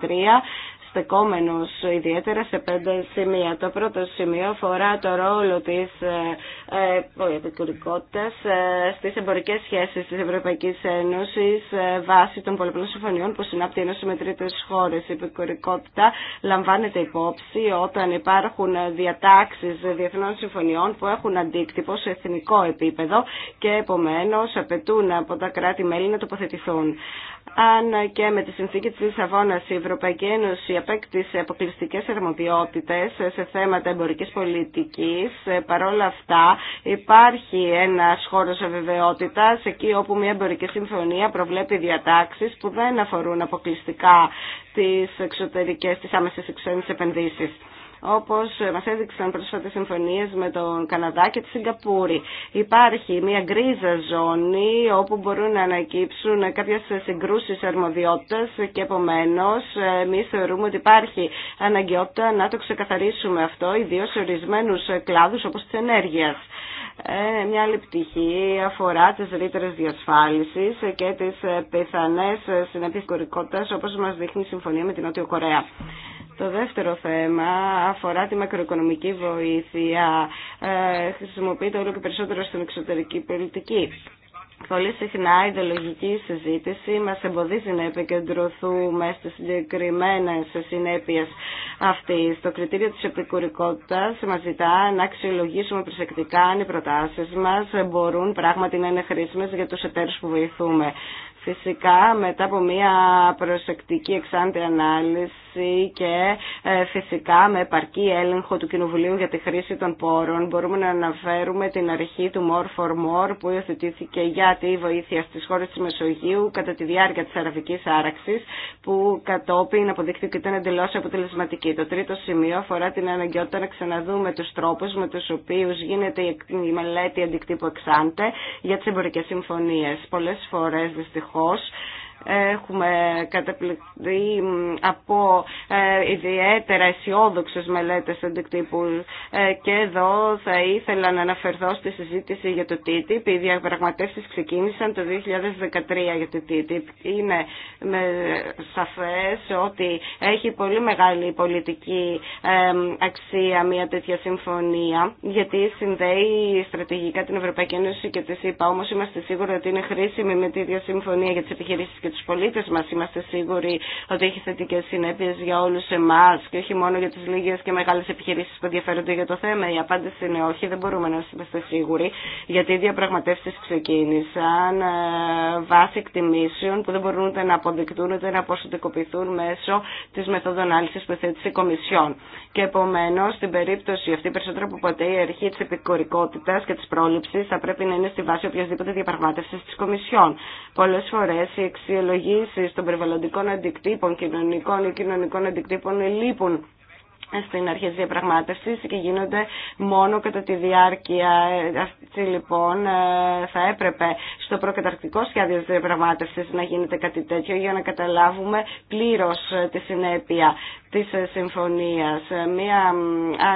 στεκόμενος ιδιαίτερα σε πέντε σημεία. Το πρώτο σημείο αφορά το ρόλο της ε, ε, επικουρικότητας ε, στις εμπορικές σχέσεις της Ευρωπαϊκής Ένωσης ε, βάσει των πολλαπλών συμφωνιών που συνάπτει η Ένωση με τρίτες χώρες. Η επικουρικότητα λαμβάνεται υπόψη όταν υπάρχουν διατάξει διεθνών συμφωνιών που έχουν αντίκτυπο σε εθνικό επίπεδο και επομένω, απαιτούν από τα κράτη-μέλη να τοποθετηθούν. Αν και με τη συνθήκη τη Λισαβόνα η Ευρωπαϊκή Ένωση απέκτησε αποκλειστικέ αρμοδιότητε σε θέματα εμπορική πολιτική, παρόλα αυτά υπάρχει ένα χώρος αβεβαιότητας εκεί όπου μια εμπορική συμφωνία προβλέπει διατάξεις που δεν αφορούν αποκλειστικά τις εξωτερικές, τις άμεσες εξωτερικέ επενδύσεις όπως μας έδειξαν πρόσφατες συμφωνίες με τον Καναδά και τη Σιγκαπούρη. Υπάρχει μια γκρίζα ζώνη όπου μπορούν να ανακύψουν κάποιες συγκρούσεις αρμοδιότητας και επομένως εμεί θεωρούμε ότι υπάρχει αναγκαιότητα να το ξεκαθαρίσουμε αυτό, ιδίως σε ορισμένους κλάδους όπως της ενέργειας. Ε, μια άλλη πτυχή αφορά τις ρήτρες διασφάλισης και τις πιθανές συνέπειες κορικότητας όπως μας δείχνει η συμφωνία με την Νότιο Κορέα. Το δεύτερο θέμα αφορά τη μακροοικονομική βοήθεια. Ε, χρησιμοποιείται όλο και περισσότερο στην εξωτερική πολιτική. Πολύ συχνά η ιδεολογική συζήτηση μας εμποδίζει να επικεντρωθούμε στις συγκεκριμένε συνέπειες αυτή. Το κριτήριο της επικουρικότητας μας ζητά να αξιολογήσουμε προσεκτικά αν οι προτάσεις μας μπορούν πράγματι να είναι χρήσιμες για τους εταίρους που βοηθούμε. Φυσικά μετά από μια προσεκτική εξάντη ανάλυση και ε, φυσικά με επαρκή έλεγχο του Κοινοβουλίου για τη χρήση των πόρων μπορούμε να αναφέρουμε την αρχή του More for More που υιοθετήθηκε για τη βοήθεια στις χώρες της Μεσογείου κατά τη διάρκεια της αραβικής άραξης που κατόπιν αποδείχθηκε ήταν εντελώ αποτελεσματική. Το τρίτο σημείο αφορά την αναγκαιότητα να ξαναδούμε τους τρόπους με τους οποίους γίνεται η μελέτη αντικτύπου εξάντε για τις εμπορικές συμφωνίες. Πολλές φορές δυστυχώς συνεχώς έχουμε καταπληκτεί από ε, ιδιαίτερα αισιόδοξε μελέτες αντικτύπου ε, και εδώ θα ήθελα να αναφερθώ στη συζήτηση για το TTIP. Οι διαπραγματεύσει ξεκίνησαν το 2013 για το TTIP. Είναι με σαφές ότι έχει πολύ μεγάλη πολιτική ε, αξία μια τέτοια συμφωνία γιατί συνδέει στρατηγικά την Ευρωπαϊκή Ένωση και τη ΣΥΠΑ. Όμως είμαστε σίγουροι ότι είναι χρήσιμη με τη συμφωνία για τις επιχειρήσεις και και τους πολίτες μας. Είμαστε σίγουροι ότι έχει θετικές συνέπειες για όλους εμάς και όχι μόνο για τις λίγες και μεγάλες επιχειρήσεις που ενδιαφέρονται για το θέμα. Η απάντηση είναι όχι, δεν μπορούμε να είμαστε σίγουροι γιατί οι διαπραγματεύσεις ξεκίνησαν ε, βάσει εκτιμήσεων που δεν μπορούν ούτε να αποδεικτούν ούτε να αποσυντικοποιηθούν μέσω της μεθόδου ανάλυσης που θέτει η Κομισιόν. Και επομενω στην περίπτωση αυτή περισσότερο από ποτέ η αρχή τη επικορικότητας και της πρόληψης θα πρέπει να είναι στη βάση οποιασδήποτε διαπραγμάτευση της Κομισιόν. Πολλές φορές η αξιολογήσει των περιβαλλοντικών αντικτύπων, κοινωνικών ή κοινωνικών αντικτύπων λείπουν στην αρχή της διαπραγμάτευσης και γίνονται μόνο κατά τη διάρκεια. Έτσι λοιπόν ε, θα έπρεπε στο προκαταρκτικό σχέδιο της διαπραγμάτευσης να γίνεται κάτι τέτοιο για να καταλάβουμε πλήρως ε, τη συνέπεια της ε, συμφωνίας. Μια,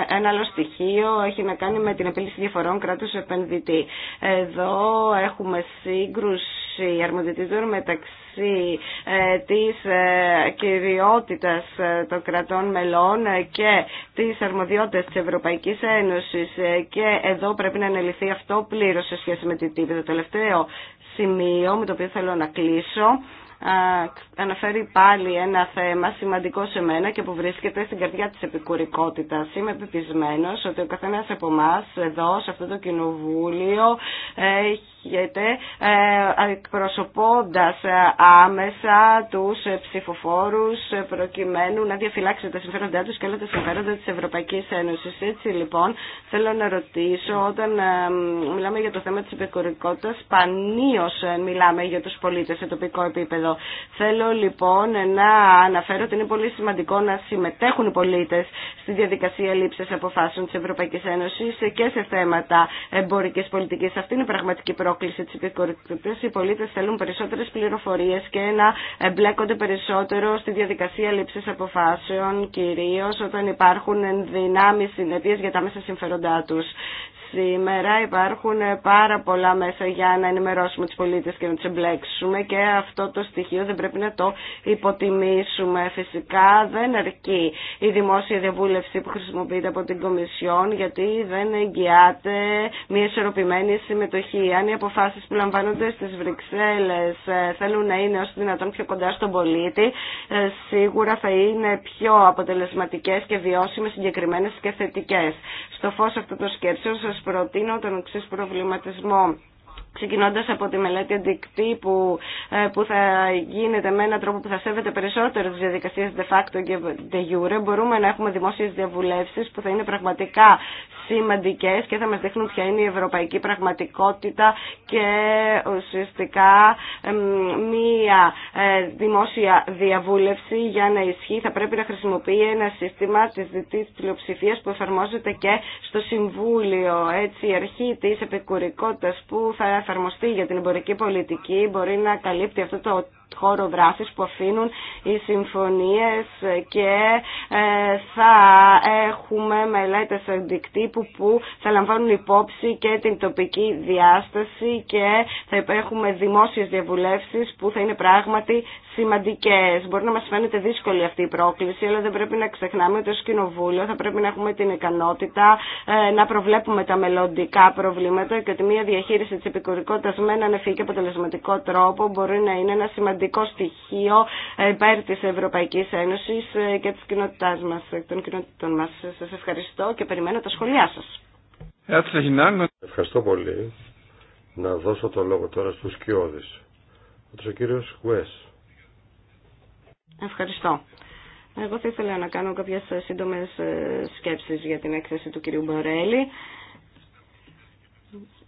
ένα άλλο στοιχείο έχει να κάνει με την επίλυση διαφορών κράτους επενδυτή. Εδώ έχουμε σύγκρουση η μεταξύ ε, της ε, κυριότητας ε, των κρατών μελών και της αρμοδιότητας της Ευρωπαϊκής Ένωσης και εδώ πρέπει να αναλυθεί αυτό πλήρως σε σχέση με την τύπη. Το τελευταίο σημείο με το οποίο θέλω να κλείσω αναφέρει πάλι ένα θέμα σημαντικό σε μένα και που βρίσκεται στην καρδιά της επικουρικότητας. Είμαι πεπισμένος ότι ο καθένας από εμά εδώ, σε αυτό το κοινοβούλιο, έχει ε, εκπροσωπώντας ε, άμεσα του ψηφοφόρους ε, προκειμένου να διαφυλάξει τα συμφέροντά τους και όλα τα συμφέροντα της Ευρωπαϊκής Ένωσης. Έτσι λοιπόν θέλω να ρωτήσω όταν ε, μιλάμε για το θέμα της επικουρικότητας πανίως μιλάμε για τους πολίτες σε τοπικό επίπεδο. Θέλω λοιπόν να αναφέρω ότι είναι πολύ σημαντικό να συμμετέχουν οι πολίτες στη διαδικασία λήψη αποφάσεων της Ευρωπαϊκής Ένωσης και σε θέματα εμπορική πολιτική. Αυτή είναι η πραγματική πρόκληση πρόκληση της Οι πολίτες θέλουν περισσότερες πληροφορίες και να εμπλέκονται περισσότερο στη διαδικασία λήψης αποφάσεων, κυρίως όταν υπάρχουν ενδυνάμεις συνέπειες για τα μέσα συμφέροντά τους. Σήμερα υπάρχουν πάρα πολλά μέσα για να ενημερώσουμε τους πολίτες και να τους εμπλέξουμε και αυτό το στοιχείο δεν πρέπει να το υποτιμήσουμε. Φυσικά δεν αρκεί η δημόσια διαβούλευση που χρησιμοποιείται από την Κομισιόν γιατί δεν εγγυάται μια ισορροπημένη συμμετοχή. Αν οι αποφάσεις που λαμβάνονται στις Βρυξέλλες ε, θέλουν να είναι όσο δυνατόν πιο κοντά στον πολίτη, ε, σίγουρα θα είναι πιο αποτελεσματικές και βιώσιμες συγκεκριμένες και θετικές. Στο φως αυτό το σκέψεων σας προτείνω τον εξή προβληματισμό ξεκινώντας από τη μελέτη αντικτύπου ε, που θα γίνεται με έναν τρόπο που θα σέβεται περισσότερο τις διαδικασίες de facto και de jure, μπορούμε να έχουμε δημόσιες διαβουλεύσεις που θα είναι πραγματικά σημαντικές και θα μας δείχνουν ποια είναι η ευρωπαϊκή πραγματικότητα και ουσιαστικά μία ε, δημόσια διαβούλευση για να ισχύει θα πρέπει να χρησιμοποιεί ένα σύστημα της δυτής πλειοψηφία που εφαρμόζεται και στο Συμβούλιο. Έτσι η αρχή που θα εφαρμοστεί για την εμπορική πολιτική μπορεί να καλύπτει αυτό το χώρο δράση που αφήνουν οι συμφωνίες και ε, θα έχουμε μελέτες αντικτύπου που θα λαμβάνουν υπόψη και την τοπική διάσταση και θα έχουμε δημόσιες διαβουλεύσεις που θα είναι πράγματι σημαντικές. Μπορεί να μας φαίνεται δύσκολη αυτή η πρόκληση, αλλά δεν πρέπει να ξεχνάμε ότι ως Κοινοβούλιο θα πρέπει να έχουμε την ικανότητα ε, να προβλέπουμε τα μελλοντικά προβλήματα και ότι μια διαχείριση της επικουρικότητας με έναν και αποτελεσματικό τρόπο μπορεί να είναι ένα σημαντικό σημαντικό στοιχείο ε, υπέρ της Ευρωπαϊκής Ένωσης ε, και της κοινότητάς μας, ε, των κοινότητων μας. Σας ευχαριστώ και περιμένω τα σχόλιά σας. Ευχαριστώ πολύ. Να δώσω το λόγο τώρα στους κοιόδης. Ο κύριος Χουές. Ευχαριστώ. Εγώ θα ήθελα να κάνω κάποιες σύντομες σκέψεις για την έκθεση του κυρίου Μπορέλη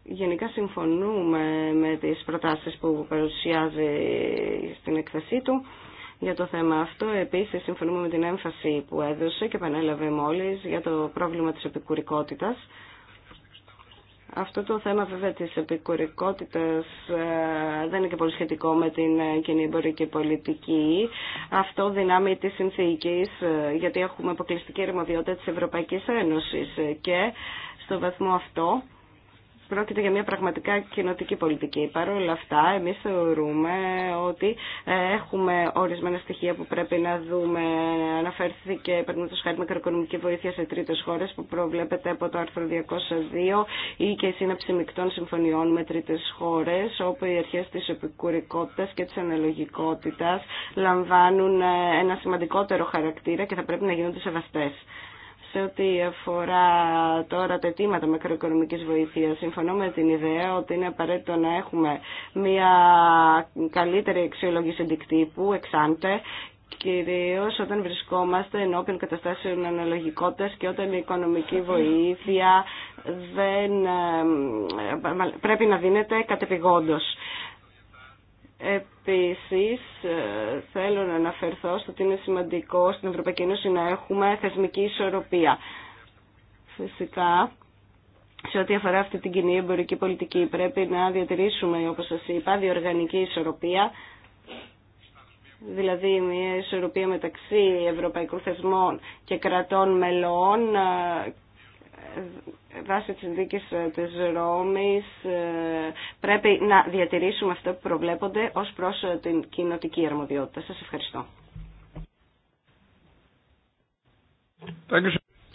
γενικά συμφωνούμε με τις προτάσεις που παρουσιάζει στην εκθεσή του για το θέμα αυτό. Επίσης συμφωνούμε με την έμφαση που έδωσε και επανέλαβε μόλις για το πρόβλημα της επικουρικότητας. Αυτό το θέμα βέβαια της επικουρικότητας ε, δεν είναι και πολύ σχετικό με την κοινή εμπορική πολιτική. Αυτό δυνάμει τη συνθήκη, ε, γιατί έχουμε αποκλειστική ερμοδιότητα της Ευρωπαϊκής Ένωσης και στο βαθμό αυτό πρόκειται για μια πραγματικά κοινοτική πολιτική. Παρ' όλα αυτά, εμείς θεωρούμε ότι ε, έχουμε ορισμένα στοιχεία που πρέπει να δούμε. Αναφέρθηκε, παραδείγματος χάρη, μακροοικονομική βοήθεια σε τρίτες χώρες που προβλέπεται από το άρθρο 202 ή και η σύναψη μεικτών συμφωνιών με τρίτες χώρες, όπου οι αρχές της επικουρικότητας και της αναλογικότητας λαμβάνουν ε, ένα σημαντικότερο χαρακτήρα και θα πρέπει να γίνονται σεβαστές σε ό,τι αφορά τώρα τα αιτήματα μακροοικονομικής βοήθειας, συμφωνώ με την ιδέα ότι είναι απαραίτητο να έχουμε μια καλύτερη αξιολόγηση αντικτύπου, εξάντε, κυρίω όταν βρισκόμαστε ενώπιον καταστάσεων αναλογικότητας και όταν η οικονομική βοήθεια δεν, ε, πρέπει να δίνεται κατεπηγόντως. Επίσης, ε, θέλω να αναφερθώ στο ότι είναι σημαντικό στην Ευρωπαϊκή Ένωση να έχουμε θεσμική ισορροπία. Φυσικά, σε ό,τι αφορά αυτή την κοινή εμπορική πολιτική, πρέπει να διατηρήσουμε, όπως σας είπα, διοργανική ισορροπία, δηλαδή μια ισορροπία μεταξύ ευρωπαϊκών θεσμών και κρατών μελών βάσει της δίκης ε, της Ρώμης ε, πρέπει να διατηρήσουμε αυτό που προβλέπονται ως προς ε, την κοινοτική αρμοδιότητα. Σας ευχαριστώ.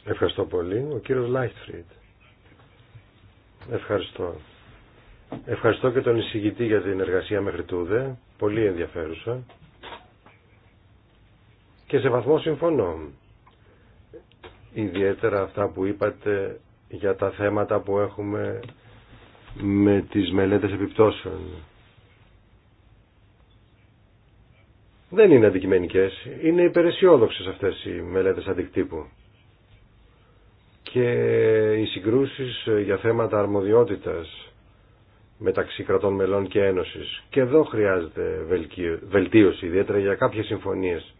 Ευχαριστώ πολύ. Ο κύριος Λάιχτφριντ. Ευχαριστώ. Ευχαριστώ και τον εισηγητή για την εργασία μέχρι τούδε. Πολύ ενδιαφέρουσα. Και σε βαθμό συμφωνώ ιδιαίτερα αυτά που είπατε για τα θέματα που έχουμε με τις μελέτες επιπτώσεων. Δεν είναι αντικειμενικές, είναι υπεραισιόδοξες αυτές οι μελέτες αντικτύπου. Και οι συγκρούσεις για θέματα αρμοδιότητας μεταξύ κρατών μελών και ένωσης. Και εδώ χρειάζεται βελτίωση, ιδιαίτερα για κάποιες συμφωνίες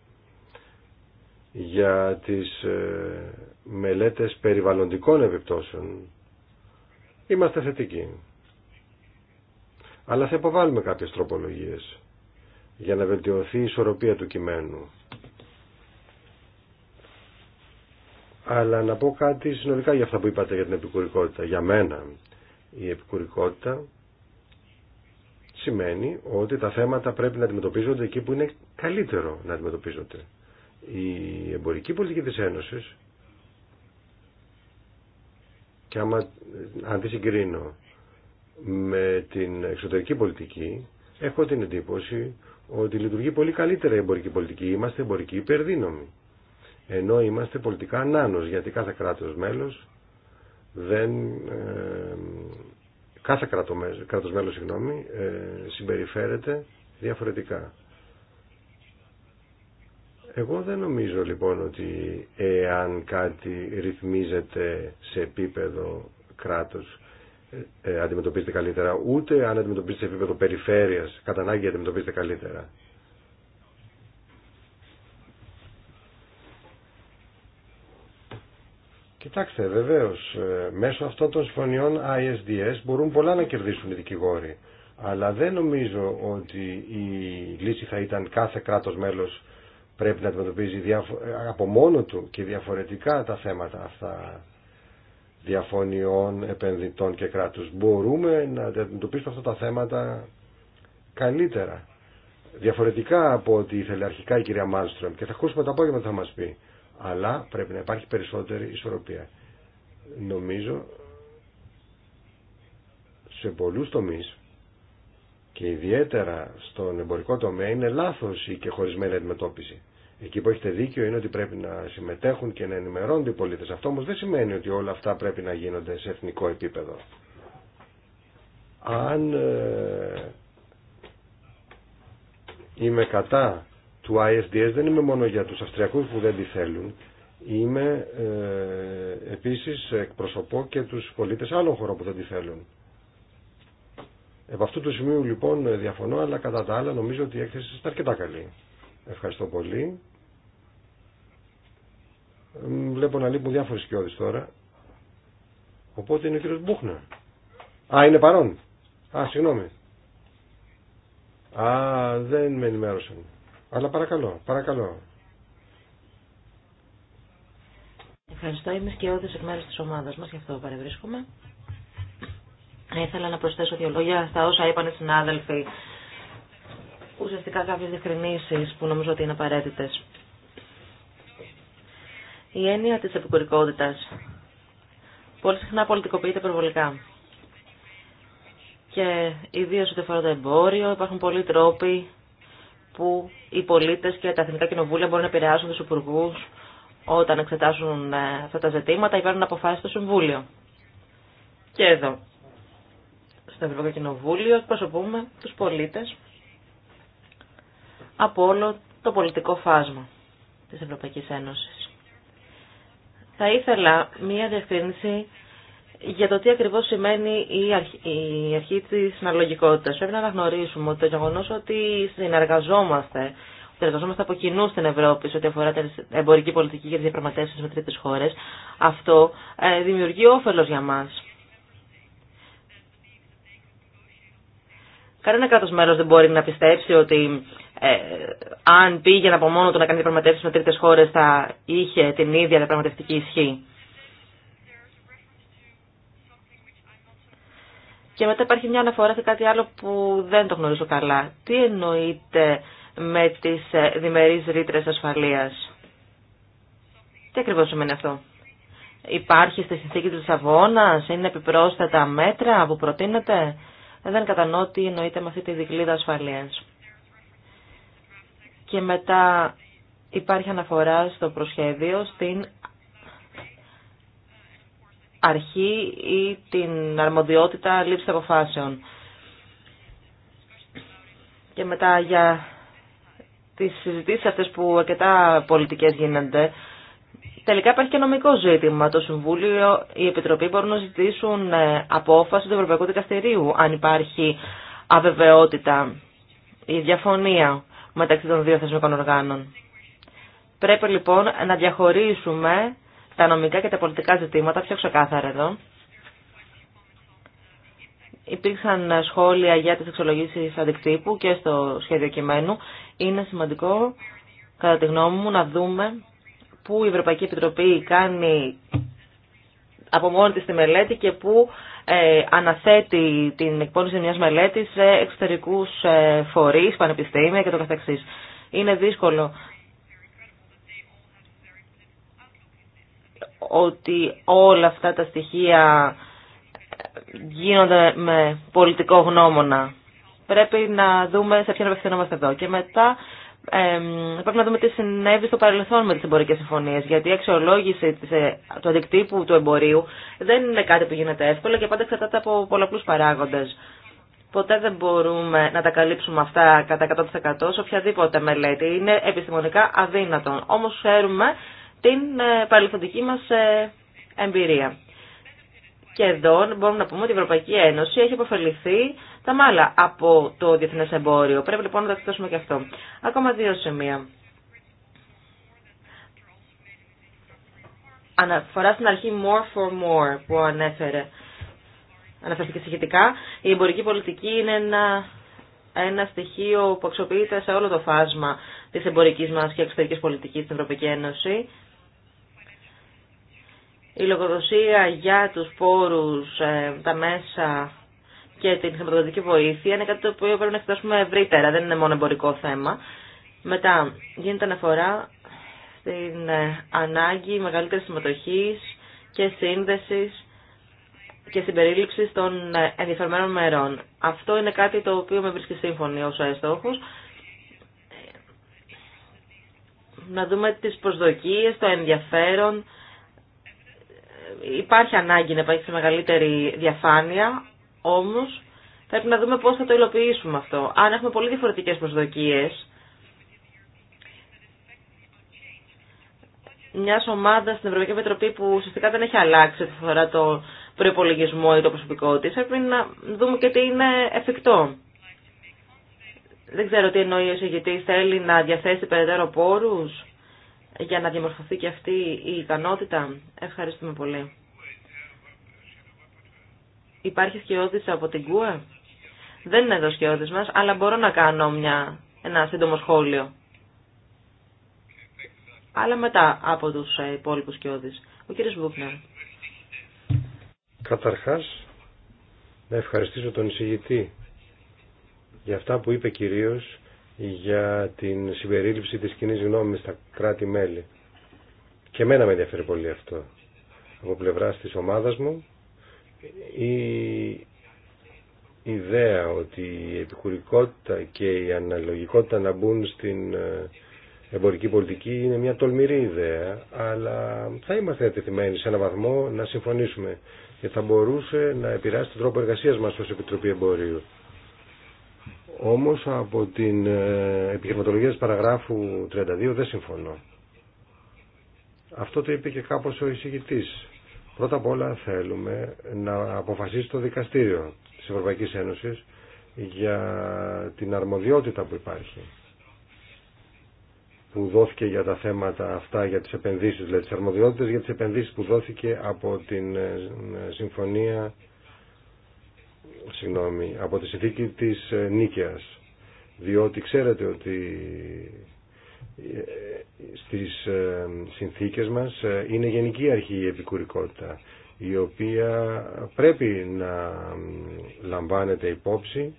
για τις ε, μελέτες περιβαλλοντικών επιπτώσεων είμαστε θετικοί. Αλλά θα υποβάλουμε κάποιες τροπολογίες για να βελτιωθεί η ισορροπία του κειμένου. Αλλά να πω κάτι συνολικά για αυτά που είπατε για την επικουρικότητα. Για μένα η επικουρικότητα σημαίνει ότι τα θέματα πρέπει να αντιμετωπίζονται εκεί που είναι καλύτερο να αντιμετωπίζονται η εμπορική πολιτική της Ένωσης και άμα αν τη συγκρίνω με την εξωτερική πολιτική έχω την εντύπωση ότι λειτουργεί πολύ καλύτερα η εμπορική πολιτική. Είμαστε εμπορικοί υπερδύνομοι. Ενώ είμαστε πολιτικά ανάνος γιατί κάθε κράτος μέλος δεν... κάθε κράτος μέλος συγγνώμη, ε, συμπεριφέρεται διαφορετικά. Εγώ δεν νομίζω λοιπόν ότι εάν κάτι ρυθμίζεται σε επίπεδο κράτους ε, ε, αντιμετωπίζεται καλύτερα, ούτε αν αντιμετωπίζεται σε επίπεδο περιφέρειας, κατά ανάγκη αντιμετωπίζεται καλύτερα. Κοιτάξτε, βεβαίω, ε, μέσω αυτών των συμφωνιών ISDS μπορούν πολλά να κερδίσουν οι δικηγόροι. Αλλά δεν νομίζω ότι η λύση θα ήταν κάθε κράτος μέλος πρέπει να αντιμετωπίζει από μόνο του και διαφορετικά τα θέματα αυτά διαφωνιών, επενδυτών και κράτους. Μπορούμε να αντιμετωπίσουμε αυτά τα θέματα καλύτερα. Διαφορετικά από ό,τι ήθελε αρχικά η κυρία Μάνστρομ και θα ακούσουμε τα απόγευμα θα μας πει. Αλλά πρέπει να υπάρχει περισσότερη ισορροπία. Νομίζω σε πολλούς τομείς και ιδιαίτερα στον εμπορικό τομέα είναι λάθος η και χωρισμένη αντιμετώπιση. Εκεί που έχετε δίκιο είναι ότι πρέπει να συμμετέχουν και να ενημερώνονται οι πολίτες. Αυτό όμω δεν σημαίνει ότι όλα αυτά πρέπει να γίνονται σε εθνικό επίπεδο. Αν ε, είμαι κατά του ISDS δεν είμαι μόνο για τους Αυστριακούς που δεν τη θέλουν. Είμαι ε, επίσης εκπροσωπώ και τους πολίτες άλλων χωρών που δεν τη θέλουν. Επ' αυτού του σημείου λοιπόν διαφωνώ, αλλά κατά τα άλλα νομίζω ότι η έκθεση είναι αρκετά καλή. Ευχαριστώ πολύ. Βλέπω να λείπουν διάφορες σκιώδεις τώρα. Οπότε είναι ο κύριος Μπούχνα. Α, είναι παρόν. Α, συγγνώμη. Α, δεν με ενημέρωσαν. Αλλά παρακαλώ, παρακαλώ. Ευχαριστώ. Είμαι σκιώδης εκ μέρους της ομάδας μας, γι' αυτό παρευρίσκομαι. Ε, ήθελα να προσθέσω δύο λόγια στα όσα είπαν οι συνάδελφοι. Ουσιαστικά κάποιες διευκρινήσεις που νομίζω ότι είναι απαραίτητες. Η έννοια της επικουρικότητας πολύ συχνά πολιτικοποιείται προβολικά. Και ιδίω ό,τι αφορά το εμπόριο υπάρχουν πολλοί τρόποι που οι πολίτε και τα εθνικά κοινοβούλια μπορούν να επηρεάσουν του υπουργού όταν εξετάσουν ε, αυτά τα ζητήματα ή παίρνουν αποφάσει στο Συμβούλιο. Και εδώ, στο Ευρωπαϊκό Κοινοβούλιο, εκπροσωπούμε του πολίτε από όλο το πολιτικό φάσμα της Ευρωπαϊκής Ένωσης. Θα ήθελα μία διευκρίνηση για το τι ακριβώς σημαίνει η αρχή, η αρχή της συναλλογικότητας. Πρέπει να αναγνωρίσουμε ότι το γεγονός ότι συνεργαζόμαστε, ότι εργαζόμαστε από κοινού στην Ευρώπη σε ό,τι αφορά την εμπορική πολιτική και τι διαπραγματεύσει με τρίτε χώρες, αυτό ε, δημιουργεί όφελο για μα. Κανένα κράτο μέλο δεν μπορεί να πιστέψει ότι ε, αν πήγαινε από μόνο του να κάνει διαπραγματεύσει με τρίτε χώρε θα είχε την ίδια διαπραγματευτική ισχύ. Και μετά υπάρχει μια αναφορά σε κάτι άλλο που δεν το γνωρίζω καλά. Τι εννοείται με τις ε, διμερείς ρήτρες ασφαλείας. Τι ακριβώς σημαίνει αυτό. Υπάρχει στη συνθήκη της Λισαβόνας, είναι επιπρόσθετα μέτρα που προτείνεται. Δεν κατανοώ τι εννοείται με αυτή τη δικλίδα ασφαλείας και μετά υπάρχει αναφορά στο προσχέδιο στην αρχή ή την αρμοδιότητα λήψη αποφάσεων. Και μετά για τις συζητήσεις αυτές που αρκετά πολιτικές γίνονται, τελικά υπάρχει και νομικό ζήτημα. Το Συμβούλιο, η Επιτροπή μπορούν να ζητήσουν ε, απόφαση του Ευρωπαϊκού Δικαστηρίου, αν υπάρχει αβεβαιότητα ή διαφωνία μεταξύ των δύο θεσμικών οργάνων. Πρέπει λοιπόν να διαχωρίσουμε τα νομικά και τα πολιτικά ζητήματα πιο ξεκάθαρα εδώ. Υπήρξαν σχόλια για τις εξολογήσεις αντικτύπου και στο σχέδιο κειμένου. Είναι σημαντικό, κατά τη γνώμη μου, να δούμε πού η Ευρωπαϊκή Επιτροπή κάνει από μόνη της τη μελέτη και πού ε, αναθέτει την εκπόνηση μιας μελέτης σε εξωτερικούς ε, φορείς, πανεπιστήμια και το καθεξής. Είναι δύσκολο ότι όλα αυτά τα στοιχεία γίνονται με πολιτικό γνώμονα. Πρέπει να δούμε σε ποιον απευθυνόμαστε εδώ. Και μετά πρέπει να δούμε τι συνέβη στο παρελθόν με τι εμπορικέ συμφωνίε, γιατί η αξιολόγηση της, ε, του αντικτύπου του εμπορίου δεν είναι κάτι που γίνεται εύκολα και πάντα εξαρτάται από πολλαπλού παράγοντε. Ποτέ δεν μπορούμε να τα καλύψουμε αυτά κατά 100% σε οποιαδήποτε μελέτη. Είναι επιστημονικά αδύνατον. Όμω φέρουμε την ε, παρελθοντική μας ε, εμπειρία. Και εδώ μπορούμε να πούμε ότι η Ευρωπαϊκή Ένωση έχει αποφεληθεί τα μάλα από το διεθνέ εμπόριο. Πρέπει λοιπόν να τα εκτάσουμε και αυτό. Ακόμα δύο σημεία. Αναφορά στην αρχή more for more που ανέφερε. Αναφερθήκε σχετικά. Η εμπορική πολιτική είναι ένα, ένα στοιχείο που αξιοποιείται σε όλο το φάσμα της εμπορικής μας και εξωτερικής πολιτικής στην Ευρωπαϊκή Ένωση. Η λογοδοσία για τους πόρους, ε, τα μέσα και την χρηματοδοτική βοήθεια είναι κάτι το οποίο πρέπει να εξετάσουμε ευρύτερα, δεν είναι μόνο εμπορικό θέμα. Μετά γίνεται αναφορά στην ε, ανάγκη μεγαλύτερης συμμετοχή και σύνδεση και συμπερίληψη των ε, ενδιαφερμένων μερών. Αυτό είναι κάτι το οποίο με βρίσκει σύμφωνη ως αεστόχος. Να δούμε τις προσδοκίες, το ενδιαφέρον. Ε, υπάρχει ανάγκη να υπάρχει σε μεγαλύτερη διαφάνεια, όμως πρέπει να δούμε πώς θα το υλοποιήσουμε αυτό. Αν έχουμε πολύ διαφορετικές προσδοκίες μια ομάδα στην Ευρωπαϊκή Επιτροπή που ουσιαστικά δεν έχει αλλάξει τη αφορά το προπολογισμό ή το προσωπικό τη, πρέπει να δούμε και τι είναι εφικτό. Δεν ξέρω τι εννοεί ο συγγητή. Θέλει να διαθέσει περαιτέρω πόρου για να διαμορφωθεί και αυτή η ικανότητα. Ευχαριστούμε πολύ. Υπάρχει σκιώδης από την ΚΟΕ. Δεν είναι εδώ σκιώδης μας, αλλά μπορώ να κάνω μια, ένα σύντομο σχόλιο. Αλλά μετά από τους ε, υπόλοιπους σκιώδης. Ο κύριος Βούπνερ. Καταρχάς, να ευχαριστήσω τον εισηγητή για αυτά που είπε κυρίως για την συμπερίληψη της κοινή γνώμης στα κράτη-μέλη. Και εμένα με ενδιαφέρει πολύ αυτό. Από πλευρά τη ομάδα μου η ιδέα ότι η επικουρικότητα και η αναλογικότητα να μπουν στην ε, εμπορική πολιτική είναι μια τολμηρή ιδέα, αλλά θα είμαστε ατεθειμένοι σε έναν βαθμό να συμφωνήσουμε και θα μπορούσε να επηρεάσει τον τρόπο εργασίας μας ως Επιτροπή Εμπορίου. Όμως από την ε, επιχειρηματολογία της παραγράφου 32 δεν συμφωνώ. Αυτό το είπε και κάπως ο εισηγητής Πρώτα απ' όλα θέλουμε να αποφασίσει το δικαστήριο της Ευρωπαϊκής Ένωσης για την αρμοδιότητα που υπάρχει που δόθηκε για τα θέματα αυτά για τις επενδύσεις, δηλαδή τις αρμοδιότητες για τις επενδύσεις που δόθηκε από την ε, ε, συμφωνία συγγνώμη, από τη συνθήκη της ε, Νίκαιας διότι ξέρετε ότι στις ε, συνθήκες μας ε, είναι γενική αρχή η επικουρικότητα η οποία πρέπει να λαμβάνεται υπόψη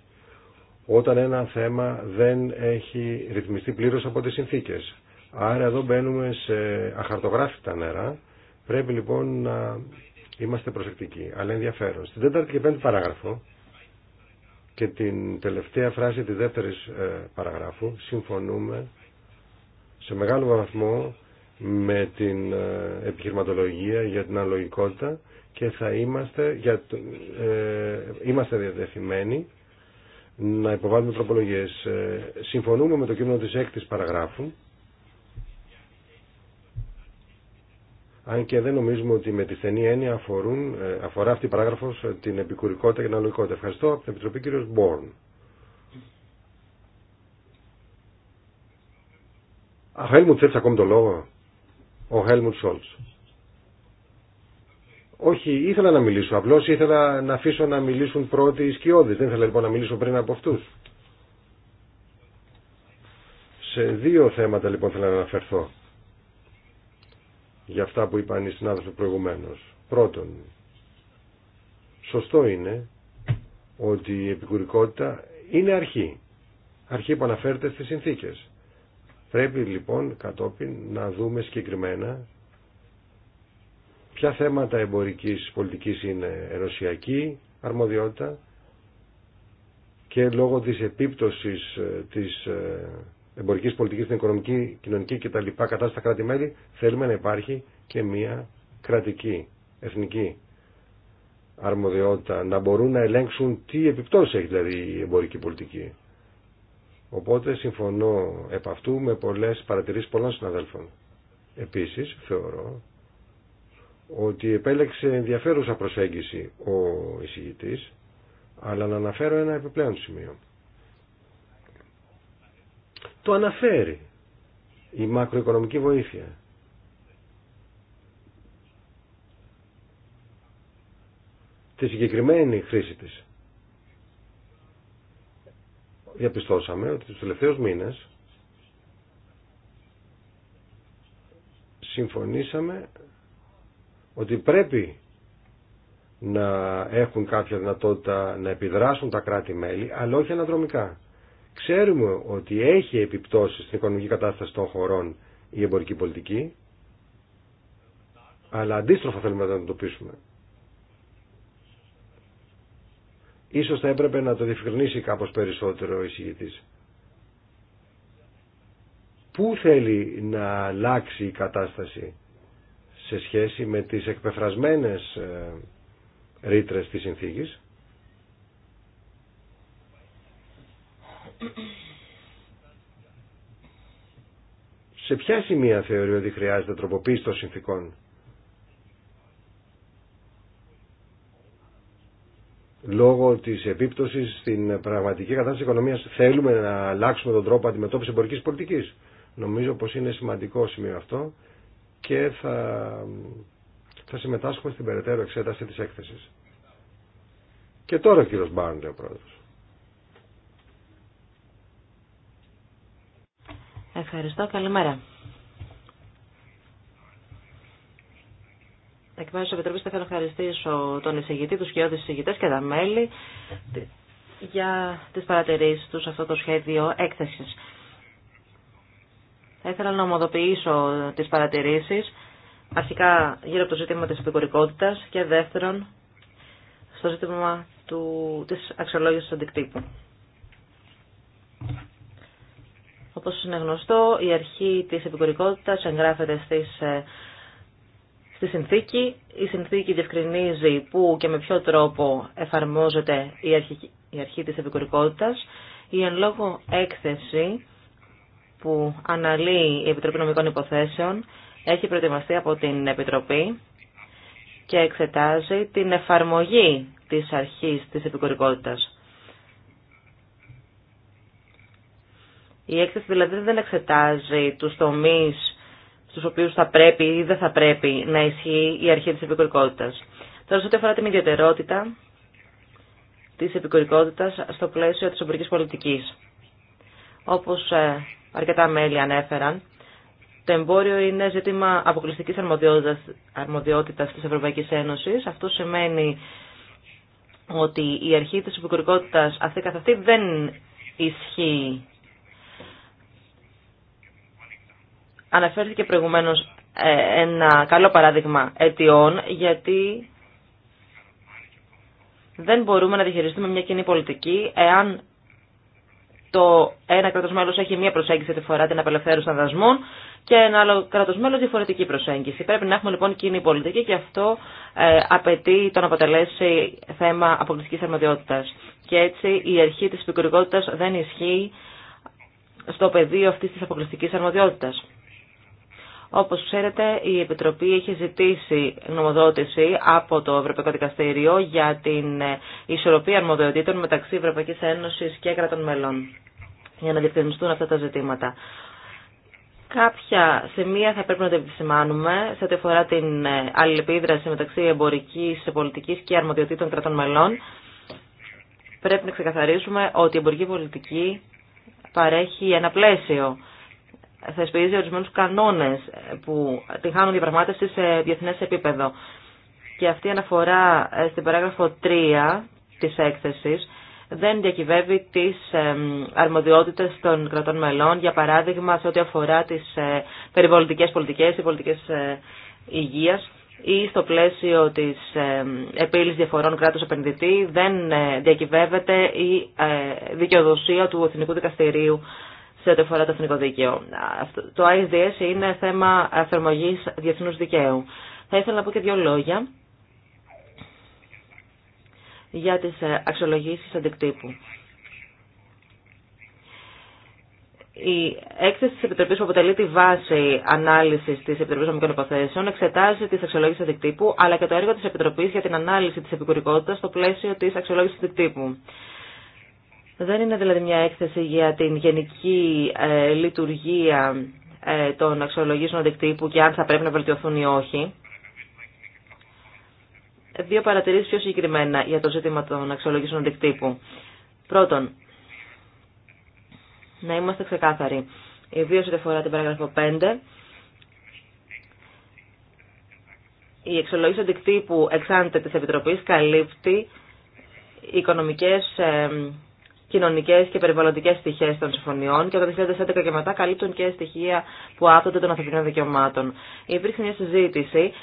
όταν ένα θέμα δεν έχει ρυθμιστεί πλήρως από τις συνθήκες. Άρα εδώ μπαίνουμε σε αχαρτογράφητα νερά. Πρέπει λοιπόν να είμαστε προσεκτικοί, αλλά ενδιαφέρον. Στην τέταρτη και πέμπτη παράγραφο και την τελευταία φράση της δεύτερης ε, παραγράφου συμφωνούμε σε μεγάλο βαθμό με την ε, επιχειρηματολογία για την αλογικότητα και θα είμαστε, για, ε, είμαστε διατεθειμένοι να υποβάλουμε τροπολογίες. Ε, συμφωνούμε με το κείμενο της έκτης παραγράφου, αν και δεν νομίζουμε ότι με τη στενή έννοια αφορούν, ε, αφορά αυτή η παράγραφος την επικουρικότητα και την αλογικότητα. Ευχαριστώ από την Επιτροπή κύριος Μπόρν. Ο Χέλμουντ θέλει ακόμη το λόγο. Ο Χέλμουντ Σόλτ. Όχι, ήθελα να μιλήσω. Απλώς ήθελα να αφήσω να μιλήσουν πρώτοι οι σκιώδει. Δεν ήθελα λοιπόν να μιλήσω πριν από αυτούς. Σε δύο θέματα λοιπόν θέλω να αναφερθώ. Για αυτά που είπαν οι συνάδελφοι προηγουμένω. Πρώτον, σωστό είναι ότι η επικουρικότητα είναι αρχή. Αρχή που αναφέρεται στις συνθήκες. Πρέπει λοιπόν κατόπιν να δούμε συγκεκριμένα ποια θέματα εμπορικής πολιτικής είναι ενωσιακή αρμοδιότητα και λόγω της επίπτωσης ε, της ε, εμπορικής πολιτικής στην οικονομική, κοινωνική τα κατάσταση στα κράτη-μέλη θέλουμε να υπάρχει και μια κρατική, εθνική αρμοδιότητα να μπορούν να ελέγξουν τι επιπτώσεις έχει δηλαδή η εμπορική πολιτική. Οπότε συμφωνώ επ' αυτού με πολλές παρατηρήσεις πολλών συναδέλφων. Επίσης θεωρώ ότι επέλεξε ενδιαφέρουσα προσέγγιση ο εισηγητής, αλλά να αναφέρω ένα επιπλέον σημείο. Το αναφέρει η μακροοικονομική βοήθεια. Τη συγκεκριμένη χρήση της διαπιστώσαμε ότι τους τελευταίους μήνες συμφωνήσαμε ότι πρέπει να έχουν κάποια δυνατότητα να επιδράσουν τα κράτη-μέλη, αλλά όχι αναδρομικά. Ξέρουμε ότι έχει επιπτώσεις στην οικονομική κατάσταση των χωρών η εμπορική πολιτική, αλλά αντίστροφα θέλουμε να το αντιμετωπίσουμε. Ίσως θα έπρεπε να το διευκρινίσει κάπως περισσότερο ο εισηγητής. Πού θέλει να αλλάξει η κατάσταση σε σχέση με τις εκπεφρασμένες ε, ρήτρες της συνθήκης. Σε ποια σημεία θεωρεί ότι χρειάζεται τροποποίηση των συνθήκων λόγω της επίπτωσης στην πραγματική κατάσταση οικονομίας θέλουμε να αλλάξουμε τον τρόπο αντιμετώπισης εμπορικής πολιτικής. Νομίζω πως είναι σημαντικό σημείο αυτό και θα, θα συμμετάσχουμε στην περαιτέρω εξέταση της έκθεσης. Και τώρα ο κύριος Μπάρν, λέει ο πρόεδρος. Ευχαριστώ. Καλημέρα. Εκ μέρου τη Επιτροπή θα θέλω να ευχαριστήσω τον εισηγητή, του κοιόδη εισηγητέ και τα μέλη για τι παρατηρήσει του σε αυτό το σχέδιο έκθεση. Θα ήθελα να ομοδοποιήσω τι παρατηρήσει, αρχικά γύρω από το ζήτημα τη επικουρικότητα και δεύτερον στο ζήτημα του, της αξιολόγησης αντικτύπου. Όπως είναι γνωστό, η αρχή της επικουρικότητας εγγράφεται στις ε, στη συνθήκη. Η συνθήκη διευκρινίζει πού και με ποιο τρόπο εφαρμόζεται η αρχή, η αρχή της επικουρικότητας. Η εν λόγω έκθεση που αναλύει η Επιτροπή Νομικών Υποθέσεων έχει προετοιμαστεί από την Επιτροπή και εξετάζει την εφαρμογή της αρχής της επικουρικότητας. Η έκθεση δηλαδή δεν εξετάζει τους τομείς στους οποίους θα πρέπει ή δεν θα πρέπει να ισχύει η αρχή της επικορικότητας. Τώρα, σε ό,τι αφορά την ιδιαιτερότητα της επικορικότητας στο πλαίσιο της ομπρικής πολιτικής. Όπως ε, αρκετά μέλη ανέφεραν, το εμπόριο είναι ζήτημα αποκλειστικής αρμοδιότητας της Ευρωπαϊκής Ένωσης. Αυτό σημαίνει ότι η αρχή της επικουρικότητας αυτή καθ' αυτή δεν ισχύει Αναφέρθηκε προηγουμένως ε, ένα καλό παράδειγμα αιτιών γιατί δεν μπορούμε να διαχειριστούμε μια κοινή πολιτική εάν το ένα κράτος μέλος έχει μια προσέγγιση ότι φορά την απελευθέρωση των δασμών και ένα άλλο κράτος μέλος διαφορετική προσέγγιση. Πρέπει να έχουμε λοιπόν κοινή πολιτική και αυτό ε, απαιτεί το να αποτελέσει θέμα αποκλειστική αρμοδιότητας. Και έτσι η αρχή τη επικουρικότητας δεν ισχύει στο πεδίο αυτή τη αποκλειστική αρμοδιότητας. Όπως ξέρετε, η Επιτροπή έχει ζητήσει νομοδότηση από το Ευρωπαϊκό Δικαστήριο για την ε, ισορροπία αρμοδιοτήτων μεταξύ Ευρωπαϊκής Ένωσης και κρατών μελών για να διευκρινιστούν αυτά τα ζητήματα. Κάποια σημεία θα πρέπει να τα επισημάνουμε σε ό,τι αφορά την ε, αλληλεπίδραση μεταξύ εμπορικής, πολιτικής και αρμοδιοτήτων κρατών μελών. Πρέπει να ξεκαθαρίσουμε ότι η εμπορική πολιτική παρέχει ένα πλαίσιο θεσπίζει ορισμένου κανόνε που την χάνουν διαπραγμάτευση σε διεθνέ επίπεδο. Και αυτή η αναφορά ε, στην παράγραφο 3 τη έκθεση δεν διακυβεύει τι αρμοδιότητε των κρατών μελών, για παράδειγμα σε ό,τι αφορά τι ε, περιβαλλοντικέ πολιτικέ ή πολιτικέ ε, υγεία ή στο πλαίσιο της επίλυσης διαφορών κράτους επενδυτή δεν διακυβεύεται η δικαιοδοσία του Εθνικού Δικαστηρίου σε ό,τι αφορά το εθνικό δίκαιο. Το ISDS είναι θέμα εφαρμογή διεθνού. δικαίου. Θα ήθελα να πω και δύο λόγια για τις ε, αξιολογήσεις αντικτύπου. Η έκθεση της Επιτροπής που αποτελεί τη βάση ανάλυσης της Επιτροπής Νομικών Υποθέσεων εξετάζει τις αξιολόγησεις αντικτύπου αλλά και το έργο της Επιτροπής για την ανάλυση της επικουρικότητας στο πλαίσιο της αξιολόγησης αντικτύπου. Δεν είναι δηλαδή μια έκθεση για την γενική ε, λειτουργία ε, των αξιολογήσεων αντικτύπου και αν θα πρέπει να βελτιωθούν ή όχι. Δύο παρατηρήσεις πιο συγκεκριμένα για το ζήτημα των αξιολογήσεων αντικτύπου. Πρώτον, να είμαστε ξεκάθαροι. Ιδίω ό,τι φορά την παράγραφο 5, η εξολογήση αντικτύπου εξάντια της Επιτροπής καλύπτει οικονομικές ε, κοινωνικέ και περιβαλλοντικέ πτυχέ των συμφωνιών και από το 2011 και μετά καλύπτουν και στοιχεία που άπτονται των ανθρωπίνων δικαιωμάτων. Υπήρξε μια συζήτηση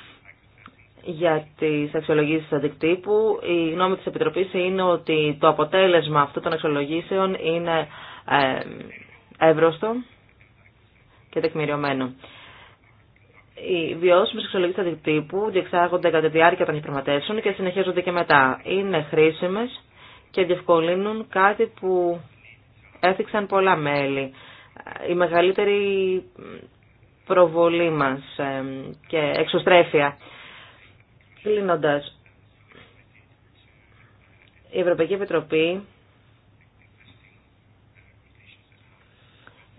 για τι αξιολογήσει αντικτύπου. Η γνώμη τη Επιτροπή είναι ότι το αποτέλεσμα αυτών των αξιολογήσεων είναι ε, εύρωστο και τεκμηριωμένο. Οι βιώσιμε αξιολογήσει αντικτύπου διεξάγονται κατά τη διάρκεια των διαπραγματεύσεων και συνεχίζονται και μετά. Είναι χρήσιμε και διευκολύνουν κάτι που έθιξαν πολλά μέλη. Η μεγαλύτερη προβολή μας και εξωστρέφεια. Κλείνοντας, η Ευρωπαϊκή Επιτροπή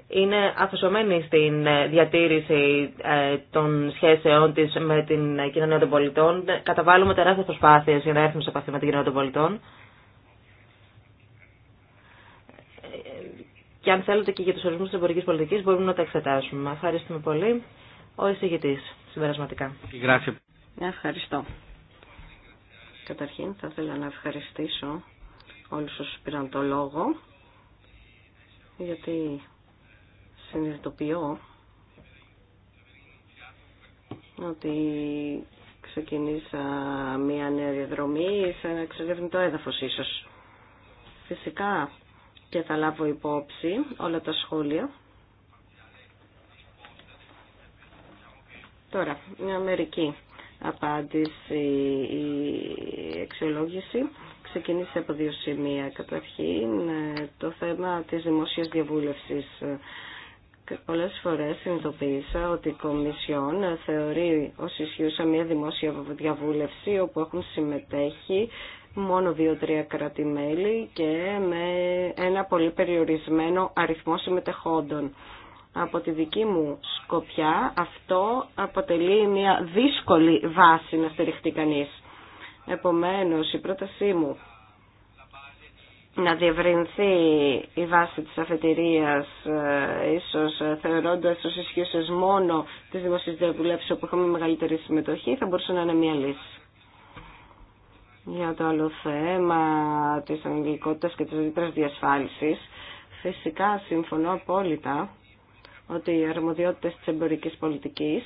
είναι αφοσιωμένη στην ε, διατήρηση ε, των σχέσεών της με την ε, κοινωνία των πολιτών. Καταβάλουμε τεράστιες προσπάθειες για να έρθουμε σε επαφή με την κοινωνία των πολιτών. και αν θέλετε και για του ορισμού τη εμπορικής Πολιτική μπορούμε να τα εξετάσουμε. Ευχαριστούμε πολύ. Ο εισηγητή, συμπερασματικά. Ευχαριστώ. Καταρχήν θα ήθελα να ευχαριστήσω όλους όσους πήραν το λόγο γιατί συνειδητοποιώ ότι ξεκινήσα μία νέα διαδρομή σε ένα εξερευνητό έδαφος ίσως. Φυσικά και θα λάβω υπόψη όλα τα σχόλια. Τώρα, μια μερική απάντηση η εξολογηση ξεκινήσει από δύο σημεία. Καταρχήν, το θέμα της δημόσιας διαβούλευσης. Πολλές φορές συνειδητοποίησα ότι η Κομισιόν θεωρεί ως ισχύουσα μια δημόσια διαβούλευση όπου έχουν συμμετέχει μόνο δύο-τρία κράτη-μέλη και με ένα πολύ περιορισμένο αριθμό συμμετεχόντων. Από τη δική μου σκοπιά αυτό αποτελεί μια δύσκολη βάση να στηριχτεί κανείς. Επομένως η πρότασή μου να διευρυνθεί η βάση της αφετηρίας ε, ίσως θεωρώντας ως ισχύσεις μόνο τις δημοσίες διαβουλεύσεις όπου έχουμε μεγαλύτερη συμμετοχή θα μπορούσε να είναι μια λύση για το άλλο θέμα της αγγλικότητας και της ρήτρας διασφάλισης. Φυσικά συμφωνώ απόλυτα ότι οι αρμοδιότητες της εμπορικής πολιτικής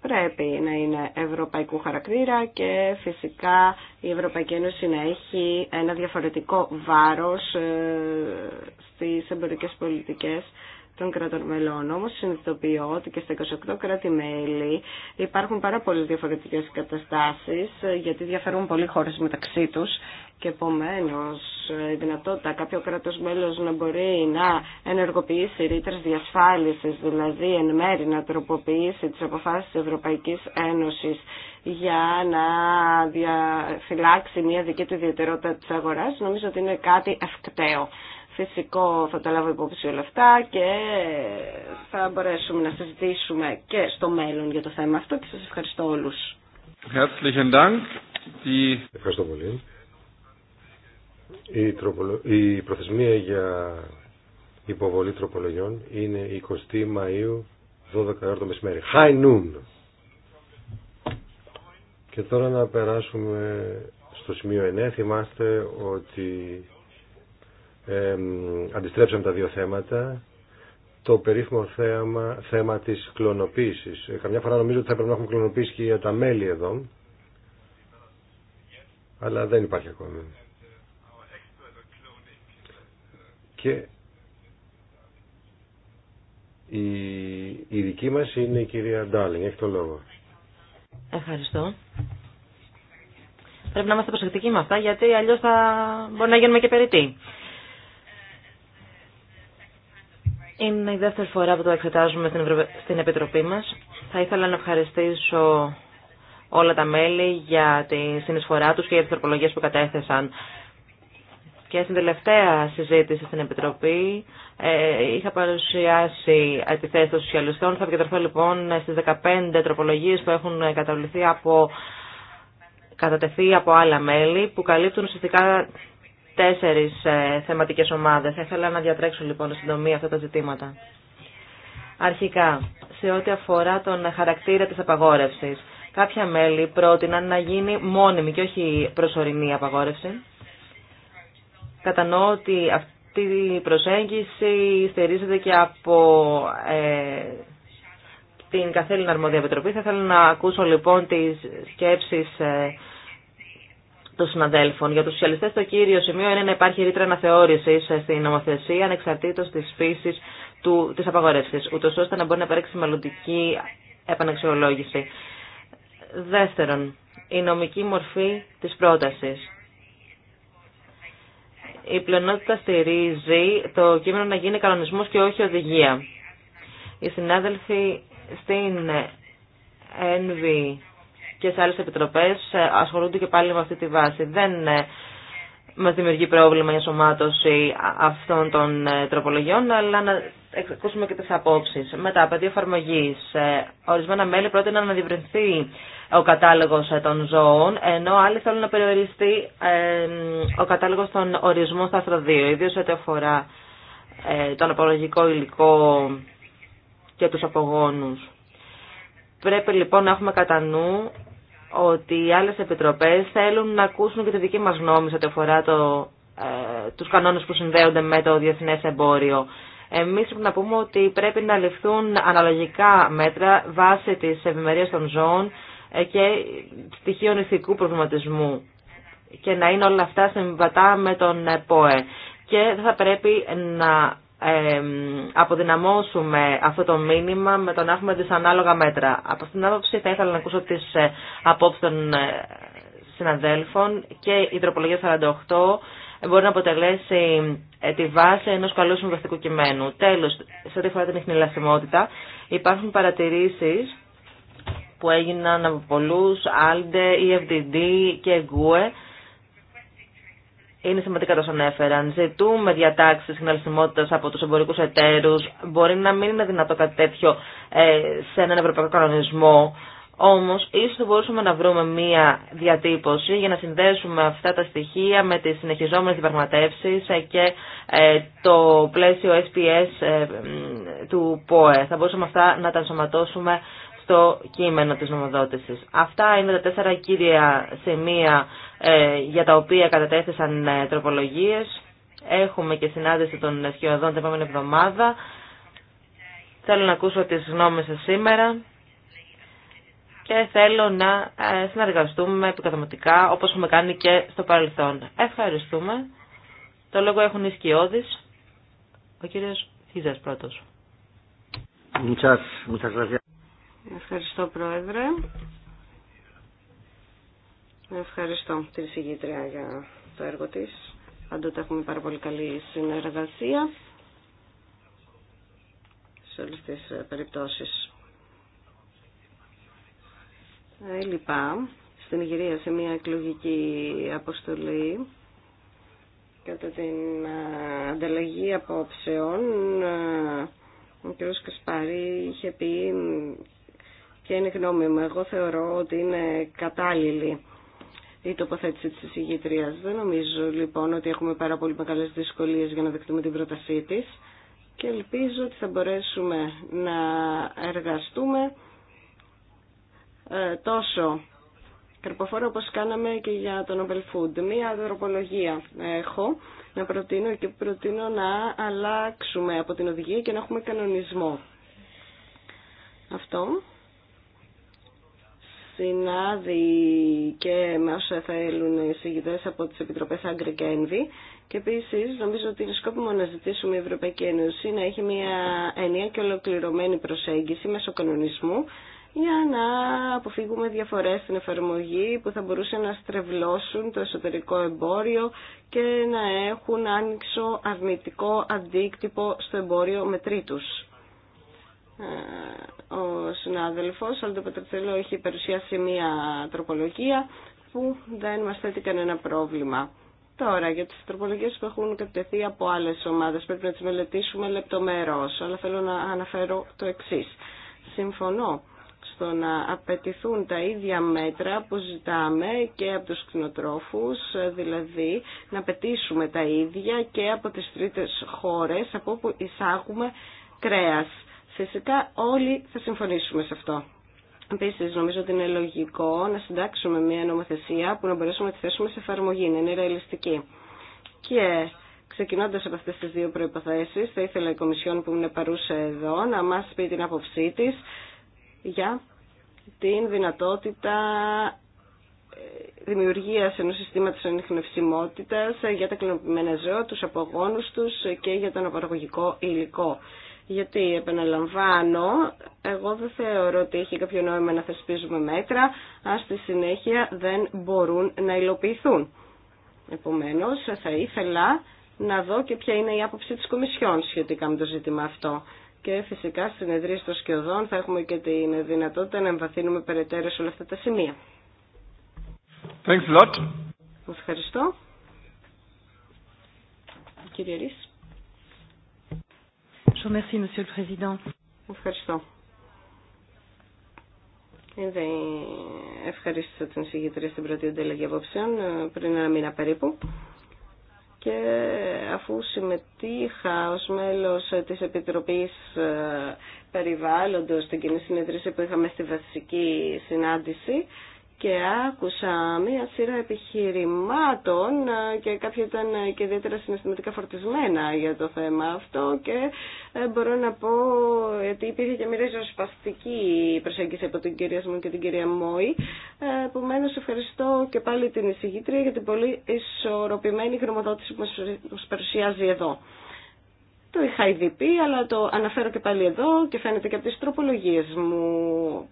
πρέπει να είναι ευρωπαϊκού χαρακτήρα και φυσικά η Ευρωπαϊκή Ένωση να έχει ένα διαφορετικό βάρος ε, στις εμπορικές πολιτικές των κρατών μελών. Όμως συνειδητοποιώ ότι και στα 28 κράτη-μέλη υπάρχουν πάρα πολλές διαφορετικές καταστάσεις γιατί διαφέρουν πολλοί χώρες μεταξύ τους και επομένω η δυνατότητα κάποιο κράτος μέλος να μπορεί να ενεργοποιήσει ρήτρε διασφάλισης, δηλαδή εν μέρη να τροποποιήσει τις αποφάσεις της Ευρωπαϊκής Ένωσης για να διαφυλάξει μια δική του ιδιαιτερότητα της αγοράς, νομίζω ότι είναι κάτι ευκταίο. Φυσικό θα τα λάβω υπόψη όλα αυτά και θα μπορέσουμε να συζητήσουμε και στο μέλλον για το θέμα αυτό και σας ευχαριστώ όλους. Ευχαριστώ πολύ. Η, η προθεσμία για υποβολή τροπολογιών είναι 20 Μαΐου 12 το μεσημέρι. High noon. Και τώρα να περάσουμε στο σημείο 9. Θυμάστε ότι ε, αντιστρέψαμε τα δύο θέματα το περίφημο θέμα, θέμα της κλωνοποίησης. Ε, καμιά φορά νομίζω ότι θα πρέπει να έχουμε κλωνοποίηση και για τα μέλη εδώ, αλλά δεν υπάρχει ακόμη. Και η, η δική μας είναι η κυρία Ντάλινγκ, έχει το λόγο. Ευχαριστώ. Πρέπει να είμαστε προσεκτικοί με αυτά, γιατί αλλιώς θα μπορεί να γίνουμε και περιττοί. Είναι η δεύτερη φορά που το εξετάζουμε στην, στην Επιτροπή μας. Θα ήθελα να ευχαριστήσω όλα τα μέλη για τη συνεισφορά τους και για τις τροπολογίες που κατέθεσαν. Και στην τελευταία συζήτηση στην Επιτροπή ε, είχα παρουσιάσει επιθέσεις των σοσιαλιστών. Θα επικεντρωθώ λοιπόν στις 15 τροπολογίες που έχουν από κατατεθεί από άλλα μέλη που καλύπτουν ουσιαστικά τέσσερις ε, θεματικές ομάδες. Θα ήθελα να διατρέξω λοιπόν τομή αυτά τα ζητήματα. Αρχικά, σε ό,τι αφορά τον χαρακτήρα της απαγόρευσης, κάποια μέλη πρότειναν να γίνει μόνιμη και όχι προσωρινή απαγόρευση. Κατανοώ ότι αυτή η προσέγγιση στερίζεται και από ε, την καθέληνα αρμόδια επιτροπή. Θα ήθελα να ακούσω λοιπόν τις σκέψεις ε, των συναδέλφων. Για τους σοσιαλιστέ, το κύριο σημείο είναι να υπάρχει ρήτρα αναθεώρηση στην νομοθεσία ανεξαρτήτως της φύσης τη της ούτω ώστε να μπορεί να υπάρξει μελλοντική επαναξιολόγηση. Δεύτερον, η νομική μορφή της πρότασης. Η πλειονότητα στηρίζει το κείμενο να γίνει κανονισμό και όχι οδηγία. Οι συνάδελφοι στην ΕΝΒΗ και σε άλλες επιτροπές ε, ασχολούνται και πάλι με αυτή τη βάση. Δεν ε, μας δημιουργεί πρόβλημα η ενσωμάτωση αυτών των ε, τροπολογιών, αλλά να ακούσουμε και τις απόψεις. Μετά, δύο εφαρμογή. Ορισμένα μέλη πρότειναν να διευρυνθεί ο κατάλογος των ζώων, ενώ άλλοι θέλουν να περιοριστεί ο κατάλογος των ορισμών στα αστροδίου, ό,τι αφορά τον απολογικό υλικό και τους απογόνους. Πρέπει λοιπόν να έχουμε κατά νου ότι οι άλλες επιτροπές θέλουν να ακούσουν και τη δική μας γνώμη σε ό,τι αφορά το, ε, τους κανόνες που συνδέονται με το διεθνές εμπόριο. Εμείς πρέπει να πούμε ότι πρέπει να ληφθούν αναλογικά μέτρα βάσει της ευημερίας των ζώων ε, και στοιχείων ηθικού προβληματισμού και να είναι όλα αυτά συμβατά με τον ΠΟΕ. Και θα πρέπει να αποδυναμώσουμε αυτό το μήνυμα με το να έχουμε δυσανάλογα μέτρα. Από αυτήν την άποψη θα ήθελα να ακούσω τις ε, απόψεις των ε, συναδέλφων και η τροπολογία 48 μπορεί να αποτελέσει ε, τη βάση ενός καλού συμβαστικού κειμένου. Τέλος, σε ό,τι αφορά την ειχνηλασιμότητα, υπάρχουν παρατηρήσεις που έγιναν από πολλούς, ALDE, EFDD και GUE, είναι σημαντικά τόσο ανέφεραν. Ζητούμε διατάξει συναλυσιμότητα από του εμπορικού εταίρου. Μπορεί να μην είναι δυνατό κάτι τέτοιο ε, σε έναν ευρωπαϊκό κανονισμό. Όμω, ίσω θα μπορούσαμε να βρούμε μία διατύπωση για να συνδέσουμε αυτά τα στοιχεία με τι συνεχιζόμενε διαπραγματεύσει ε, και ε, το πλαίσιο SPS του ΠΟΕ. Θα μπορούσαμε αυτά να τα ενσωματώσουμε στο κείμενο της νομοδότησης. Αυτά είναι τα τέσσερα κύρια σημεία ε, για τα οποία κατατέθησαν ε, τροπολογίες. Έχουμε και συνάντηση των σχεδόν την επόμενη εβδομάδα. Θέλω να ακούσω τις γνώμες σας σήμερα και θέλω να ε, συνεργαστούμε επικοδομητικά όπως έχουμε κάνει και στο παρελθόν. Ευχαριστούμε. Το λόγο έχουν οι σκιώδεις. Ο κύριος Φίζας πρώτος. Ευχαριστώ Πρόεδρε. Ευχαριστώ την συγγήτρια για το έργο της. Πάντοτε έχουμε πάρα πολύ καλή συνεργασία σε όλες τις περιπτώσεις. λοιπά, στην Ιγυρία σε μια εκλογική αποστολή κατά την ε, ανταλλαγή απόψεων ε, ο κ. Κασπάρη είχε πει και είναι γνώμη μου. Εγώ θεωρώ ότι είναι κατάλληλη η τοποθέτηση της εισηγήτριας. Δεν νομίζω λοιπόν ότι έχουμε πάρα πολύ μεγάλες δυσκολίες για να δεχτούμε την πρότασή της και ελπίζω ότι θα μπορέσουμε να εργαστούμε ε, τόσο καρποφόρο όπως κάναμε και για το Nobel Food. Μία δροπολογία έχω να προτείνω και προτείνω να αλλάξουμε από την οδηγία και να έχουμε κανονισμό. Αυτό συνάδει και με όσα θέλουν οι συγγητές από τις Επιτροπές Άγκρη και Ένβη. Και επίση νομίζω ότι είναι σκόπιμο να ζητήσουμε η Ευρωπαϊκή Ένωση να έχει μια ενιαία και ολοκληρωμένη προσέγγιση μέσω κανονισμού για να αποφύγουμε διαφορές στην εφαρμογή που θα μπορούσαν να στρεβλώσουν το εσωτερικό εμπόριο και να έχουν άνοιξο αρνητικό αντίκτυπο στο εμπόριο με τρίτους ο συνάδελφος Αλντο Πετρετσελό έχει παρουσιάσει μια τροπολογία που δεν μας θέτει κανένα πρόβλημα. Τώρα, για τις τροπολογίες που έχουν κατευθεί από άλλες ομάδες πρέπει να τις μελετήσουμε λεπτομερώς, αλλά θέλω να αναφέρω το εξής. Συμφωνώ στο να απαιτηθούν τα ίδια μέτρα που ζητάμε και από τους κτηνοτρόφους, δηλαδή να απαιτήσουμε τα ίδια και από τις τρίτες χώρες από όπου εισάγουμε κρέας Φυσικά όλοι θα συμφωνήσουμε σε αυτό. Επίση, νομίζω ότι είναι λογικό να συντάξουμε μια νομοθεσία που να μπορέσουμε να τη θέσουμε σε εφαρμογή, να είναι ρεαλιστική. Και Ξεκινώντα από αυτέ τι δύο προποθέσει, θα ήθελα η Κομισιόν που είναι παρούσα εδώ να μα πει την άποψή τη για την δυνατότητα ε, δημιουργία ενό συστήματο ανιχνευσιμότητα για τα κλωνοποιημένα ζώα, του απογόνου του και για το αναπαραγωγικό υλικό. Γιατί, επαναλαμβάνω, εγώ δεν θεωρώ ότι έχει κάποιο νόημα να θεσπίζουμε μέτρα, αν στη συνέχεια δεν μπορούν να υλοποιηθούν. Επομένως, θα ήθελα να δω και ποια είναι η άποψη της Κομισιόν σχετικά με το ζήτημα αυτό. Και φυσικά στην Εδρία των σκιωδών θα έχουμε και την δυνατότητα να εμβαθύνουμε περαιτέρω σε όλα αυτά τα σημεία. ευχαριστώ. Κύριε Ευχαριστώ. Ήδη ευχαρίστησα την συγκεκριτή στην πρώτη εντέλεγη απόψεων ε, πριν ένα μήνα περίπου και αφού συμμετείχα ως μέλος της Επιτροπής ε, Περιβάλλοντος στην κοινή συνεδρίαση που είχαμε στη βασική συνάντηση και άκουσα μία σειρά επιχειρημάτων ε, και κάποια ήταν ε, και ιδιαίτερα συναισθηματικά φορτισμένα για το θέμα αυτό και ε, μπορώ να πω ότι υπήρχε και μια σπαστική προσέγγιση από την κυρία μου και την κυρία Μόη που μένω ευχαριστώ και πάλι την εισηγήτρια για την πολύ ισορροπημένη χρηματοδότηση που μας παρουσιάζει εδώ το είχα ήδη πει, αλλά το αναφέρω και πάλι εδώ και φαίνεται και από τις τροπολογίες μου.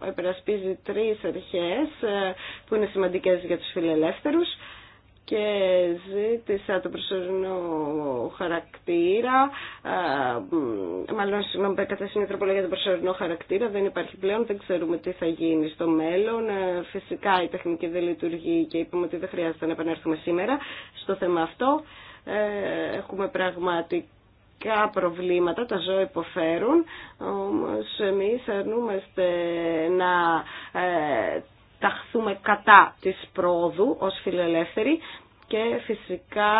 Επερασπίζει τρεις αρχές ε, που είναι σημαντικές για τους φιλελεύθερους και ζήτησα το προσωρινό χαρακτήρα, ε, μάλλον συγγνώμη, η τροπολογία για τον προσωρινό χαρακτήρα, δεν υπάρχει πλέον, δεν ξέρουμε τι θα γίνει στο μέλλον. Ε, φυσικά η τεχνική δεν λειτουργεί και είπαμε ότι δεν χρειάζεται να επανέλθουμε σήμερα στο θέμα αυτό. Έχουμε πραγματικά ψυχικά προβλήματα, τα ζώα υποφέρουν, όμως εμείς αρνούμαστε να ε, ταχθούμε κατά της πρόοδου ως φιλελεύθεροι και φυσικά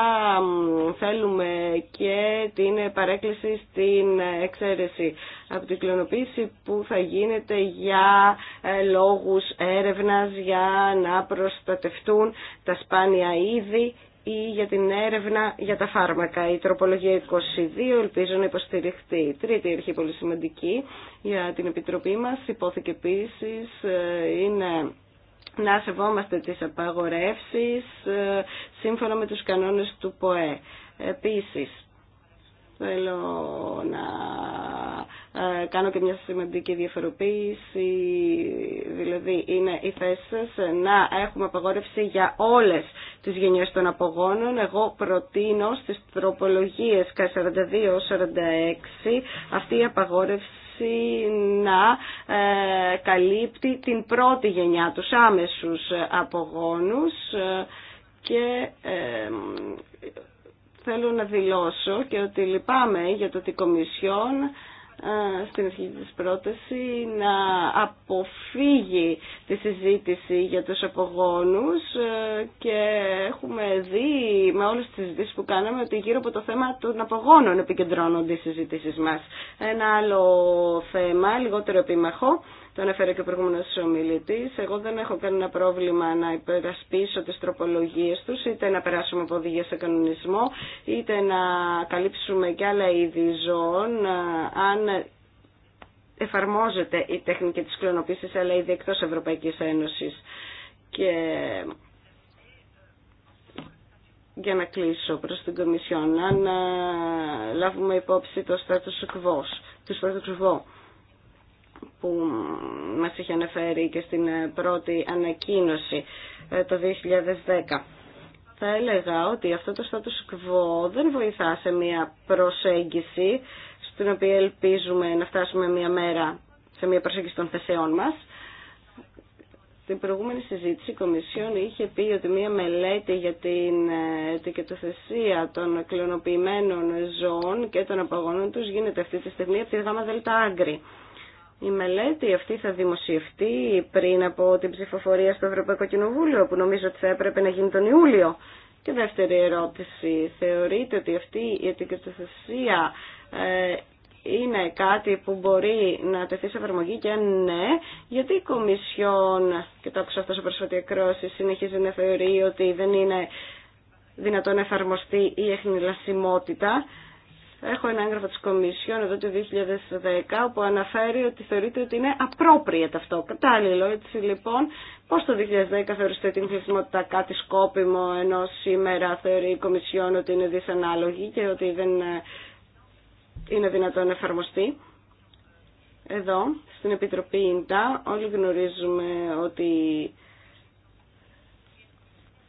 θέλουμε και την παρέκκληση στην εξαίρεση από την κλωνοποίηση που θα γίνεται για ε, λόγους έρευνας, για να προστατευτούν τα σπάνια είδη ή για την έρευνα για τα φάρμακα. Η τροπολογία 22 ελπίζω να υποστηριχτεί. Η τρίτη αρχή πολύ σημαντική για την Επιτροπή μας υπόθηκε επίση ε, είναι να σεβόμαστε τις απαγορεύσεις ε, σύμφωνα με τους κανόνες του ΠΟΕ. Επίσης, Θέλω να ε, κάνω και μια σημαντική διαφοροποίηση, δηλαδή είναι η θέση σας να έχουμε απαγόρευση για όλες τις γενιές των απογόνων. Εγώ προτείνω στις τροπολογιες K42-46 αυτή η απαγόρευση να ε, καλύπτει την πρώτη γενιά, τους άμεσους απογόνους ε, και θέλω να δηλώσω και ότι λυπάμαι για το ότι η Κομισιόν ε, στην αρχή της πρόταση να αποφύγει τη συζήτηση για τους απογόνους ε, και έχουμε δει με όλες τις συζητήσεις που κάναμε ότι γύρω από το θέμα των απογόνων επικεντρώνονται οι συζητήσεις μας. Ένα άλλο θέμα, λιγότερο επίμαχο, το αναφέρω και ο προηγούμενο ομιλητή. Εγώ δεν έχω κανένα πρόβλημα να υπερασπίσω τι τροπολογίε του, είτε να περάσουμε από οδηγία σε κανονισμό, είτε να καλύψουμε και άλλα είδη ζώων, ε, αν εφαρμόζεται η τεχνική της κλωνοποίησης, αλλά ήδη εκτός Ευρωπαϊκής Ένωσης. Και για να κλείσω προς την Κομισιόν, αν ε, λάβουμε υπόψη το status quo, του status quo, που μας είχε αναφέρει και στην πρώτη ανακοίνωση ε, το 2010. Θα έλεγα ότι αυτό το status quo δεν βοηθά σε μια προσέγγιση στην οποία ελπίζουμε να φτάσουμε μια μέρα σε μια προσέγγιση των θεσεών μας. Στην προηγούμενη συζήτηση η Κομισιόν είχε πει ότι μία μελέτη για την ε, ετικετοθεσία των κλωνοποιημένων ζώων και των απαγωνών τους γίνεται αυτή τη στιγμή από τη ΓΔΑ η μελέτη αυτή θα δημοσιευτεί πριν από την ψηφοφορία στο Ευρωπαϊκό Κοινοβούλιο, που νομίζω ότι θα έπρεπε να γίνει τον Ιούλιο. Και δεύτερη ερώτηση, θεωρείτε ότι αυτή η ετικετοθεσία ε, είναι κάτι που μπορεί να τεθεί σε εφαρμογή και αν ναι, γιατί η Κομισιόν, και το άκουσα αυτό σε προσφατή ακρόση, συνεχίζει να θεωρεί ότι δεν είναι δυνατόν να εφαρμοστεί η εχνηλασιμότητα Έχω ένα έγγραφο της Κομισιόν εδώ το 2010 που αναφέρει ότι θεωρείται ότι είναι appropriate αυτό. Κατάλληλο έτσι λοιπόν πώς το 2010 θεωρούσε την χρησιμότητα κάτι σκόπιμο ενώ σήμερα θεωρεί η Κομισιόν ότι είναι δυσανάλογη και ότι δεν ε, είναι δυνατόν να εφαρμοστεί. Εδώ στην Επιτροπή ΙΝΤΑ όλοι γνωρίζουμε ότι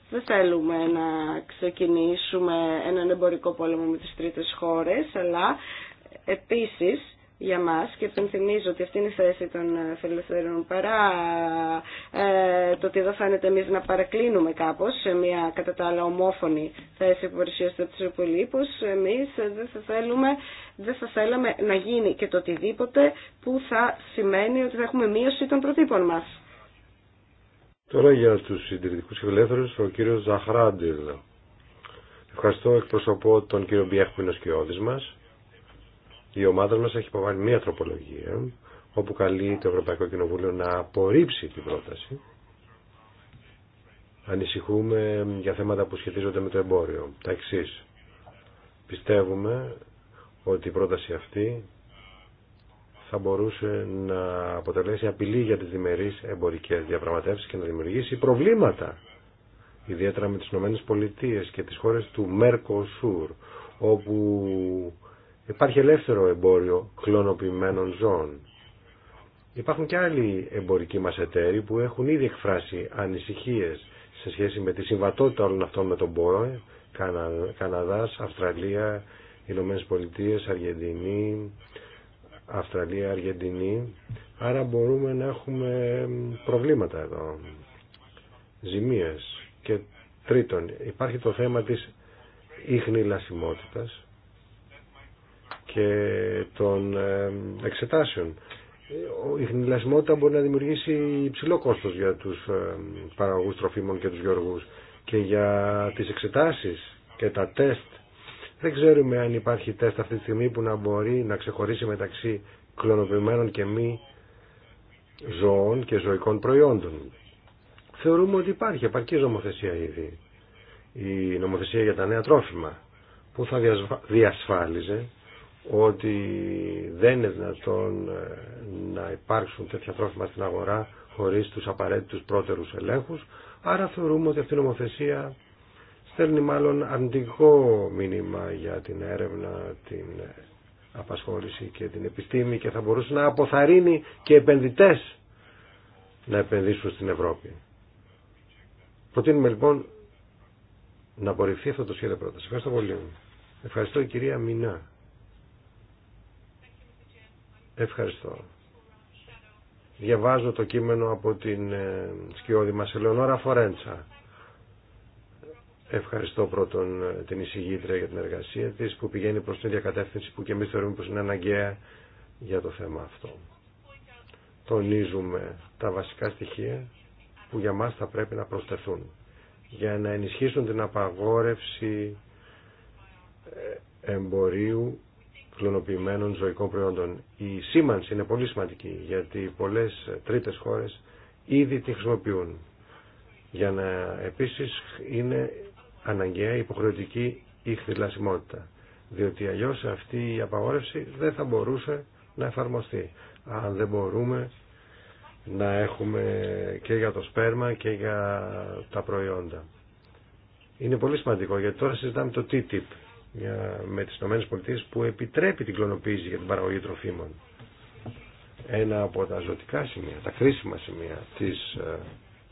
δεν θέλουμε να ξεκινήσουμε έναν εμπορικό πόλεμο με τις τρίτες χώρες, αλλά επίσης για μας και υπενθυμίζω ότι αυτή είναι η θέση των φιλελευθερών παρά ε, το ότι εδώ φαίνεται εμείς να παρακλίνουμε κάπως σε μια κατά τα άλλα ομόφωνη θέση που παρουσιάζεται από τους εμείς δεν θα, θέλουμε, δεν θα θέλαμε να γίνει και το οτιδήποτε που θα σημαίνει ότι θα έχουμε μείωση των προτύπων μας. Τώρα για τους συντηρητικού και ελεύθερους, ο κύριος Ζαχράντιλ. Ευχαριστώ, εκπροσωπώ τον κύριο Μπιέχ και είναι μας. Η ομάδα μας έχει υποβάλει μία τροπολογία, όπου καλεί το Ευρωπαϊκό Κοινοβούλιο να απορρίψει την πρόταση. Ανησυχούμε για θέματα που σχετίζονται με το εμπόριο. Τα εξή. Πιστεύουμε ότι η πρόταση αυτή θα μπορούσε να αποτελέσει απειλή για τις διμερείς εμπορικές διαπραγματεύσεις και να δημιουργήσει προβλήματα, ιδιαίτερα με τις ΗΠΑ και τις χώρες του Mercosur, όπου υπάρχει ελεύθερο εμπόριο κλωνοποιημένων ζώων. Υπάρχουν και άλλοι εμπορικοί μας εταίροι που έχουν ήδη εκφράσει ανησυχίες σε σχέση με τη συμβατότητα όλων αυτών με τον ΠΟΕ, Καναδάς, Αυστραλία, Ηνωμένες Πολιτείες, Αργεντινή, Αυστραλία, Αργεντινή. Άρα μπορούμε να έχουμε προβλήματα εδώ, ζημίες. Και τρίτον, υπάρχει το θέμα της ίχνη λασιμότητας και των ε, εξετάσεων. Η χνηλασμότητα μπορεί να δημιουργήσει υψηλό κόστος για τους ε, παραγωγούς τροφίμων και τους γεωργούς και για τις εξετάσεις και τα τεστ δεν ξέρουμε αν υπάρχει τεστ αυτή τη στιγμή που να μπορεί να ξεχωρίσει μεταξύ κλωνοποιημένων και μη ζώων και ζωικών προϊόντων. Θεωρούμε ότι υπάρχει επαρκή νομοθεσία ήδη. Η νομοθεσία για τα νέα τρόφιμα που θα διασφάλιζε ότι δεν είναι δυνατόν ε, να υπάρξουν τέτοια τρόφιμα στην αγορά χωρίς τους απαραίτητους πρώτερους ελέγχους. Άρα θεωρούμε ότι αυτή η νομοθεσία στέλνει μάλλον αντικό μήνυμα για την έρευνα, την απασχόληση και την επιστήμη και θα μπορούσε να αποθαρρύνει και επενδυτές να επενδύσουν στην Ευρώπη. Προτείνουμε λοιπόν να απορριφθεί αυτό το σχέδιο πρόταση. Ευχαριστώ πολύ. Ευχαριστώ η κυρία Μινά. Ευχαριστώ. Διαβάζω το κείμενο από την ε, σκιώδη μας Ελεονόρα Φορέντσα Ευχαριστώ πρώτον ε, την εισηγήτρια για την εργασία της που πηγαίνει προς την διακατεύθυνση που και εμείς θεωρούμε πως είναι αναγκαία για το θέμα αυτό. Τονίζουμε τα βασικά στοιχεία που για μας θα πρέπει να προσθεθούν για να ενισχύσουν την απαγόρευση ε, εμπορίου κλωνοποιημένων ζωικών προϊόντων. Η σήμανση είναι πολύ σημαντική γιατί πολλές τρίτες χώρες ήδη τη χρησιμοποιούν για να επίσης είναι αναγκαία υποχρεωτική ηχθυλασιμότητα. Διότι αλλιώς αυτή η απαγόρευση δεν θα μπορούσε να εφαρμοστεί. Αν δεν μπορούμε να έχουμε και για το σπέρμα και για τα προϊόντα. Είναι πολύ σημαντικό γιατί τώρα συζητάμε το TTIP με τις ΗΠΑ που επιτρέπει την κλωνοποίηση για την παραγωγή τροφίμων. Ένα από τα ζωτικά σημεία, τα κρίσιμα σημεία της ε,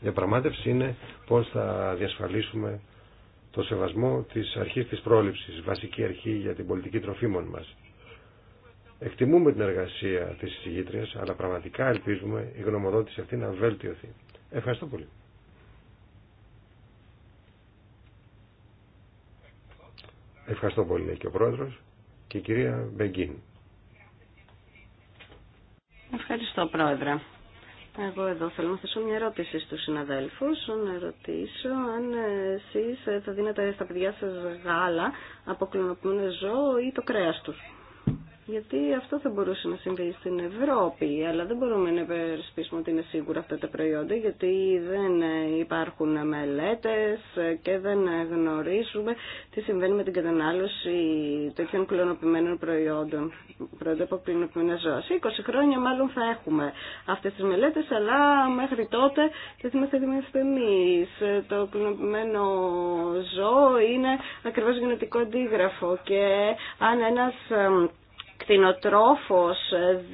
διαπραγμάτευσης είναι πώς θα διασφαλίσουμε το σεβασμό της αρχής της πρόληψης, βασική αρχή για την πολιτική τροφίμων μας. Εκτιμούμε την εργασία της εισηγήτριας, αλλά πραγματικά ελπίζουμε η γνωμοδότηση αυτή να βέλτιωθεί. Ευχαριστώ πολύ. Ευχαριστώ πολύ, και ο Πρόεδρος και η κυρία Μπεγκίν. Ευχαριστώ, Πρόεδρε. Εγώ εδώ θέλω να θέσω μια ερώτηση στους συναδέλφους, να ρωτήσω αν εσείς θα δίνετε στα παιδιά σας γάλα από κλωνοποιούν ζώο ή το κρέας τους. Γιατί αυτό θα μπορούσε να συμβεί στην Ευρώπη, αλλά δεν μπορούμε να υπερασπίσουμε ότι είναι σίγουρα αυτά τα προϊόντα, γιατί δεν υπάρχουν μελέτες και δεν γνωρίζουμε τι συμβαίνει με την κατανάλωση τέτοιων κλωνοποιημένων προϊόντων, προϊόντα από κλωνοποιημένα ζώα. Σε 20 χρόνια μάλλον θα έχουμε αυτές τις μελέτες, αλλά μέχρι τότε θα είμαστε δημιουργημένοι εμείς. Το κλωνοποιημένο ζώο είναι ακριβώς γενετικό αντίγραφο και αν ένας κτηνοτρόφος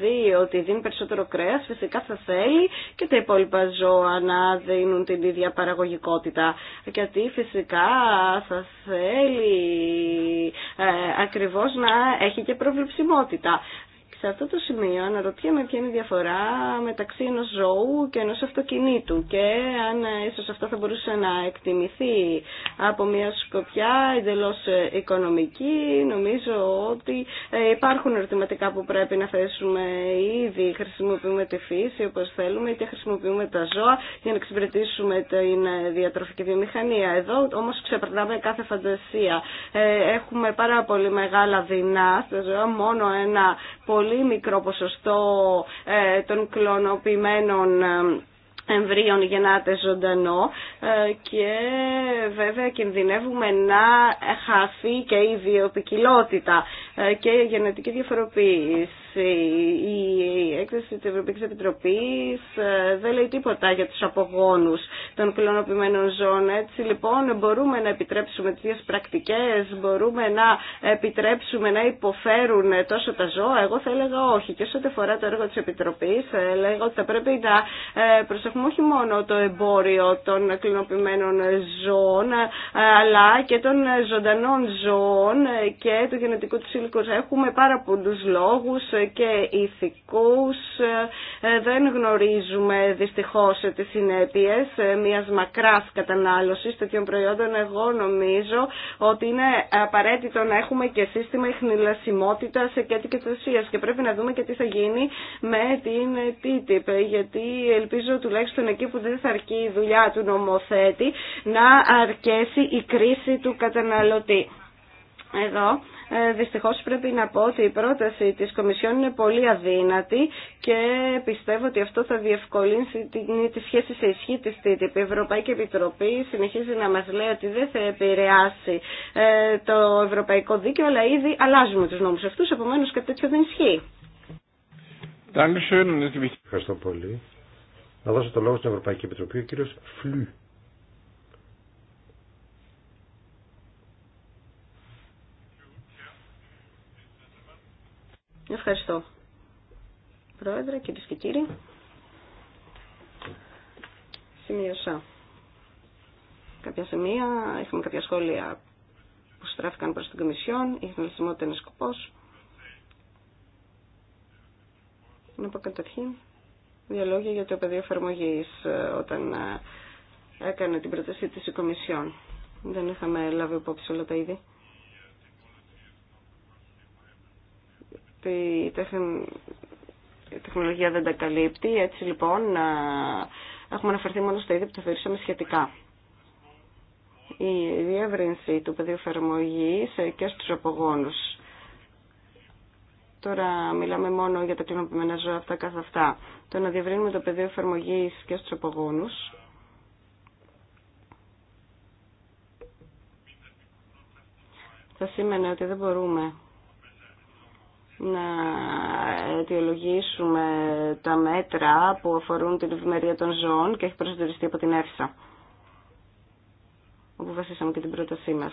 δει ότι δίνει περισσότερο κρέας, φυσικά θα θέλει και τα υπόλοιπα ζώα να δίνουν την ίδια παραγωγικότητα. Γιατί φυσικά θα θέλει ε, ακριβώς να έχει και προβληψιμότητα. Σε αυτό το σημείο αναρωτιέμαι ποια είναι η διαφορά μεταξύ ενός ζώου και ενός αυτοκινήτου και αν ε, ίσως αυτό θα μπορούσε να εκτιμηθεί από μια σκοπιά εντελώς ε, οικονομική. Νομίζω ότι ε, υπάρχουν ερωτηματικά που πρέπει να θέσουμε ήδη. Χρησιμοποιούμε τη φύση όπως θέλουμε και χρησιμοποιούμε τα ζώα για να εξυπηρετήσουμε την διατροφική βιομηχανία. Εδώ όμως ξεπερνάμε κάθε φαντασία. Έχουμε πάρα πολύ μεγάλα δεινά στα ζώα, μόνο ένα πολύ πολύ μικρό ποσοστό ε, των κλωνοποιημένων ε, εμβρίων γεννάται ζωντανό ε, και βέβαια κινδυνεύουμε να χαθεί και η βιοπικιλότητα και η γενετική διαφοροποίηση έκθεση. Η έκθεση της Ευρωπαϊκής Επιτροπής ε, δεν λέει τίποτα για τους απογόνους των κλωνοποιημένων ζώων. Έτσι λοιπόν μπορούμε να επιτρέψουμε τις πρακτικές, μπορούμε να επιτρέψουμε να υποφέρουν τόσο τα ζώα. Εγώ θα έλεγα όχι. Και όσο αφορά το έργο της Επιτροπής, ε, λέγω ότι θα πρέπει να ε, προσέχουμε όχι μόνο το εμπόριο των κλωνοποιημένων ζώων, αλλά και των ζωντανών ζώων και του γενετικού του υλικού. Έχουμε πάρα πολλού λόγου και ηθικούς. Ε, δεν γνωρίζουμε δυστυχώς τις συνέπειες μιας μακράς κατανάλωσης τέτοιων προϊόντων. Εγώ νομίζω ότι είναι απαραίτητο να έχουμε και σύστημα ειχνηλασιμότητας και αντικαιτοσίας και πρέπει να δούμε και τι θα γίνει με την TTIP γιατί ελπίζω τουλάχιστον εκεί που δεν θα αρκεί η δουλειά του νομοθέτη να αρκέσει η κρίση του καταναλωτή. Εδώ ε, Δυστυχώ πρέπει να πω ότι η πρόταση τη Κομισιόν είναι πολύ αδύνατη και πιστεύω ότι αυτό θα διευκολύνσει τη σχέση σε ισχύ της TTIP. Η Ευρωπαϊκή Επιτροπή συνεχίζει να μα λέει ότι δεν θα επηρεάσει ε, το ευρωπαϊκό δίκαιο, αλλά ήδη αλλάζουμε του νόμου αυτού επομένω κάτι τέτοιο δεν ισχύει. Ευχαριστώ πολύ. Να δώσω το λόγο στην Ευρωπαϊκή Επιτροπή, ο κύριο Φλου. Ευχαριστώ. Πρόεδρε, κυρίε και κύριοι. Σημείωσα κάποια σημεία, είχαμε κάποια σχόλια που στράφηκαν προς την Κομισιόν, η χρησιμότητα είναι σκοπός. Να πω καταρχήν δύο λόγια για το πεδίο εφαρμογή ε, όταν ε, έκανε την πρόταση της η Κομισιόν. Δεν είχαμε λάβει υπόψη όλα τα είδη. ότι η τεχνολογία δεν τα καλύπτει. Έτσι λοιπόν έχουμε αναφερθεί μόνο στα είδη που τα θεωρήσαμε σχετικά. Η διεύρυνση του πεδίου εφαρμογή ε, και στους απογόνους. Τώρα μιλάμε μόνο για τα κλιμαπημένα ζώα αυτά καθ' αυτά. Το να διευρύνουμε το πεδίο εφαρμογή και στους απογόνους θα σήμαινε ότι δεν μπορούμε να αιτιολογήσουμε τα μέτρα που αφορούν την ευημερία των ζώων και έχει προσδιοριστεί από την ΕΦΣΑ, όπου βασίσαμε και την πρότασή μας.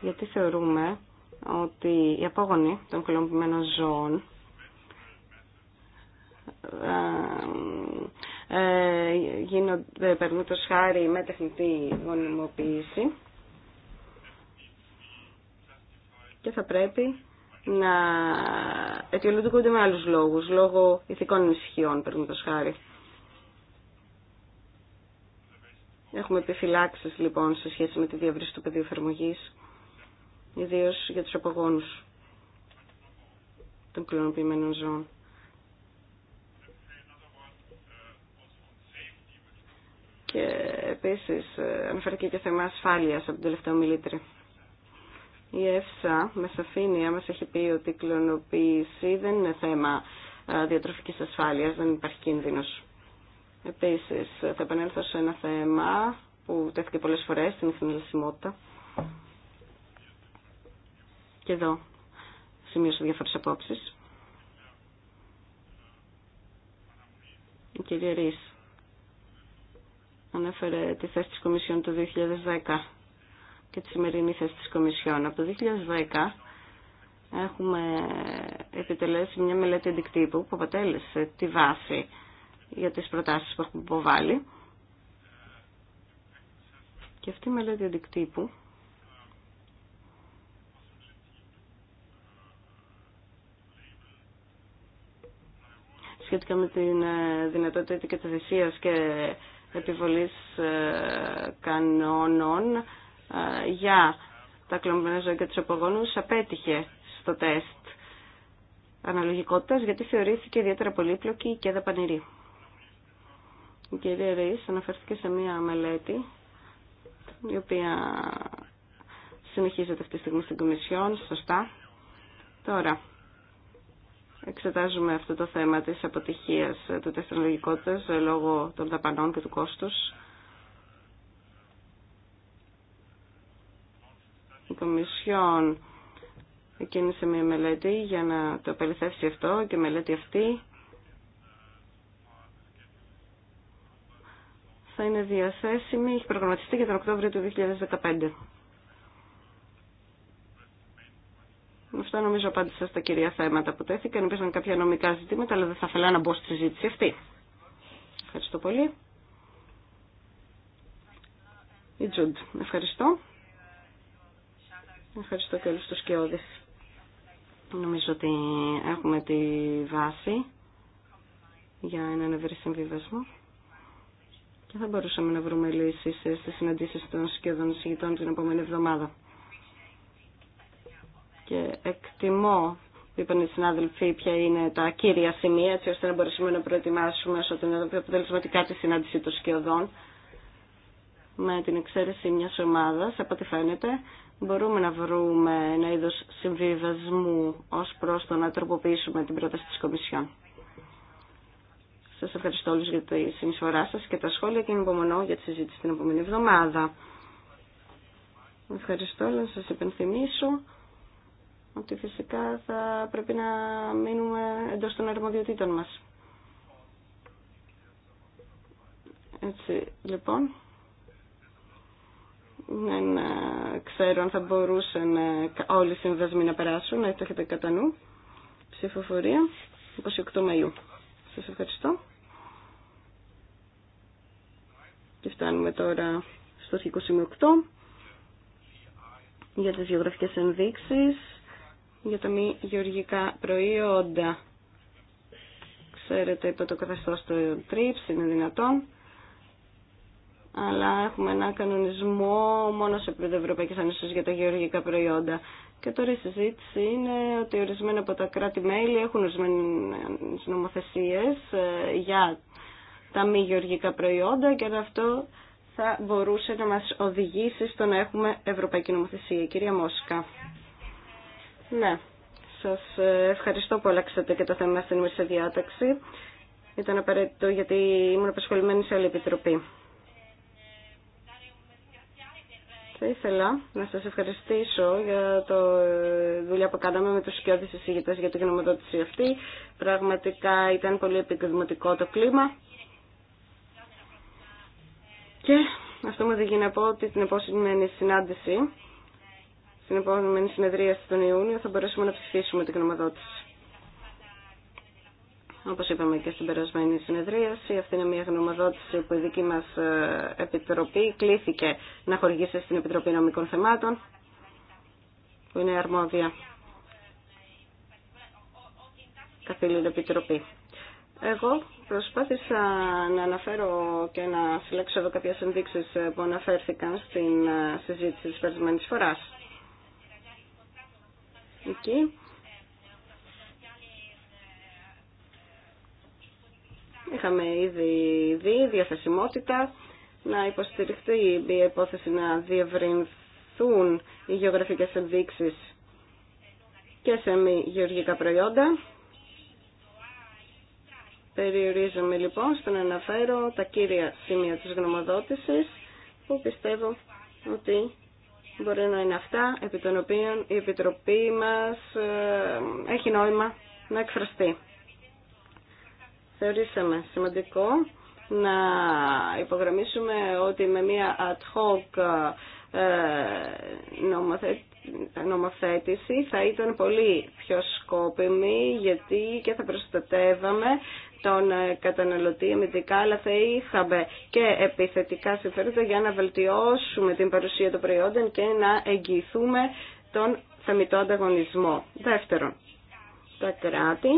Γιατί θεωρούμε ότι οι απόγονοι των κολομπημένων ζώων ε, ε γίνονται περνούτος χάρη με τεχνητή γονιμοποίηση και θα πρέπει να αιτιολογούνται με άλλους λόγους, λόγω ηθικών ανησυχιών, το χάρη. Έχουμε επιφυλάξεις λοιπόν σε σχέση με τη διαβρύση του πεδίου εφαρμογή, ιδίω για τους απογόνους των κλωνοποιημένων ζώων. Και επίσης ε, αναφέρθηκε και θέμα ασφάλειας από την τελευταία μιλήτρη η ΕΦΣΑ με σαφήνεια μας έχει πει ότι η κλωνοποίηση δεν είναι θέμα διατροφικής ασφάλειας, δεν υπάρχει κίνδυνος. Επίσης, θα επανέλθω σε ένα θέμα που τέθηκε πολλές φορές, στην ειχνηλασιμότητα. Και εδώ σημείωσα διάφορες απόψεις. Η κυρία Ρης ανέφερε τη θέση της Κομισιόν του 2010 και τη σημερινή θέση της Κομισιόν. Από το 2010 έχουμε επιτελέσει μια μελέτη αντικτύπου που αποτέλεσε τη βάση για τις προτάσεις που έχουμε υποβάλει. Και αυτή η μελέτη αντικτύπου σχετικά με την ε, δυνατότητα και θεσίας και επιβολής ε, κανόνων για τα κλωμμένα ζώα και τους απογόνους απέτυχε στο τεστ αναλογικότητας γιατί θεωρήθηκε ιδιαίτερα πολύπλοκη και δαπανηρή. Η κυρία Ρεής αναφέρθηκε σε μία μελέτη η οποία συνεχίζεται αυτή τη στιγμή στην Κομισιόν, σωστά. Τώρα, εξετάζουμε αυτό το θέμα της αποτυχίας του τεστ αναλογικότητας λόγω των δαπανών και του κόστους. Κομισιόν κίνησε μια μελέτη για να το απελευθεύσει αυτό και η μελέτη αυτή θα είναι διαθέσιμη, έχει προγραμματιστεί για τον Οκτώβριο του 2015. με Αυτό νομίζω απάντησα στα κυρία θέματα που τέθηκαν. Υπήρχαν κάποια νομικά ζητήματα, αλλά δεν θα ήθελα να μπω στη συζήτηση αυτή. Ευχαριστώ πολύ. Η Τζουντ. Ευχαριστώ. Ευχαριστώ και όλους τους σκιώδες. Νομίζω ότι έχουμε τη βάση για έναν ευρύ συμβιβασμό και θα μπορούσαμε να βρούμε λύσεις στις συναντήσεις των σχεδόν συγητών την επόμενη εβδομάδα. Και εκτιμώ είπαν οι συνάδελφοι ποια είναι τα κύρια σημεία έτσι ώστε να μπορέσουμε να προετοιμάσουμε όσο την αποτελεσματικά τη συνάντηση των σκιωδών με την εξαίρεση μιας ομάδας από ό,τι φαίνεται μπορούμε να βρούμε ένα είδος συμβιβασμού ως προς το να τροποποιήσουμε την πρόταση της Κομισιόν. Σας ευχαριστώ όλους για τη συνεισφορά σας και τα σχόλια και υπομονώ για τη συζήτηση την επόμενη εβδομάδα. Ευχαριστώ, να σας υπενθυμίσω ότι φυσικά θα πρέπει να μείνουμε εντός των αρμοδιοτήτων μας. Έτσι, λοιπόν να ε, ξέρω αν θα μπορούσαν ε, όλοι οι συνδεσμοί να περάσουν, να το έχετε κατά νου. Ψηφοφορία 28 Μαΐου. Σας ευχαριστώ. Και φτάνουμε τώρα στο αρχικό σημείο 8 για τις γεωγραφικές ενδείξεις για τα μη γεωργικά προϊόντα. Ξέρετε, υπό το καθεστώς του τρίψ είναι δυνατόν αλλά έχουμε ένα κανονισμό μόνο σε επίπεδο Ευρωπαϊκής Ένωσης για τα γεωργικά προϊόντα. Και τώρα η συζήτηση είναι ότι ορισμένα από τα κράτη-μέλη έχουν ορισμένες νομοθεσίες ε, για τα μη γεωργικά προϊόντα και αυτό θα μπορούσε να μας οδηγήσει στο να έχουμε ευρωπαϊκή νομοθεσία. Κυρία Μόσκα. Ναι, σας ε, ευχαριστώ που αλλάξατε και το θέμα στην ημερήσια διάταξη. Ήταν απαραίτητο γιατί ήμουν απασχολημένη σε άλλη επιτροπή. Θα ήθελα να σας ευχαριστήσω για το ε, δουλειά που κάναμε με τους σκιώδεις εισηγητές για την γνωμοδότηση αυτή. Πραγματικά ήταν πολύ επικοδημοτικό το κλίμα. Και αυτό μου οδηγεί να πω ότι την επόμενη συνάντηση, στην επόμενη συνεδρία στον Ιούνιο, θα μπορέσουμε να ψηφίσουμε την γνωμοδότηση. Όπως είπαμε και στην περασμένη συνεδρίαση, αυτή είναι μια γνωμοδότηση που η δική μας ε, Επιτροπή κλήθηκε να χορηγήσει στην Επιτροπή Νομικών Θεμάτων, που είναι αρμόδια καθήλυντα Επιτροπή. Εγώ προσπάθησα να αναφέρω και να συλλέξω εδώ κάποιες ενδείξεις ε, που αναφέρθηκαν στην ε, συζήτηση της περασμένης φοράς. Εκεί Είχαμε ήδη δει διαθεσιμότητα να υποστηριχθεί η υπόθεση να διευρυνθούν οι γεωγραφικές ενδείξεις και σε μη γεωργικά προϊόντα. Περιορίζομαι λοιπόν στο να αναφέρω τα κύρια σημεία της γνωμοδότησης που πιστεύω ότι μπορεί να είναι αυτά επί των οποίων η Επιτροπή μας ε, έχει νόημα να εκφραστεί θεωρήσαμε σημαντικό να υπογραμμίσουμε ότι με μια ad hoc ε, νομοθέτηση θα ήταν πολύ πιο σκόπιμη γιατί και θα προστατεύαμε τον καταναλωτή αμυντικά αλλά θα είχαμε και επιθετικά συμφέροντα για να βελτιώσουμε την παρουσία των προϊόντων και να εγγυηθούμε τον θεμητό ανταγωνισμό. Δεύτερον, τα κράτη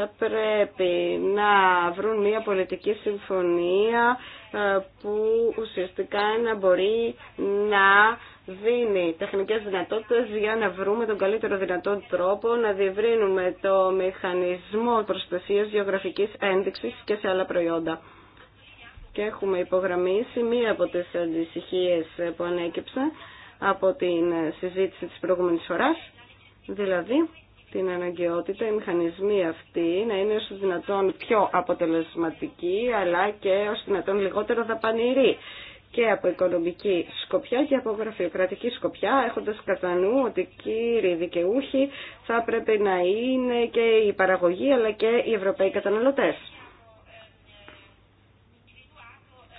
θα πρέπει να βρουν μια πολιτική συμφωνία ε, που ουσιαστικά να μπορεί να δίνει τεχνικές δυνατότητες για να βρούμε τον καλύτερο δυνατό τρόπο να διευρύνουμε το μηχανισμό προστασίας γεωγραφικής ένδειξης και σε άλλα προϊόντα. Και έχουμε υπογραμμίσει μία από τις αντισυχίες που ανέκυψαν από την συζήτηση της προηγούμενης φοράς, δηλαδή την αναγκαιότητα οι μηχανισμοί αυτοί να είναι όσο δυνατόν πιο αποτελεσματικοί αλλά και όσο δυνατόν λιγότερο δαπανηροί και από οικονομική σκοπιά και από γραφειοκρατική σκοπιά, έχοντας κατά νου ότι κύριοι δικαιούχοι θα πρέπει να είναι και η παραγωγή αλλά και οι Ευρωπαίοι καταναλωτές.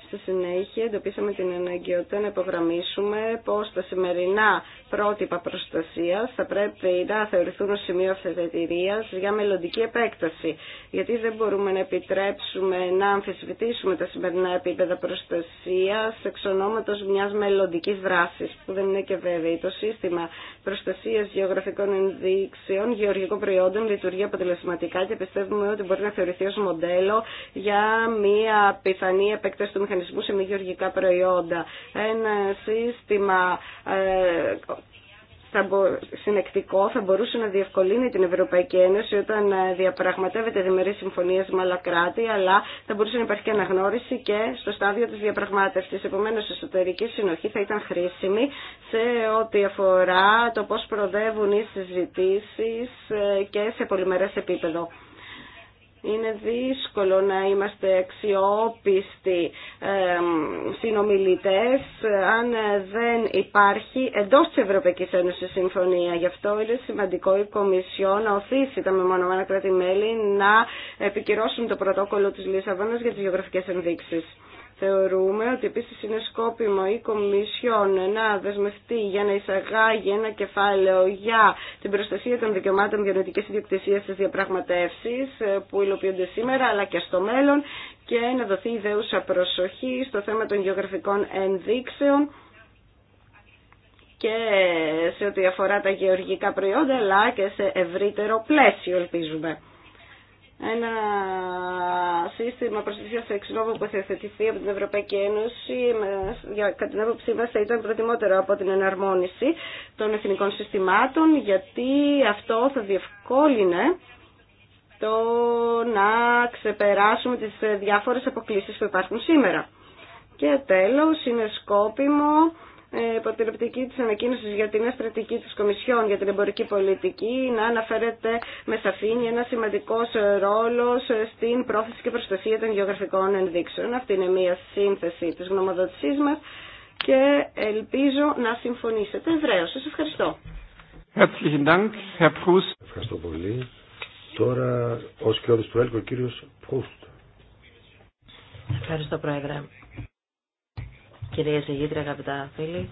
Στη συνέχεια εντοπίσαμε την αναγκαιότητα να υπογραμμίσουμε πως τα σημερινά πρότυπα προστασία θα πρέπει να θεωρηθούν ως σημείο αυθεντηρίας για μελλοντική επέκταση. Γιατί δεν μπορούμε να επιτρέψουμε να αμφισβητήσουμε τα σημερινά επίπεδα προστασία εξ ονόματο μια μελλοντική δράση, που δεν είναι και βέβαιη. Το σύστημα προστασία γεωγραφικών ενδείξεων, γεωργικών προϊόντων λειτουργεί αποτελεσματικά και πιστεύουμε ότι μπορεί να θεωρηθεί ω μοντέλο για μια πιθανή επέκταση του μηχανισμού σε μη γεωργικά προϊόντα. Ένα σύστημα ε, θα συνεκτικό θα μπορούσε να διευκολύνει την Ευρωπαϊκή Ένωση όταν ε, διαπραγματεύεται διμερείς συμφωνίες με άλλα κράτη, αλλά θα μπορούσε να υπάρχει και αναγνώριση και στο στάδιο της διαπραγμάτευσης. Επομένως, η εσωτερική συνοχή θα ήταν χρήσιμη σε ό,τι αφορά το πώς προδεύουν οι συζητήσεις ε, και σε πολυμερές επίπεδο είναι δύσκολο να είμαστε αξιόπιστοι ε, συνομιλητές αν δεν υπάρχει εντός της Ευρωπαϊκής Ένωσης συμφωνία. Γι' αυτό είναι σημαντικό η Κομισιό να οθήσει τα μεμονωμένα κράτη-μέλη να επικυρώσουν το πρωτόκολλο της Λισαβόνας για τις γεωγραφικές ενδείξεις. Θεωρούμε ότι επίση είναι σκόπιμο η Κομισιόν να δεσμευτεί για να εισαγάγει ένα κεφάλαιο για την προστασία των δικαιωμάτων διανοητική ιδιοκτησία στι διαπραγματεύσει που υλοποιούνται σήμερα αλλά και στο μέλλον και να δοθεί ιδέουσα προσοχή στο θέμα των γεωγραφικών ενδείξεων και σε ό,τι αφορά τα γεωργικά προϊόντα αλλά και σε ευρύτερο πλαίσιο ελπίζουμε ένα σύστημα προστασία του που θα από την Ευρωπαϊκή Ένωση, για, κατά την άποψή μα, θα ήταν προτιμότερο από την εναρμόνιση των εθνικών συστημάτων, γιατί αυτό θα διευκόλυνε το να ξεπεράσουμε τις διάφορες αποκλήσεις που υπάρχουν σήμερα. Και τέλος, είναι σκόπιμο υπό ε, την οπτική της ανακοίνωσης για την στρατηγική της Κομισιόν για την εμπορική πολιτική να αναφέρεται με σαφήνεια ένα σημαντικό ρόλο στην πρόθεση και προστασία των γεωγραφικών ενδείξεων. Αυτή είναι μια σύνθεση της γνωμοδότησής μας και ελπίζω να συμφωνήσετε ευρέως. Σας ευχαριστώ. Ευχαριστώ πολύ. Τώρα ως και του έλκο, ο κύριος Ευχαριστώ Πρόεδρε κυρία Συγγήτρια, αγαπητά φίλοι.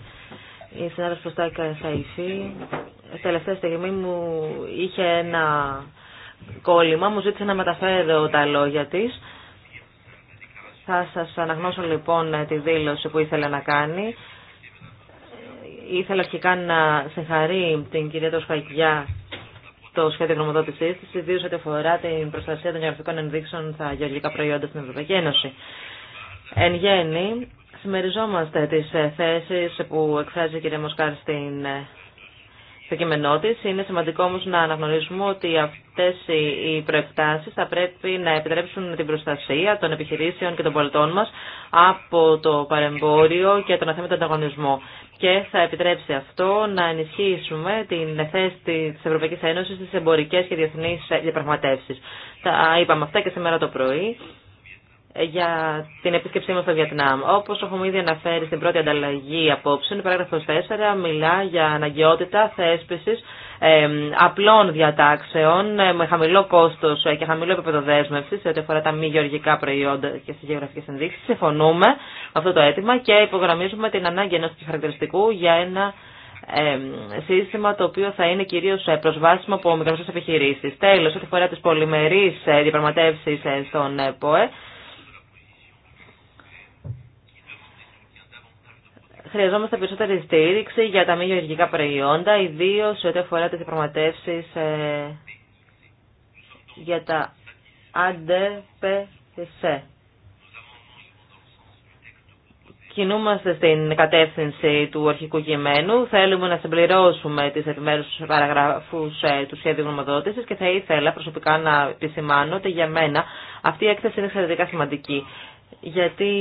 Η συνάδελφος Τάκα Σαϊφή, τελευταία στιγμή μου είχε ένα κόλλημα, μου ζήτησε να μεταφέρω τα λόγια της. Θα σας αναγνώσω λοιπόν τη δήλωση που ήθελε να κάνει. Ήθελα αρχικά να συγχαρεί την κυρία Τροσφαγιά το σχέδιο γνωμοδότησή τη, ιδίω ό,τι αφορά την προστασία των γεωγραφικών ενδείξεων στα γεωργικά προϊόντα στην Ευρωπαϊκή Ένωση. Εν γέννη, Συμμεριζόμαστε τις ε, θέσεις που εκφράζει η κυρία Μοσκάρ στην, ε, στο κείμενό τη. Είναι σημαντικό όμω να αναγνωρίσουμε ότι αυτέ οι προεκτάσει θα πρέπει να επιτρέψουν την προστασία των επιχειρήσεων και των πολιτών μα από το παρεμπόριο και τον αθέμητο ανταγωνισμό. Και θα επιτρέψει αυτό να ενισχύσουμε την θέση τη Ευρωπαϊκή Ένωση στι εμπορικέ και διεθνεί ε, διαπραγματεύσει. Τα είπαμε αυτά και σήμερα το πρωί για την επίσκεψή μα στο Βιετνάμ. Όπω έχουμε ήδη αναφέρει στην πρώτη ανταλλαγή απόψε, η παράγραφος 4 μιλά για αναγκαιότητα θέσπιση ε, απλών διατάξεων ε, με χαμηλό κόστος και χαμηλό επίπεδο δέσμευση σε ό,τι αφορά τα μη γεωργικά προϊόντα και στι γεωγραφικές ενδείξεις. Συμφωνούμε με αυτό το αίτημα και υπογραμμίζουμε την ανάγκη ενό χαρακτηριστικού για ένα σύστημα το οποίο θα είναι κυρίω ε, προσβάσιμο από μικρομεσαίε επιχειρήσει. Τέλο, ό,τι αφορά τι πολυμερεί ε, ε, στον ΠΟΕ, Χρειαζόμαστε περισσότερη στήριξη για τα μη γεωργικά προϊόντα, ιδίω σε ό,τι αφορά τι διαπραγματεύσει ε, για τα αντεπεσέ. Κινούμαστε στην κατεύθυνση του αρχικού κειμένου. Θέλουμε να συμπληρώσουμε τις επιμέρους παραγράφους ε, του σχέδιου γνωμοδότηση και θα ήθελα προσωπικά να επισημάνω ότι για μένα αυτή η έκθεση είναι εξαιρετικά σημαντική γιατί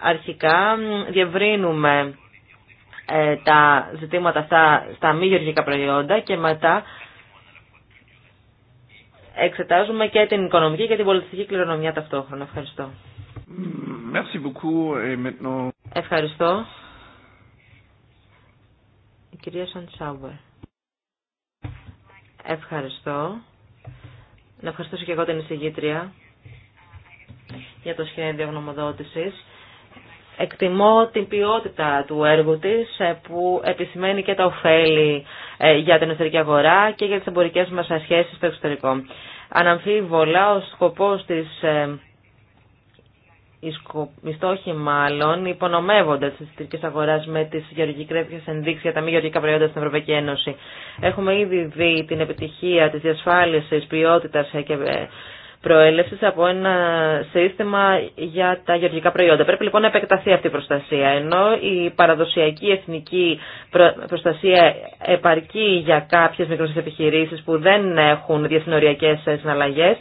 αρχικά διευρύνουμε ε, τα ζητήματα αυτά στα μη γεωργικά προϊόντα και μετά εξετάζουμε και την οικονομική και την πολιτιστική κληρονομιά ταυτόχρονα. Ευχαριστώ. Merci beaucoup. Et maintenant... Ευχαριστώ. Η κυρία Σαντσάουερ. Ευχαριστώ. Να ευχαριστήσω και εγώ την εισηγήτρια για το σχέδιο γνωμοδότησης. Εκτιμώ την ποιότητα του έργου της ε, που επισημαίνει και τα ωφέλη ε, για την εσωτερική αγορά και για τις εμπορικές μας σχέσει στο εξωτερικό. Αναμφίβολα, ο σκοπός της ε, οι στόχοι μάλλον υπονομεύονται τη εσωτερική αγορά με τι γεωργικέ ενδείξει για τα μη γεωργικά προϊόντα στην Ευρωπαϊκή Ένωση. Έχουμε ήδη δει την επιτυχία τη διασφάλιση ποιότητα και Προέλευση από ένα σύστημα για τα γεωργικά προϊόντα. Πρέπει λοιπόν να επεκταθεί αυτή η προστασία, ενώ η παραδοσιακή εθνική προστασία επαρκεί για κάποιες μικρές επιχειρήσεις που δεν έχουν διασυνοριακές συναλλαγές,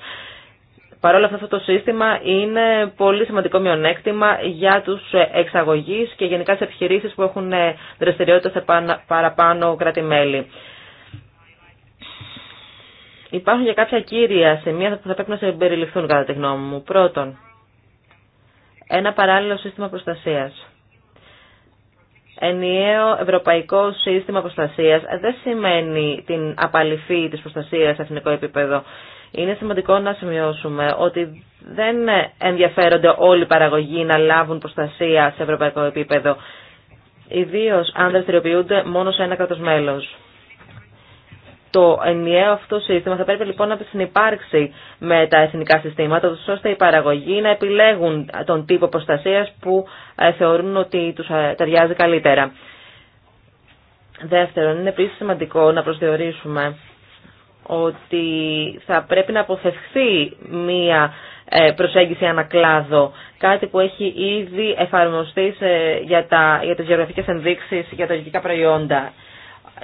Παρ' αυτά αυτό το σύστημα είναι πολύ σημαντικό μειονέκτημα για τους εξαγωγείς και γενικά τις επιχειρήσεις που έχουν δραστηριότητα σε παραπάνω κράτη-μέλη. Υπάρχουν και κάποια κύρια σημεία που θα πρέπει να συμπεριληφθούν κατά τη γνώμη μου. Πρώτον, ένα παράλληλο σύστημα προστασίας. Ενιαίο ευρωπαϊκό σύστημα προστασίας δεν σημαίνει την απαλυφή της προστασίας σε εθνικό επίπεδο. Είναι σημαντικό να σημειώσουμε ότι δεν ενδιαφέρονται όλοι οι παραγωγοί να λάβουν προστασία σε ευρωπαϊκό επίπεδο, ιδίως αν δραστηριοποιούνται μόνο σε ένα κράτος μέλος. Το ενιαίο αυτό σύστημα θα πρέπει λοιπόν να συνεπάρξει με τα εθνικά συστήματα, ώστε οι παραγωγοί να επιλέγουν τον τύπο προστασία που ε, θεωρούν ότι του ε, ταιριάζει καλύτερα. Δεύτερον, είναι επίση σημαντικό να προσδιορίσουμε ότι θα πρέπει να αποφευχθεί μία ε, προσέγγιση ανακλάδο, κάτι που έχει ήδη εφαρμοστεί για, τα, για τις γεωγραφικές ενδείξεις για τα γεωργικά προϊόντα.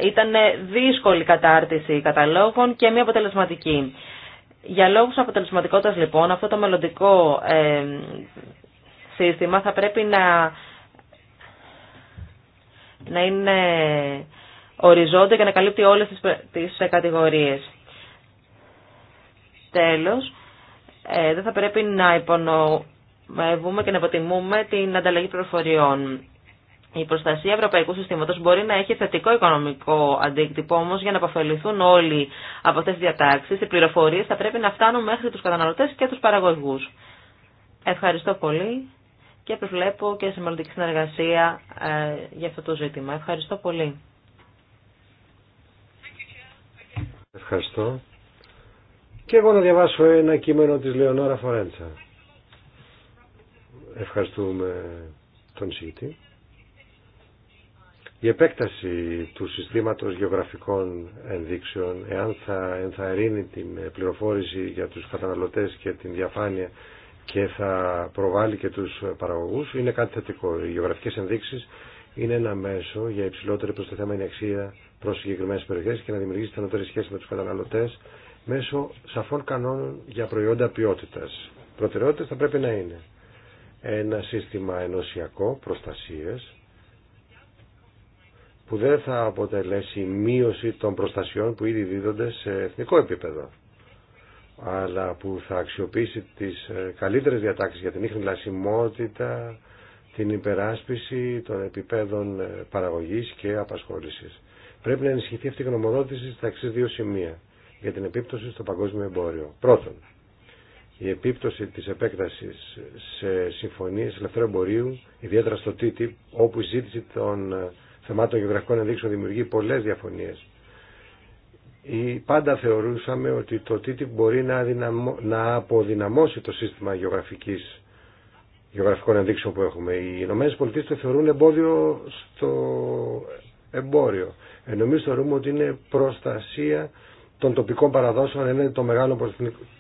Ήταν δύσκολη κατάρτιση καταλόγων και μη αποτελεσματική. Για λόγους αποτελεσματικότητας λοιπόν αυτό το μελλοντικό ε, σύστημα θα πρέπει να, να είναι οριζόντιο και να καλύπτει όλες τις, τις κατηγορίες. Τέλος, ε, δεν θα πρέπει να υπονοούμε και να υποτιμούμε την ανταλλαγή πληροφοριών. Η προστασία ευρωπαϊκού συστήματος μπορεί να έχει θετικό οικονομικό αντίκτυπο, όμω για να αποφεληθούν όλοι από αυτές τις διατάξεις, οι πληροφορίε θα πρέπει να φτάνουν μέχρι τους καταναλωτές και τους παραγωγούς. Ευχαριστώ πολύ και προβλέπω και σε μελλοντική συνεργασία ε, για αυτό το ζήτημα. Ευχαριστώ πολύ. Ευχαριστώ. Και εγώ να διαβάσω ένα κείμενο της Λεωνόρα Φορέντσα. Ευχαριστούμε τον Σίτη η επέκταση του συστήματος γεωγραφικών ενδείξεων, εάν θα ενθαρρύνει την πληροφόρηση για τους καταναλωτές και την διαφάνεια και θα προβάλλει και τους παραγωγούς, είναι κάτι θετικό. Οι γεωγραφικές ενδείξεις είναι ένα μέσο για υψηλότερη προστιθέμενη αξία προς συγκεκριμένε περιοχές και να δημιουργήσει στενότερη σχέση με τους καταναλωτές μέσω σαφών κανόνων για προϊόντα ποιότητας. Προτεραιότητες θα πρέπει να είναι ένα σύστημα ενωσιακό προστασίας που δεν θα αποτελέσει μείωση των προστασιών που ήδη δίδονται σε εθνικό επίπεδο αλλά που θα αξιοποιήσει τις ε, καλύτερες διατάξεις για την ίχνη λασιμότητα, την υπεράσπιση των επιπέδων ε, παραγωγής και απασχόλησης. Πρέπει να ενισχυθεί αυτή η γνωμοδότηση στα εξή δύο σημεία για την επίπτωση στο παγκόσμιο εμπόριο. Πρώτον, η επίπτωση της επέκτασης σε συμφωνίες ελευθερού εμπορίου, ιδιαίτερα στο TTIP, όπου η ζήτηση ε, θεμάτων γεωγραφικών ενδείξεων δημιουργεί πολλές διαφωνίες. πάντα θεωρούσαμε ότι το TTIP μπορεί να, αδυναμώ, να αποδυναμώσει το σύστημα γεωγραφικής, γεωγραφικών ενδείξεων που έχουμε. Οι ΗΠΑ το θεωρούν εμπόδιο στο εμπόριο. Ενώ εμείς θεωρούμε ότι είναι προστασία των τοπικών παραδόσεων είναι των μεγάλων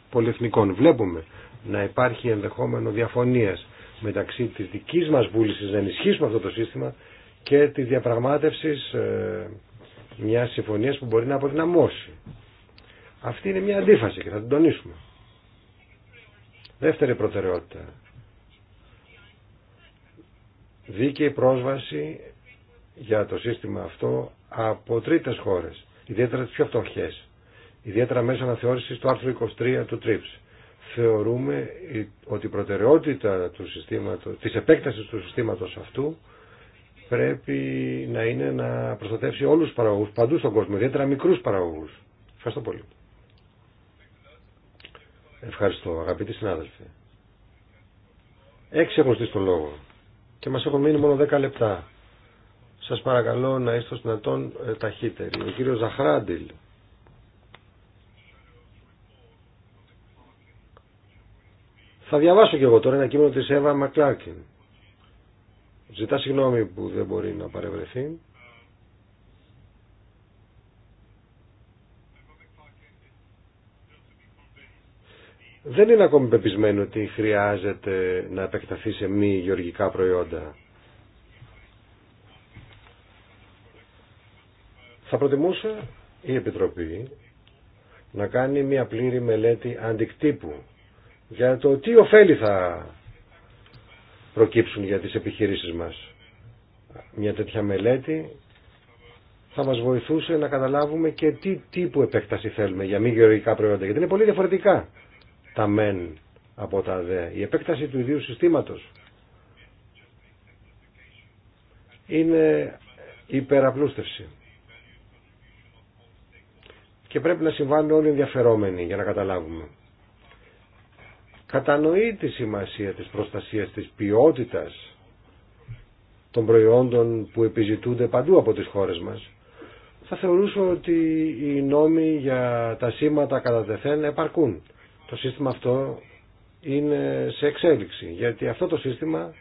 πολυεθνικών. Βλέπουμε να υπάρχει ενδεχόμενο διαφωνίας μεταξύ της δικής μας βούλησης να ενισχύσουμε αυτό το σύστημα και τη διαπραγμάτευση ε, μια συμφωνία που μπορεί να αποδυναμώσει. Αυτή είναι μια αντίφαση και θα την τονίσουμε. Δεύτερη προτεραιότητα. Δίκαιη πρόσβαση για το σύστημα αυτό από τρίτες χώρες, ιδιαίτερα τις πιο φτωχές, ιδιαίτερα μέσα αναθεώρησης του άρθρου 23 του TRIPS. Θεωρούμε ότι η προτεραιότητα του συστήματος, της επέκτασης του συστήματος αυτού πρέπει να είναι να προστατεύσει όλους τους παραγωγούς παντού στον κόσμο, ιδιαίτερα μικρούς παραγωγούς. Ευχαριστώ πολύ. Ευχαριστώ αγαπητοί συνάδελφοι. Έξι έχουν στήσει τον λόγο και μας έχουν μείνει μόνο δέκα λεπτά. Σας παρακαλώ να είστε ως δυνατόν ε, ταχύτεροι. Ο κύριος Ζαχράντιλ. Θα διαβάσω κι εγώ τώρα ένα κείμενο της Εύα Μακλάρκιν Ζητά συγγνώμη που δεν μπορεί να παρευρεθεί. Δεν είναι ακόμη πεπισμένο ότι χρειάζεται να επεκταθεί σε μη γεωργικά προϊόντα. Θα προτιμούσε η Επιτροπή να κάνει μια πλήρη μελέτη αντικτύπου για το τι ωφέλη θα προκύψουν για τις επιχειρήσεις μας. Μια τέτοια μελέτη θα μας βοηθούσε να καταλάβουμε και τι τύπου επέκταση θέλουμε για μη γεωργικά προϊόντα. Γιατί είναι πολύ διαφορετικά τα μεν από τα δε. Η επέκταση του ιδίου συστήματος είναι υπεραπλούστευση. Και πρέπει να συμβάνουν όλοι οι ενδιαφερόμενοι για να καταλάβουμε κατανοεί τη σημασία της προστασίας της ποιότητας των προϊόντων που επιζητούνται παντού από τις χώρες μας, θα θεωρούσα ότι οι νόμοι για τα σήματα κατά τεθέν επαρκούν. Το σύστημα αυτό είναι σε εξέλιξη, γιατί αυτό το σύστημα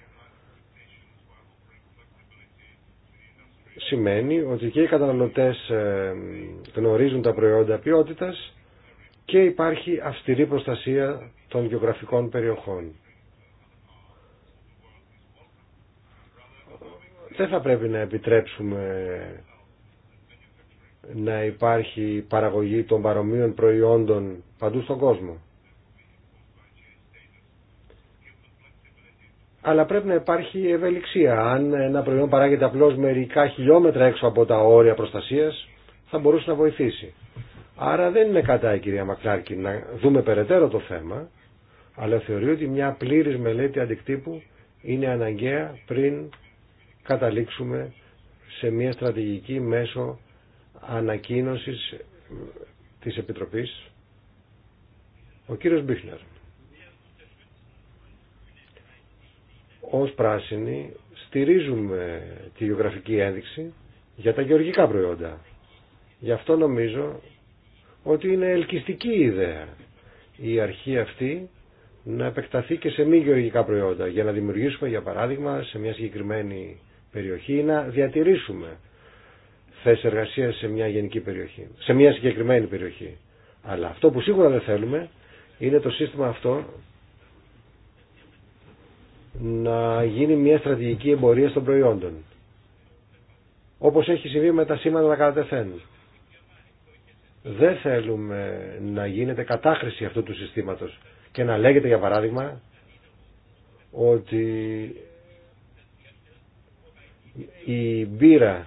σημαίνει ότι και οι καταναλωτές ε, γνωρίζουν τα προϊόντα ποιότητας και υπάρχει αυστηρή προστασία των γεωγραφικών περιοχών. Δεν θα πρέπει να επιτρέψουμε να υπάρχει παραγωγή των παρομοίων προϊόντων παντού στον κόσμο. αλλά πρέπει να υπάρχει ευελιξία. Αν ένα προϊόν παράγεται απλώ μερικά χιλιόμετρα έξω από τα όρια προστασία, θα μπορούσε να βοηθήσει. Άρα δεν είναι κατά η κυρία Μακλάρκη να δούμε περαιτέρω το θέμα αλλά θεωρεί ότι μια πλήρης μελέτη αντικτύπου είναι αναγκαία πριν καταλήξουμε σε μια στρατηγική μέσο ανακοίνωσης της Επιτροπής. Ο κύριος Μπίχνερ. Ως πράσινοι στηρίζουμε τη γεωγραφική ένδειξη για τα γεωργικά προϊόντα. Γι' αυτό νομίζω ότι είναι ελκυστική ιδέα η αρχή αυτή να επεκταθεί και σε μη γεωργικά προϊόντα για να δημιουργήσουμε για παράδειγμα σε μια συγκεκριμένη περιοχή ή να διατηρήσουμε θέσει εργασία σε μια γενική περιοχή, σε μια συγκεκριμένη περιοχή. Αλλά αυτό που σίγουρα δεν θέλουμε είναι το σύστημα αυτό να γίνει μια στρατηγική εμπορία των προϊόντων. Όπως έχει συμβεί με τα σήματα να κατατεθέν. Δεν θέλουμε να γίνεται κατάχρηση αυτού του συστήματος και να λέγεται για παράδειγμα ότι η μπύρα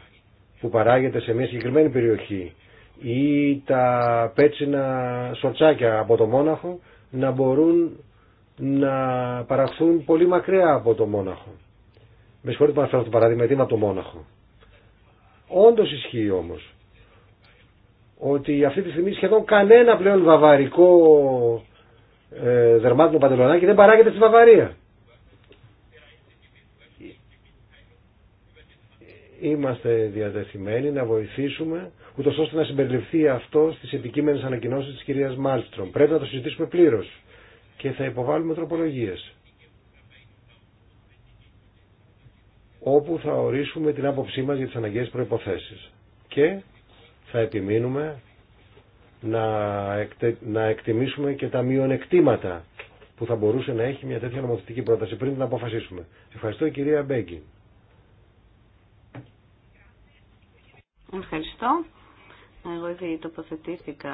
που παράγεται σε μια συγκεκριμένη περιοχή ή τα πέτσινα σορτσάκια από το Μόναχο να μπορούν να παραχθούν πολύ μακριά από το Μόναχο. Με συγχωρείτε που αναφέρω το παράδειγμα, γιατί είναι από το Μόναχο. Όντως ισχύει όμως, ότι αυτή τη στιγμή σχεδόν κανένα πλέον βαβαρικό ε, δερμάτινο παντελονάκι δεν παράγεται στη Βαβαρία. Είμαστε διαδεθειμένοι να βοηθήσουμε ούτω ώστε να συμπεριληφθεί αυτό στι επικείμενε ανακοινώσει τη κυρία Μάλστρομ. Πρέπει να το συζητήσουμε πλήρω και θα υποβάλουμε τροπολογίε. όπου θα ορίσουμε την άποψή μα για τι αναγκαίε προποθέσει. Και θα επιμείνουμε να εκτιμήσουμε και τα μειονεκτήματα που θα μπορούσε να έχει μια τέτοια νομοθετική πρόταση πριν την αποφασίσουμε. Ευχαριστώ κυρία Μπέγκη. Ευχαριστώ. Εγώ ήδη τοποθετήθηκα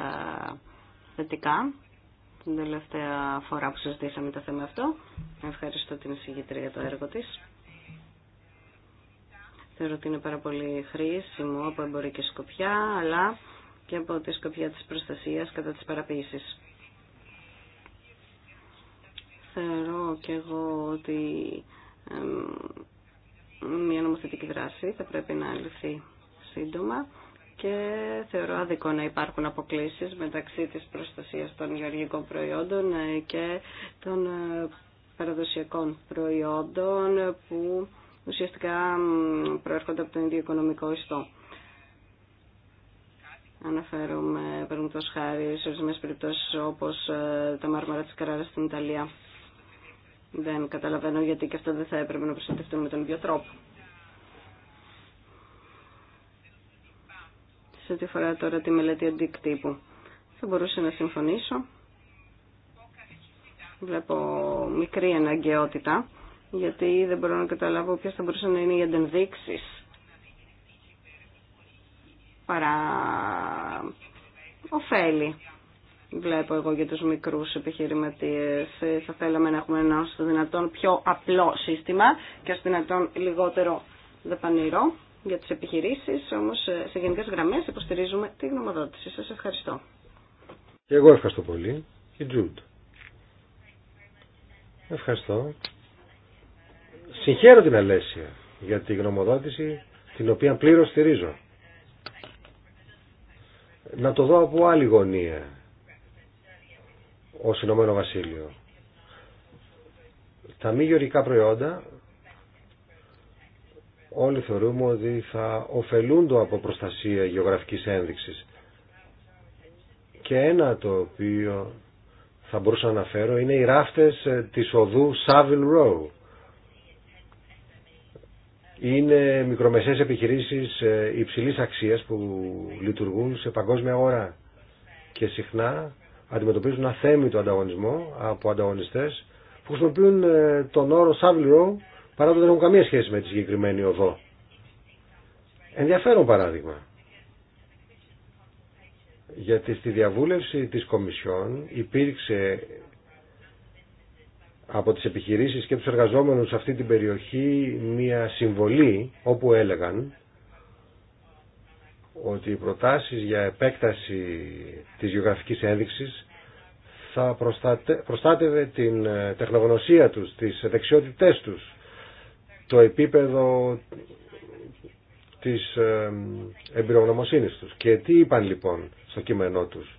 θετικά την τελευταία φορά που συζητήσαμε το θέμα αυτό. Ευχαριστώ την εισηγήτρια για το έργο της. Θεωρώ ότι είναι πάρα πολύ χρήσιμο από εμπορική σκοπιά, αλλά και από τη σκοπιά της προστασίας κατά της παραποίησης. Θεωρώ και εγώ ότι μια νομοθετική δράση θα πρέπει να λυθεί σύντομα και θεωρώ άδικο να υπάρχουν αποκλήσεις μεταξύ της προστασίας των γεωργικών προϊόντων ε, και των ε, παραδοσιακών προϊόντων που ουσιαστικά προέρχονται από τον ίδιο οικονομικό ιστό. Αναφέρομαι, παραδείγματο χάρη, σε ορισμένε περιπτώσει όπω ε, τα μάρμαρα τη Καράρα στην Ιταλία. Δεν καταλαβαίνω γιατί και αυτό δεν θα έπρεπε να προστατευτούν με τον ίδιο τρόπο. Σε ό,τι αφορά τώρα τη μελέτη αντικτύπου, θα μπορούσα να συμφωνήσω. Βλέπω μικρή αναγκαιότητα, γιατί δεν μπορώ να καταλάβω ποιε θα μπορούσαν να είναι οι αντενδείξει παρά ωφέλη. Βλέπω εγώ για τους μικρούς επιχειρηματίες ε, θα θέλαμε να έχουμε ένα όσο δυνατόν πιο απλό σύστημα και όσο δυνατόν λιγότερο δαπανηρό για τις επιχειρήσεις, όμως ε, σε γενικές γραμμές υποστηρίζουμε τη γνωμοδότηση. Σας ευχαριστώ. Και εγώ ευχαριστώ πολύ. Και Τζούντ. Ευχαριστώ. Συγχαίρω την Αλέσια για τη γνωμοδότηση την οποία πλήρως στηρίζω να το δω από άλλη γωνία ως Ηνωμένο Βασίλειο. Τα μη γεωργικά προϊόντα όλοι θεωρούμε ότι θα ωφελούνται από προστασία γεωγραφικής ένδειξης. Και ένα το οποίο θα μπορούσα να αναφέρω είναι οι ράφτες ε, της οδού Savile Row είναι μικρομεσαίες επιχειρήσεις ε, υψηλής αξίας που λειτουργούν σε παγκόσμια αγορά και συχνά αντιμετωπίζουν αθέμητο ανταγωνισμό από ανταγωνιστές που χρησιμοποιούν ε, τον όρο Savile παρά ότι δεν έχουν καμία σχέση με τη συγκεκριμένη οδό. Ενδιαφέρον παράδειγμα. Γιατί στη διαβούλευση της Κομισιόν υπήρξε από τις επιχειρήσεις και τους εργαζόμενους σε αυτή την περιοχή μια συμβολή όπου έλεγαν ότι οι προτάσεις για επέκταση της γεωγραφικής ένδειξης θα προστατε... προστάτευε την ε, τεχνογνωσία τους, τις δεξιότητές τους, το επίπεδο της ε, εμπειρογνωμοσύνης τους. Και τι είπαν λοιπόν στο κείμενό τους.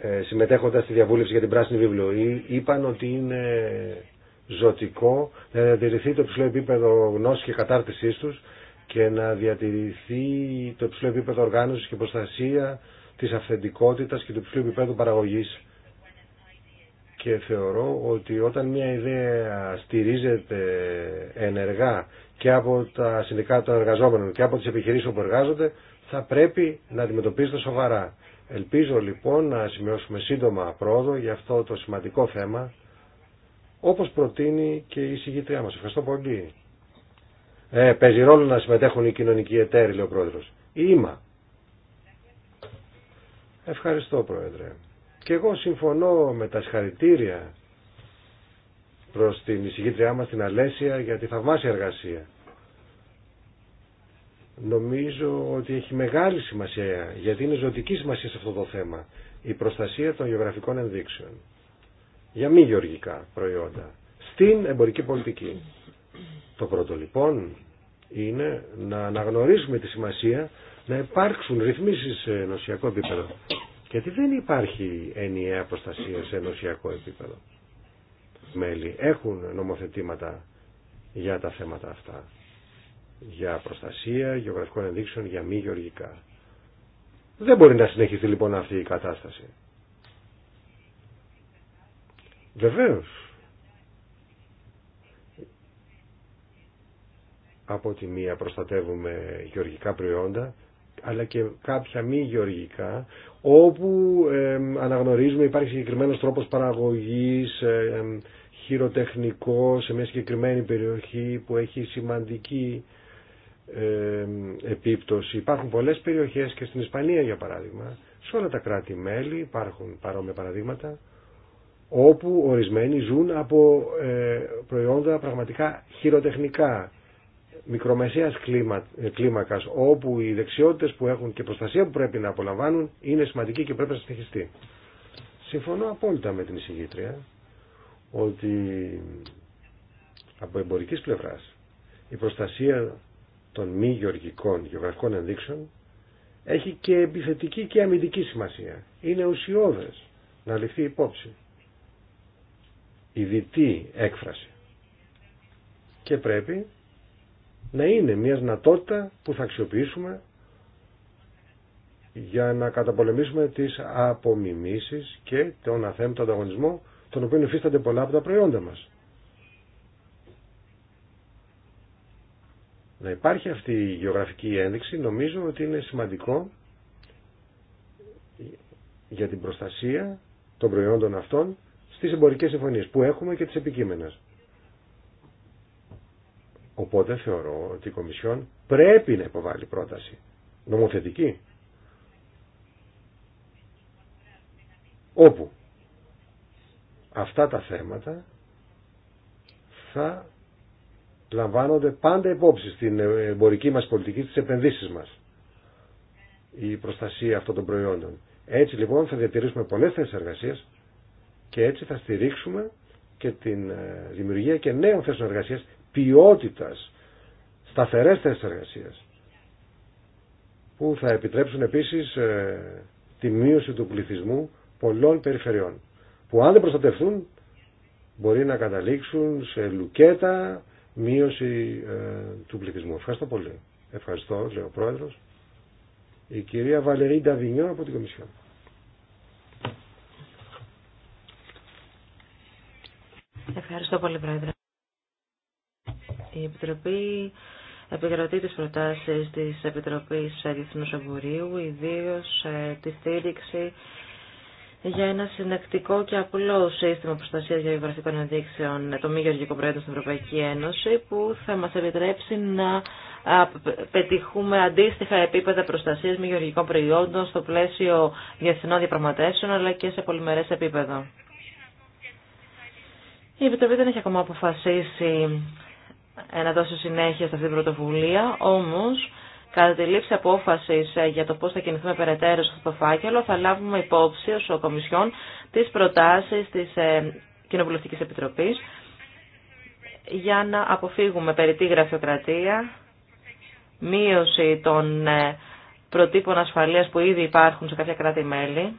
Ε, συμμετέχοντας στη διαβούλευση για την Πράσινη Βιβλίο είπαν ότι είναι ζωτικό να διατηρηθεί το υψηλό επίπεδο γνώσης και κατάρτισής τους και να διατηρηθεί το υψηλό επίπεδο οργάνωσης και προστασία της αυθεντικότητας και του υψηλού επίπεδου παραγωγής. Και θεωρώ ότι όταν μια ιδέα στηρίζεται ενεργά και από τα συνδικά των εργαζόμενων και από τις επιχειρήσεις που εργάζονται, θα πρέπει να αντιμετωπίζεται σοβαρά. Ελπίζω λοιπόν να σημειώσουμε σύντομα πρόοδο για αυτό το σημαντικό θέμα, όπως προτείνει και η συγκήτριά μας. Ευχαριστώ πολύ. Ε, παίζει ρόλο να συμμετέχουν οι κοινωνικοί εταίροι, λέει ο Πρόεδρος. Είμα. Ευχαριστώ, Πρόεδρε. Και εγώ συμφωνώ με τα συγχαρητήρια προς την εισηγήτριά μας, την Αλέσια, για τη θαυμάσια εργασία νομίζω ότι έχει μεγάλη σημασία, γιατί είναι ζωτική σημασία σε αυτό το θέμα, η προστασία των γεωγραφικών ενδείξεων για μη γεωργικά προϊόντα στην εμπορική πολιτική. Το πρώτο λοιπόν είναι να αναγνωρίσουμε τη σημασία να υπάρξουν ρυθμίσεις σε ενωσιακό επίπεδο. Γιατί δεν υπάρχει ενιαία προστασία σε ενωσιακό επίπεδο. Μέλη έχουν νομοθετήματα για τα θέματα αυτά για προστασία γεωγραφικών ενδείξεων για μη γεωργικά. Δεν μπορεί να συνεχιστεί λοιπόν αυτή η κατάσταση. Βεβαίως. Από τη μία προστατεύουμε γεωργικά προϊόντα, αλλά και κάποια μη γεωργικά, όπου αναγνωρίζουμε υπάρχει συγκεκριμένος τρόπος παραγωγής, ε, χειροτεχνικό σε μια συγκεκριμένη περιοχή που έχει σημαντική επίπτωση. Υπάρχουν πολλές περιοχές και στην Ισπανία για παράδειγμα, σε όλα τα κράτη-μέλη υπάρχουν παρόμοια παραδείγματα, όπου ορισμένοι ζουν από ε, προϊόντα πραγματικά χειροτεχνικά, μικρομεσαίας κλίμα, ε, κλίμακας, όπου οι δεξιότητες που έχουν και προστασία που πρέπει να απολαμβάνουν είναι σημαντική και πρέπει να συνεχιστεί. Συμφωνώ απόλυτα με την εισηγήτρια ότι από εμπορικής πλευράς η προστασία των μη γεωργικών γεωγραφικών ενδείξεων έχει και επιθετική και αμυντική σημασία. Είναι ουσιώδες να ληφθεί υπόψη. Η δυτή έκφραση. Και πρέπει να είναι μια δυνατότητα που θα αξιοποιήσουμε για να καταπολεμήσουμε τις απομιμήσεις και τον αθέμητο ανταγωνισμό τον οποίο υφίστανται πολλά από τα προϊόντα μας. να υπάρχει αυτή η γεωγραφική ένδειξη νομίζω ότι είναι σημαντικό για την προστασία των προϊόντων αυτών στις εμπορικές συμφωνίες που έχουμε και τις επικείμενες. Οπότε θεωρώ ότι η Κομισιόν πρέπει να υποβάλει πρόταση νομοθετική όπου αυτά τα θέματα θα λαμβάνονται πάντα υπόψη στην εμπορική μας πολιτική, στις επενδύσεις μας η προστασία αυτών των προϊόντων. Έτσι λοιπόν θα διατηρήσουμε πολλές θέσεις εργασίας και έτσι θα στηρίξουμε και τη ε, δημιουργία και νέων θέσεων εργασίας ποιότητας, σταθερές θέσεις εργασίας που θα επιτρέψουν επίσης ε, τη μείωση του πληθυσμού πολλών περιφερειών που αν δεν προστατευτούν μπορεί να καταλήξουν σε λουκέτα, μείωση ε, του πληθυσμού. Ευχαριστώ πολύ. Ευχαριστώ, λέει ο πρόεδρο. Η κυρία Βαλερή Νταβινιό από την Κομισιόν. Ευχαριστώ πολύ, Πρόεδρε. Η Επιτροπή επικρατεί τις προτάσεις της Επιτροπής Διεθνούς Εμπορίου, ιδίως ε, τη στήριξη για ένα συνεκτικό και απλό σύστημα προστασία γεωγραφικών ενδείξεων, το μη γεωργικό προϊόντων στην Ευρωπαϊκή Ένωση, που θα μα επιτρέψει να πετυχούμε αντίστοιχα επίπεδα προστασία μη γεωργικών προϊόντων στο πλαίσιο διεθνών διαπραγματεύσεων, αλλά και σε πολυμερέ επίπεδο. Η Επιτροπή δεν έχει ακόμα αποφασίσει να δώσει συνέχεια σε αυτή την πρωτοβουλία, όμως Κατά τη λήψη απόφαση ε, για το πώ θα κινηθούμε περαιτέρω σε αυτό το φάκελο, θα λάβουμε υπόψη ω Κομισιόν τι προτάσει τη ε, Κοινοβουλευτική Επιτροπή για να αποφύγουμε περιττή γραφειοκρατία, μείωση των ε, προτύπων ασφαλείας που ήδη υπάρχουν σε κάποια κράτη-μέλη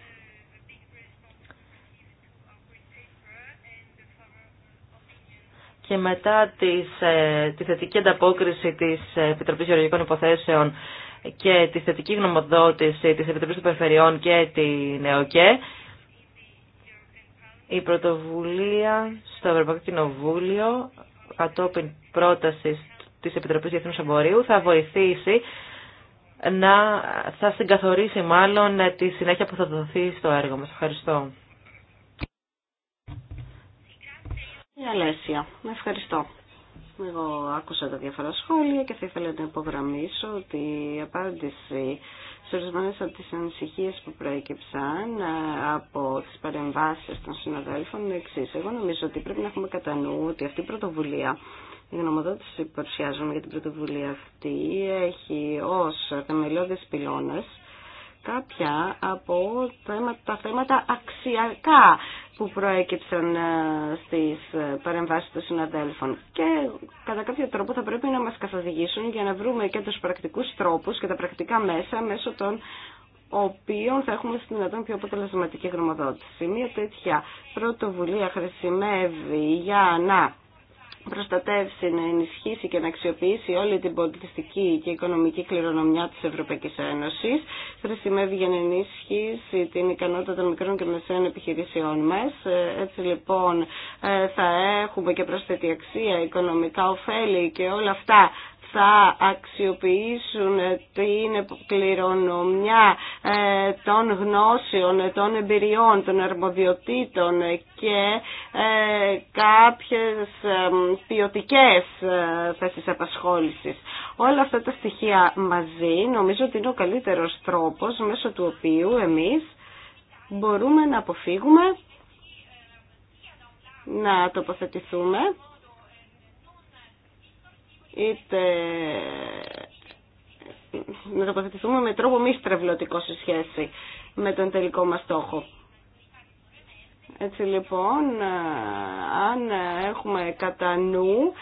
και μετά τις, ε, τη θετική ανταπόκριση της Επιτροπής Γεωργικών Υποθέσεων και τη θετική γνωμοδότηση της Επιτροπής των Περιφερειών και τη ΝΕΟΚΕ, η πρωτοβουλία στο Ευρωπαϊκό Κοινοβούλιο κατόπιν πρότασης της Επιτροπής Διεθνούς Εμπορίου θα βοηθήσει να θα συγκαθορίσει μάλλον τη συνέχεια που θα δοθεί στο έργο μας. Ευχαριστώ. Η Αλέσια. Ευχαριστώ. Εγώ άκουσα τα διάφορα σχόλια και θα ήθελα να υπογραμμίσω ότι η απάντηση σε ορισμένε από τι ανησυχίε που προέκυψαν ε, από τι παρεμβάσει των συναδέλφων είναι εξή. Εγώ νομίζω ότι πρέπει να έχουμε κατά νου ότι αυτή η πρωτοβουλία, η γνωμοδότηση που παρουσιάζουμε για την πρωτοβουλία αυτή, έχει ω θεμελιώδε πυλώνε κάποια από τα θέματα αξιακά που προέκυψαν ε, στις ε, παρεμβάσεις των συναδέλφων. Και κατά κάποιο τρόπο θα πρέπει να μας καθοδηγήσουν για να βρούμε και τους πρακτικούς τρόπους και τα πρακτικά μέσα μέσω των οποίων θα έχουμε στην δυνατόν πιο αποτελεσματική γνωμοδότηση. Μία τέτοια πρωτοβουλία χρησιμεύει για να προστατεύσει, να ενισχύσει και να αξιοποιήσει όλη την πολιτιστική και οικονομική κληρονομιά της Ευρωπαϊκής Ένωσης. Χρησιμεύει για να ενισχύσει την ικανότητα των μικρών και μεσαίων επιχειρήσεών μας. Ε, έτσι λοιπόν ε, θα έχουμε και προσθέτει αξία, οικονομικά ωφέλη και όλα αυτά θα αξιοποιήσουν την κληρονομιά ε, των γνώσεων, των εμπειριών, των αρμοδιοτήτων και ε, κάποιες ε, ποιοτικέ θέσεις απασχόλησης. Όλα αυτά τα στοιχεία μαζί νομίζω ότι είναι ο καλύτερος τρόπος μέσω του οποίου εμείς μπορούμε να αποφύγουμε να τοποθετηθούμε είτε να τοποθετηθούμε με τρόπο μη στρεβλωτικό σε σχέση με τον τελικό μας στόχο. Έτσι λοιπόν, αν έχουμε κατά νου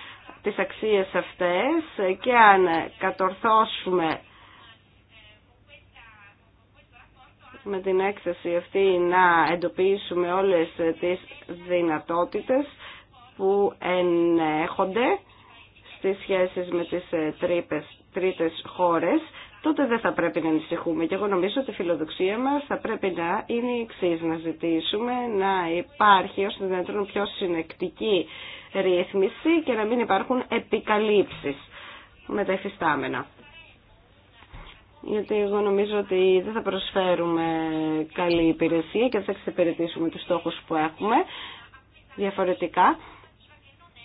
τις αξίες αυτές και αν κατορθώσουμε με την έκθεση αυτή να εντοπίσουμε όλες τις δυνατότητες που ενέχονται στις σχέσεις με τις ε, τρύπες, τρίτες χώρες, τότε δεν θα πρέπει να ανησυχούμε. Και εγώ νομίζω ότι η φιλοδοξία μας θα πρέπει να είναι η εξή να ζητήσουμε να υπάρχει ως δυνατόν πιο συνεκτική ρύθμιση και να μην υπάρχουν επικαλύψεις με τα εφιστάμενα. Γιατί εγώ νομίζω ότι δεν θα προσφέρουμε καλή υπηρεσία και δεν θα εξυπηρετήσουμε τους στόχους που έχουμε διαφορετικά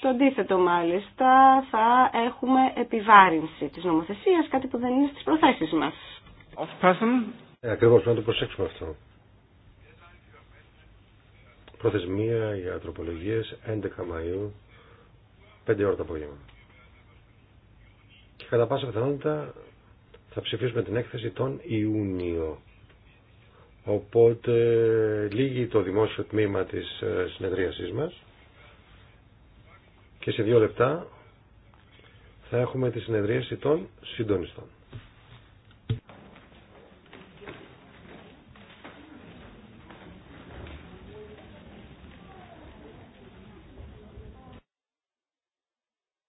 το αντίθετο μάλιστα θα έχουμε επιβάρυνση της νομοθεσίας, κάτι που δεν είναι στις προθέσεις μας. Ε, ακριβώς, να το προσέξουμε αυτό. Προθεσμία για τροπολογίες 11 Μαΐου, 5 ώρα το απόγευμα. Και κατά πάσα πιθανότητα θα ψηφίσουμε την έκθεση τον Ιούνιο. Οπότε λύγει το δημόσιο τμήμα της ε, συνεδρίασής μας και σε δύο λεπτά θα έχουμε τη συνεδρίαση των συντονιστών.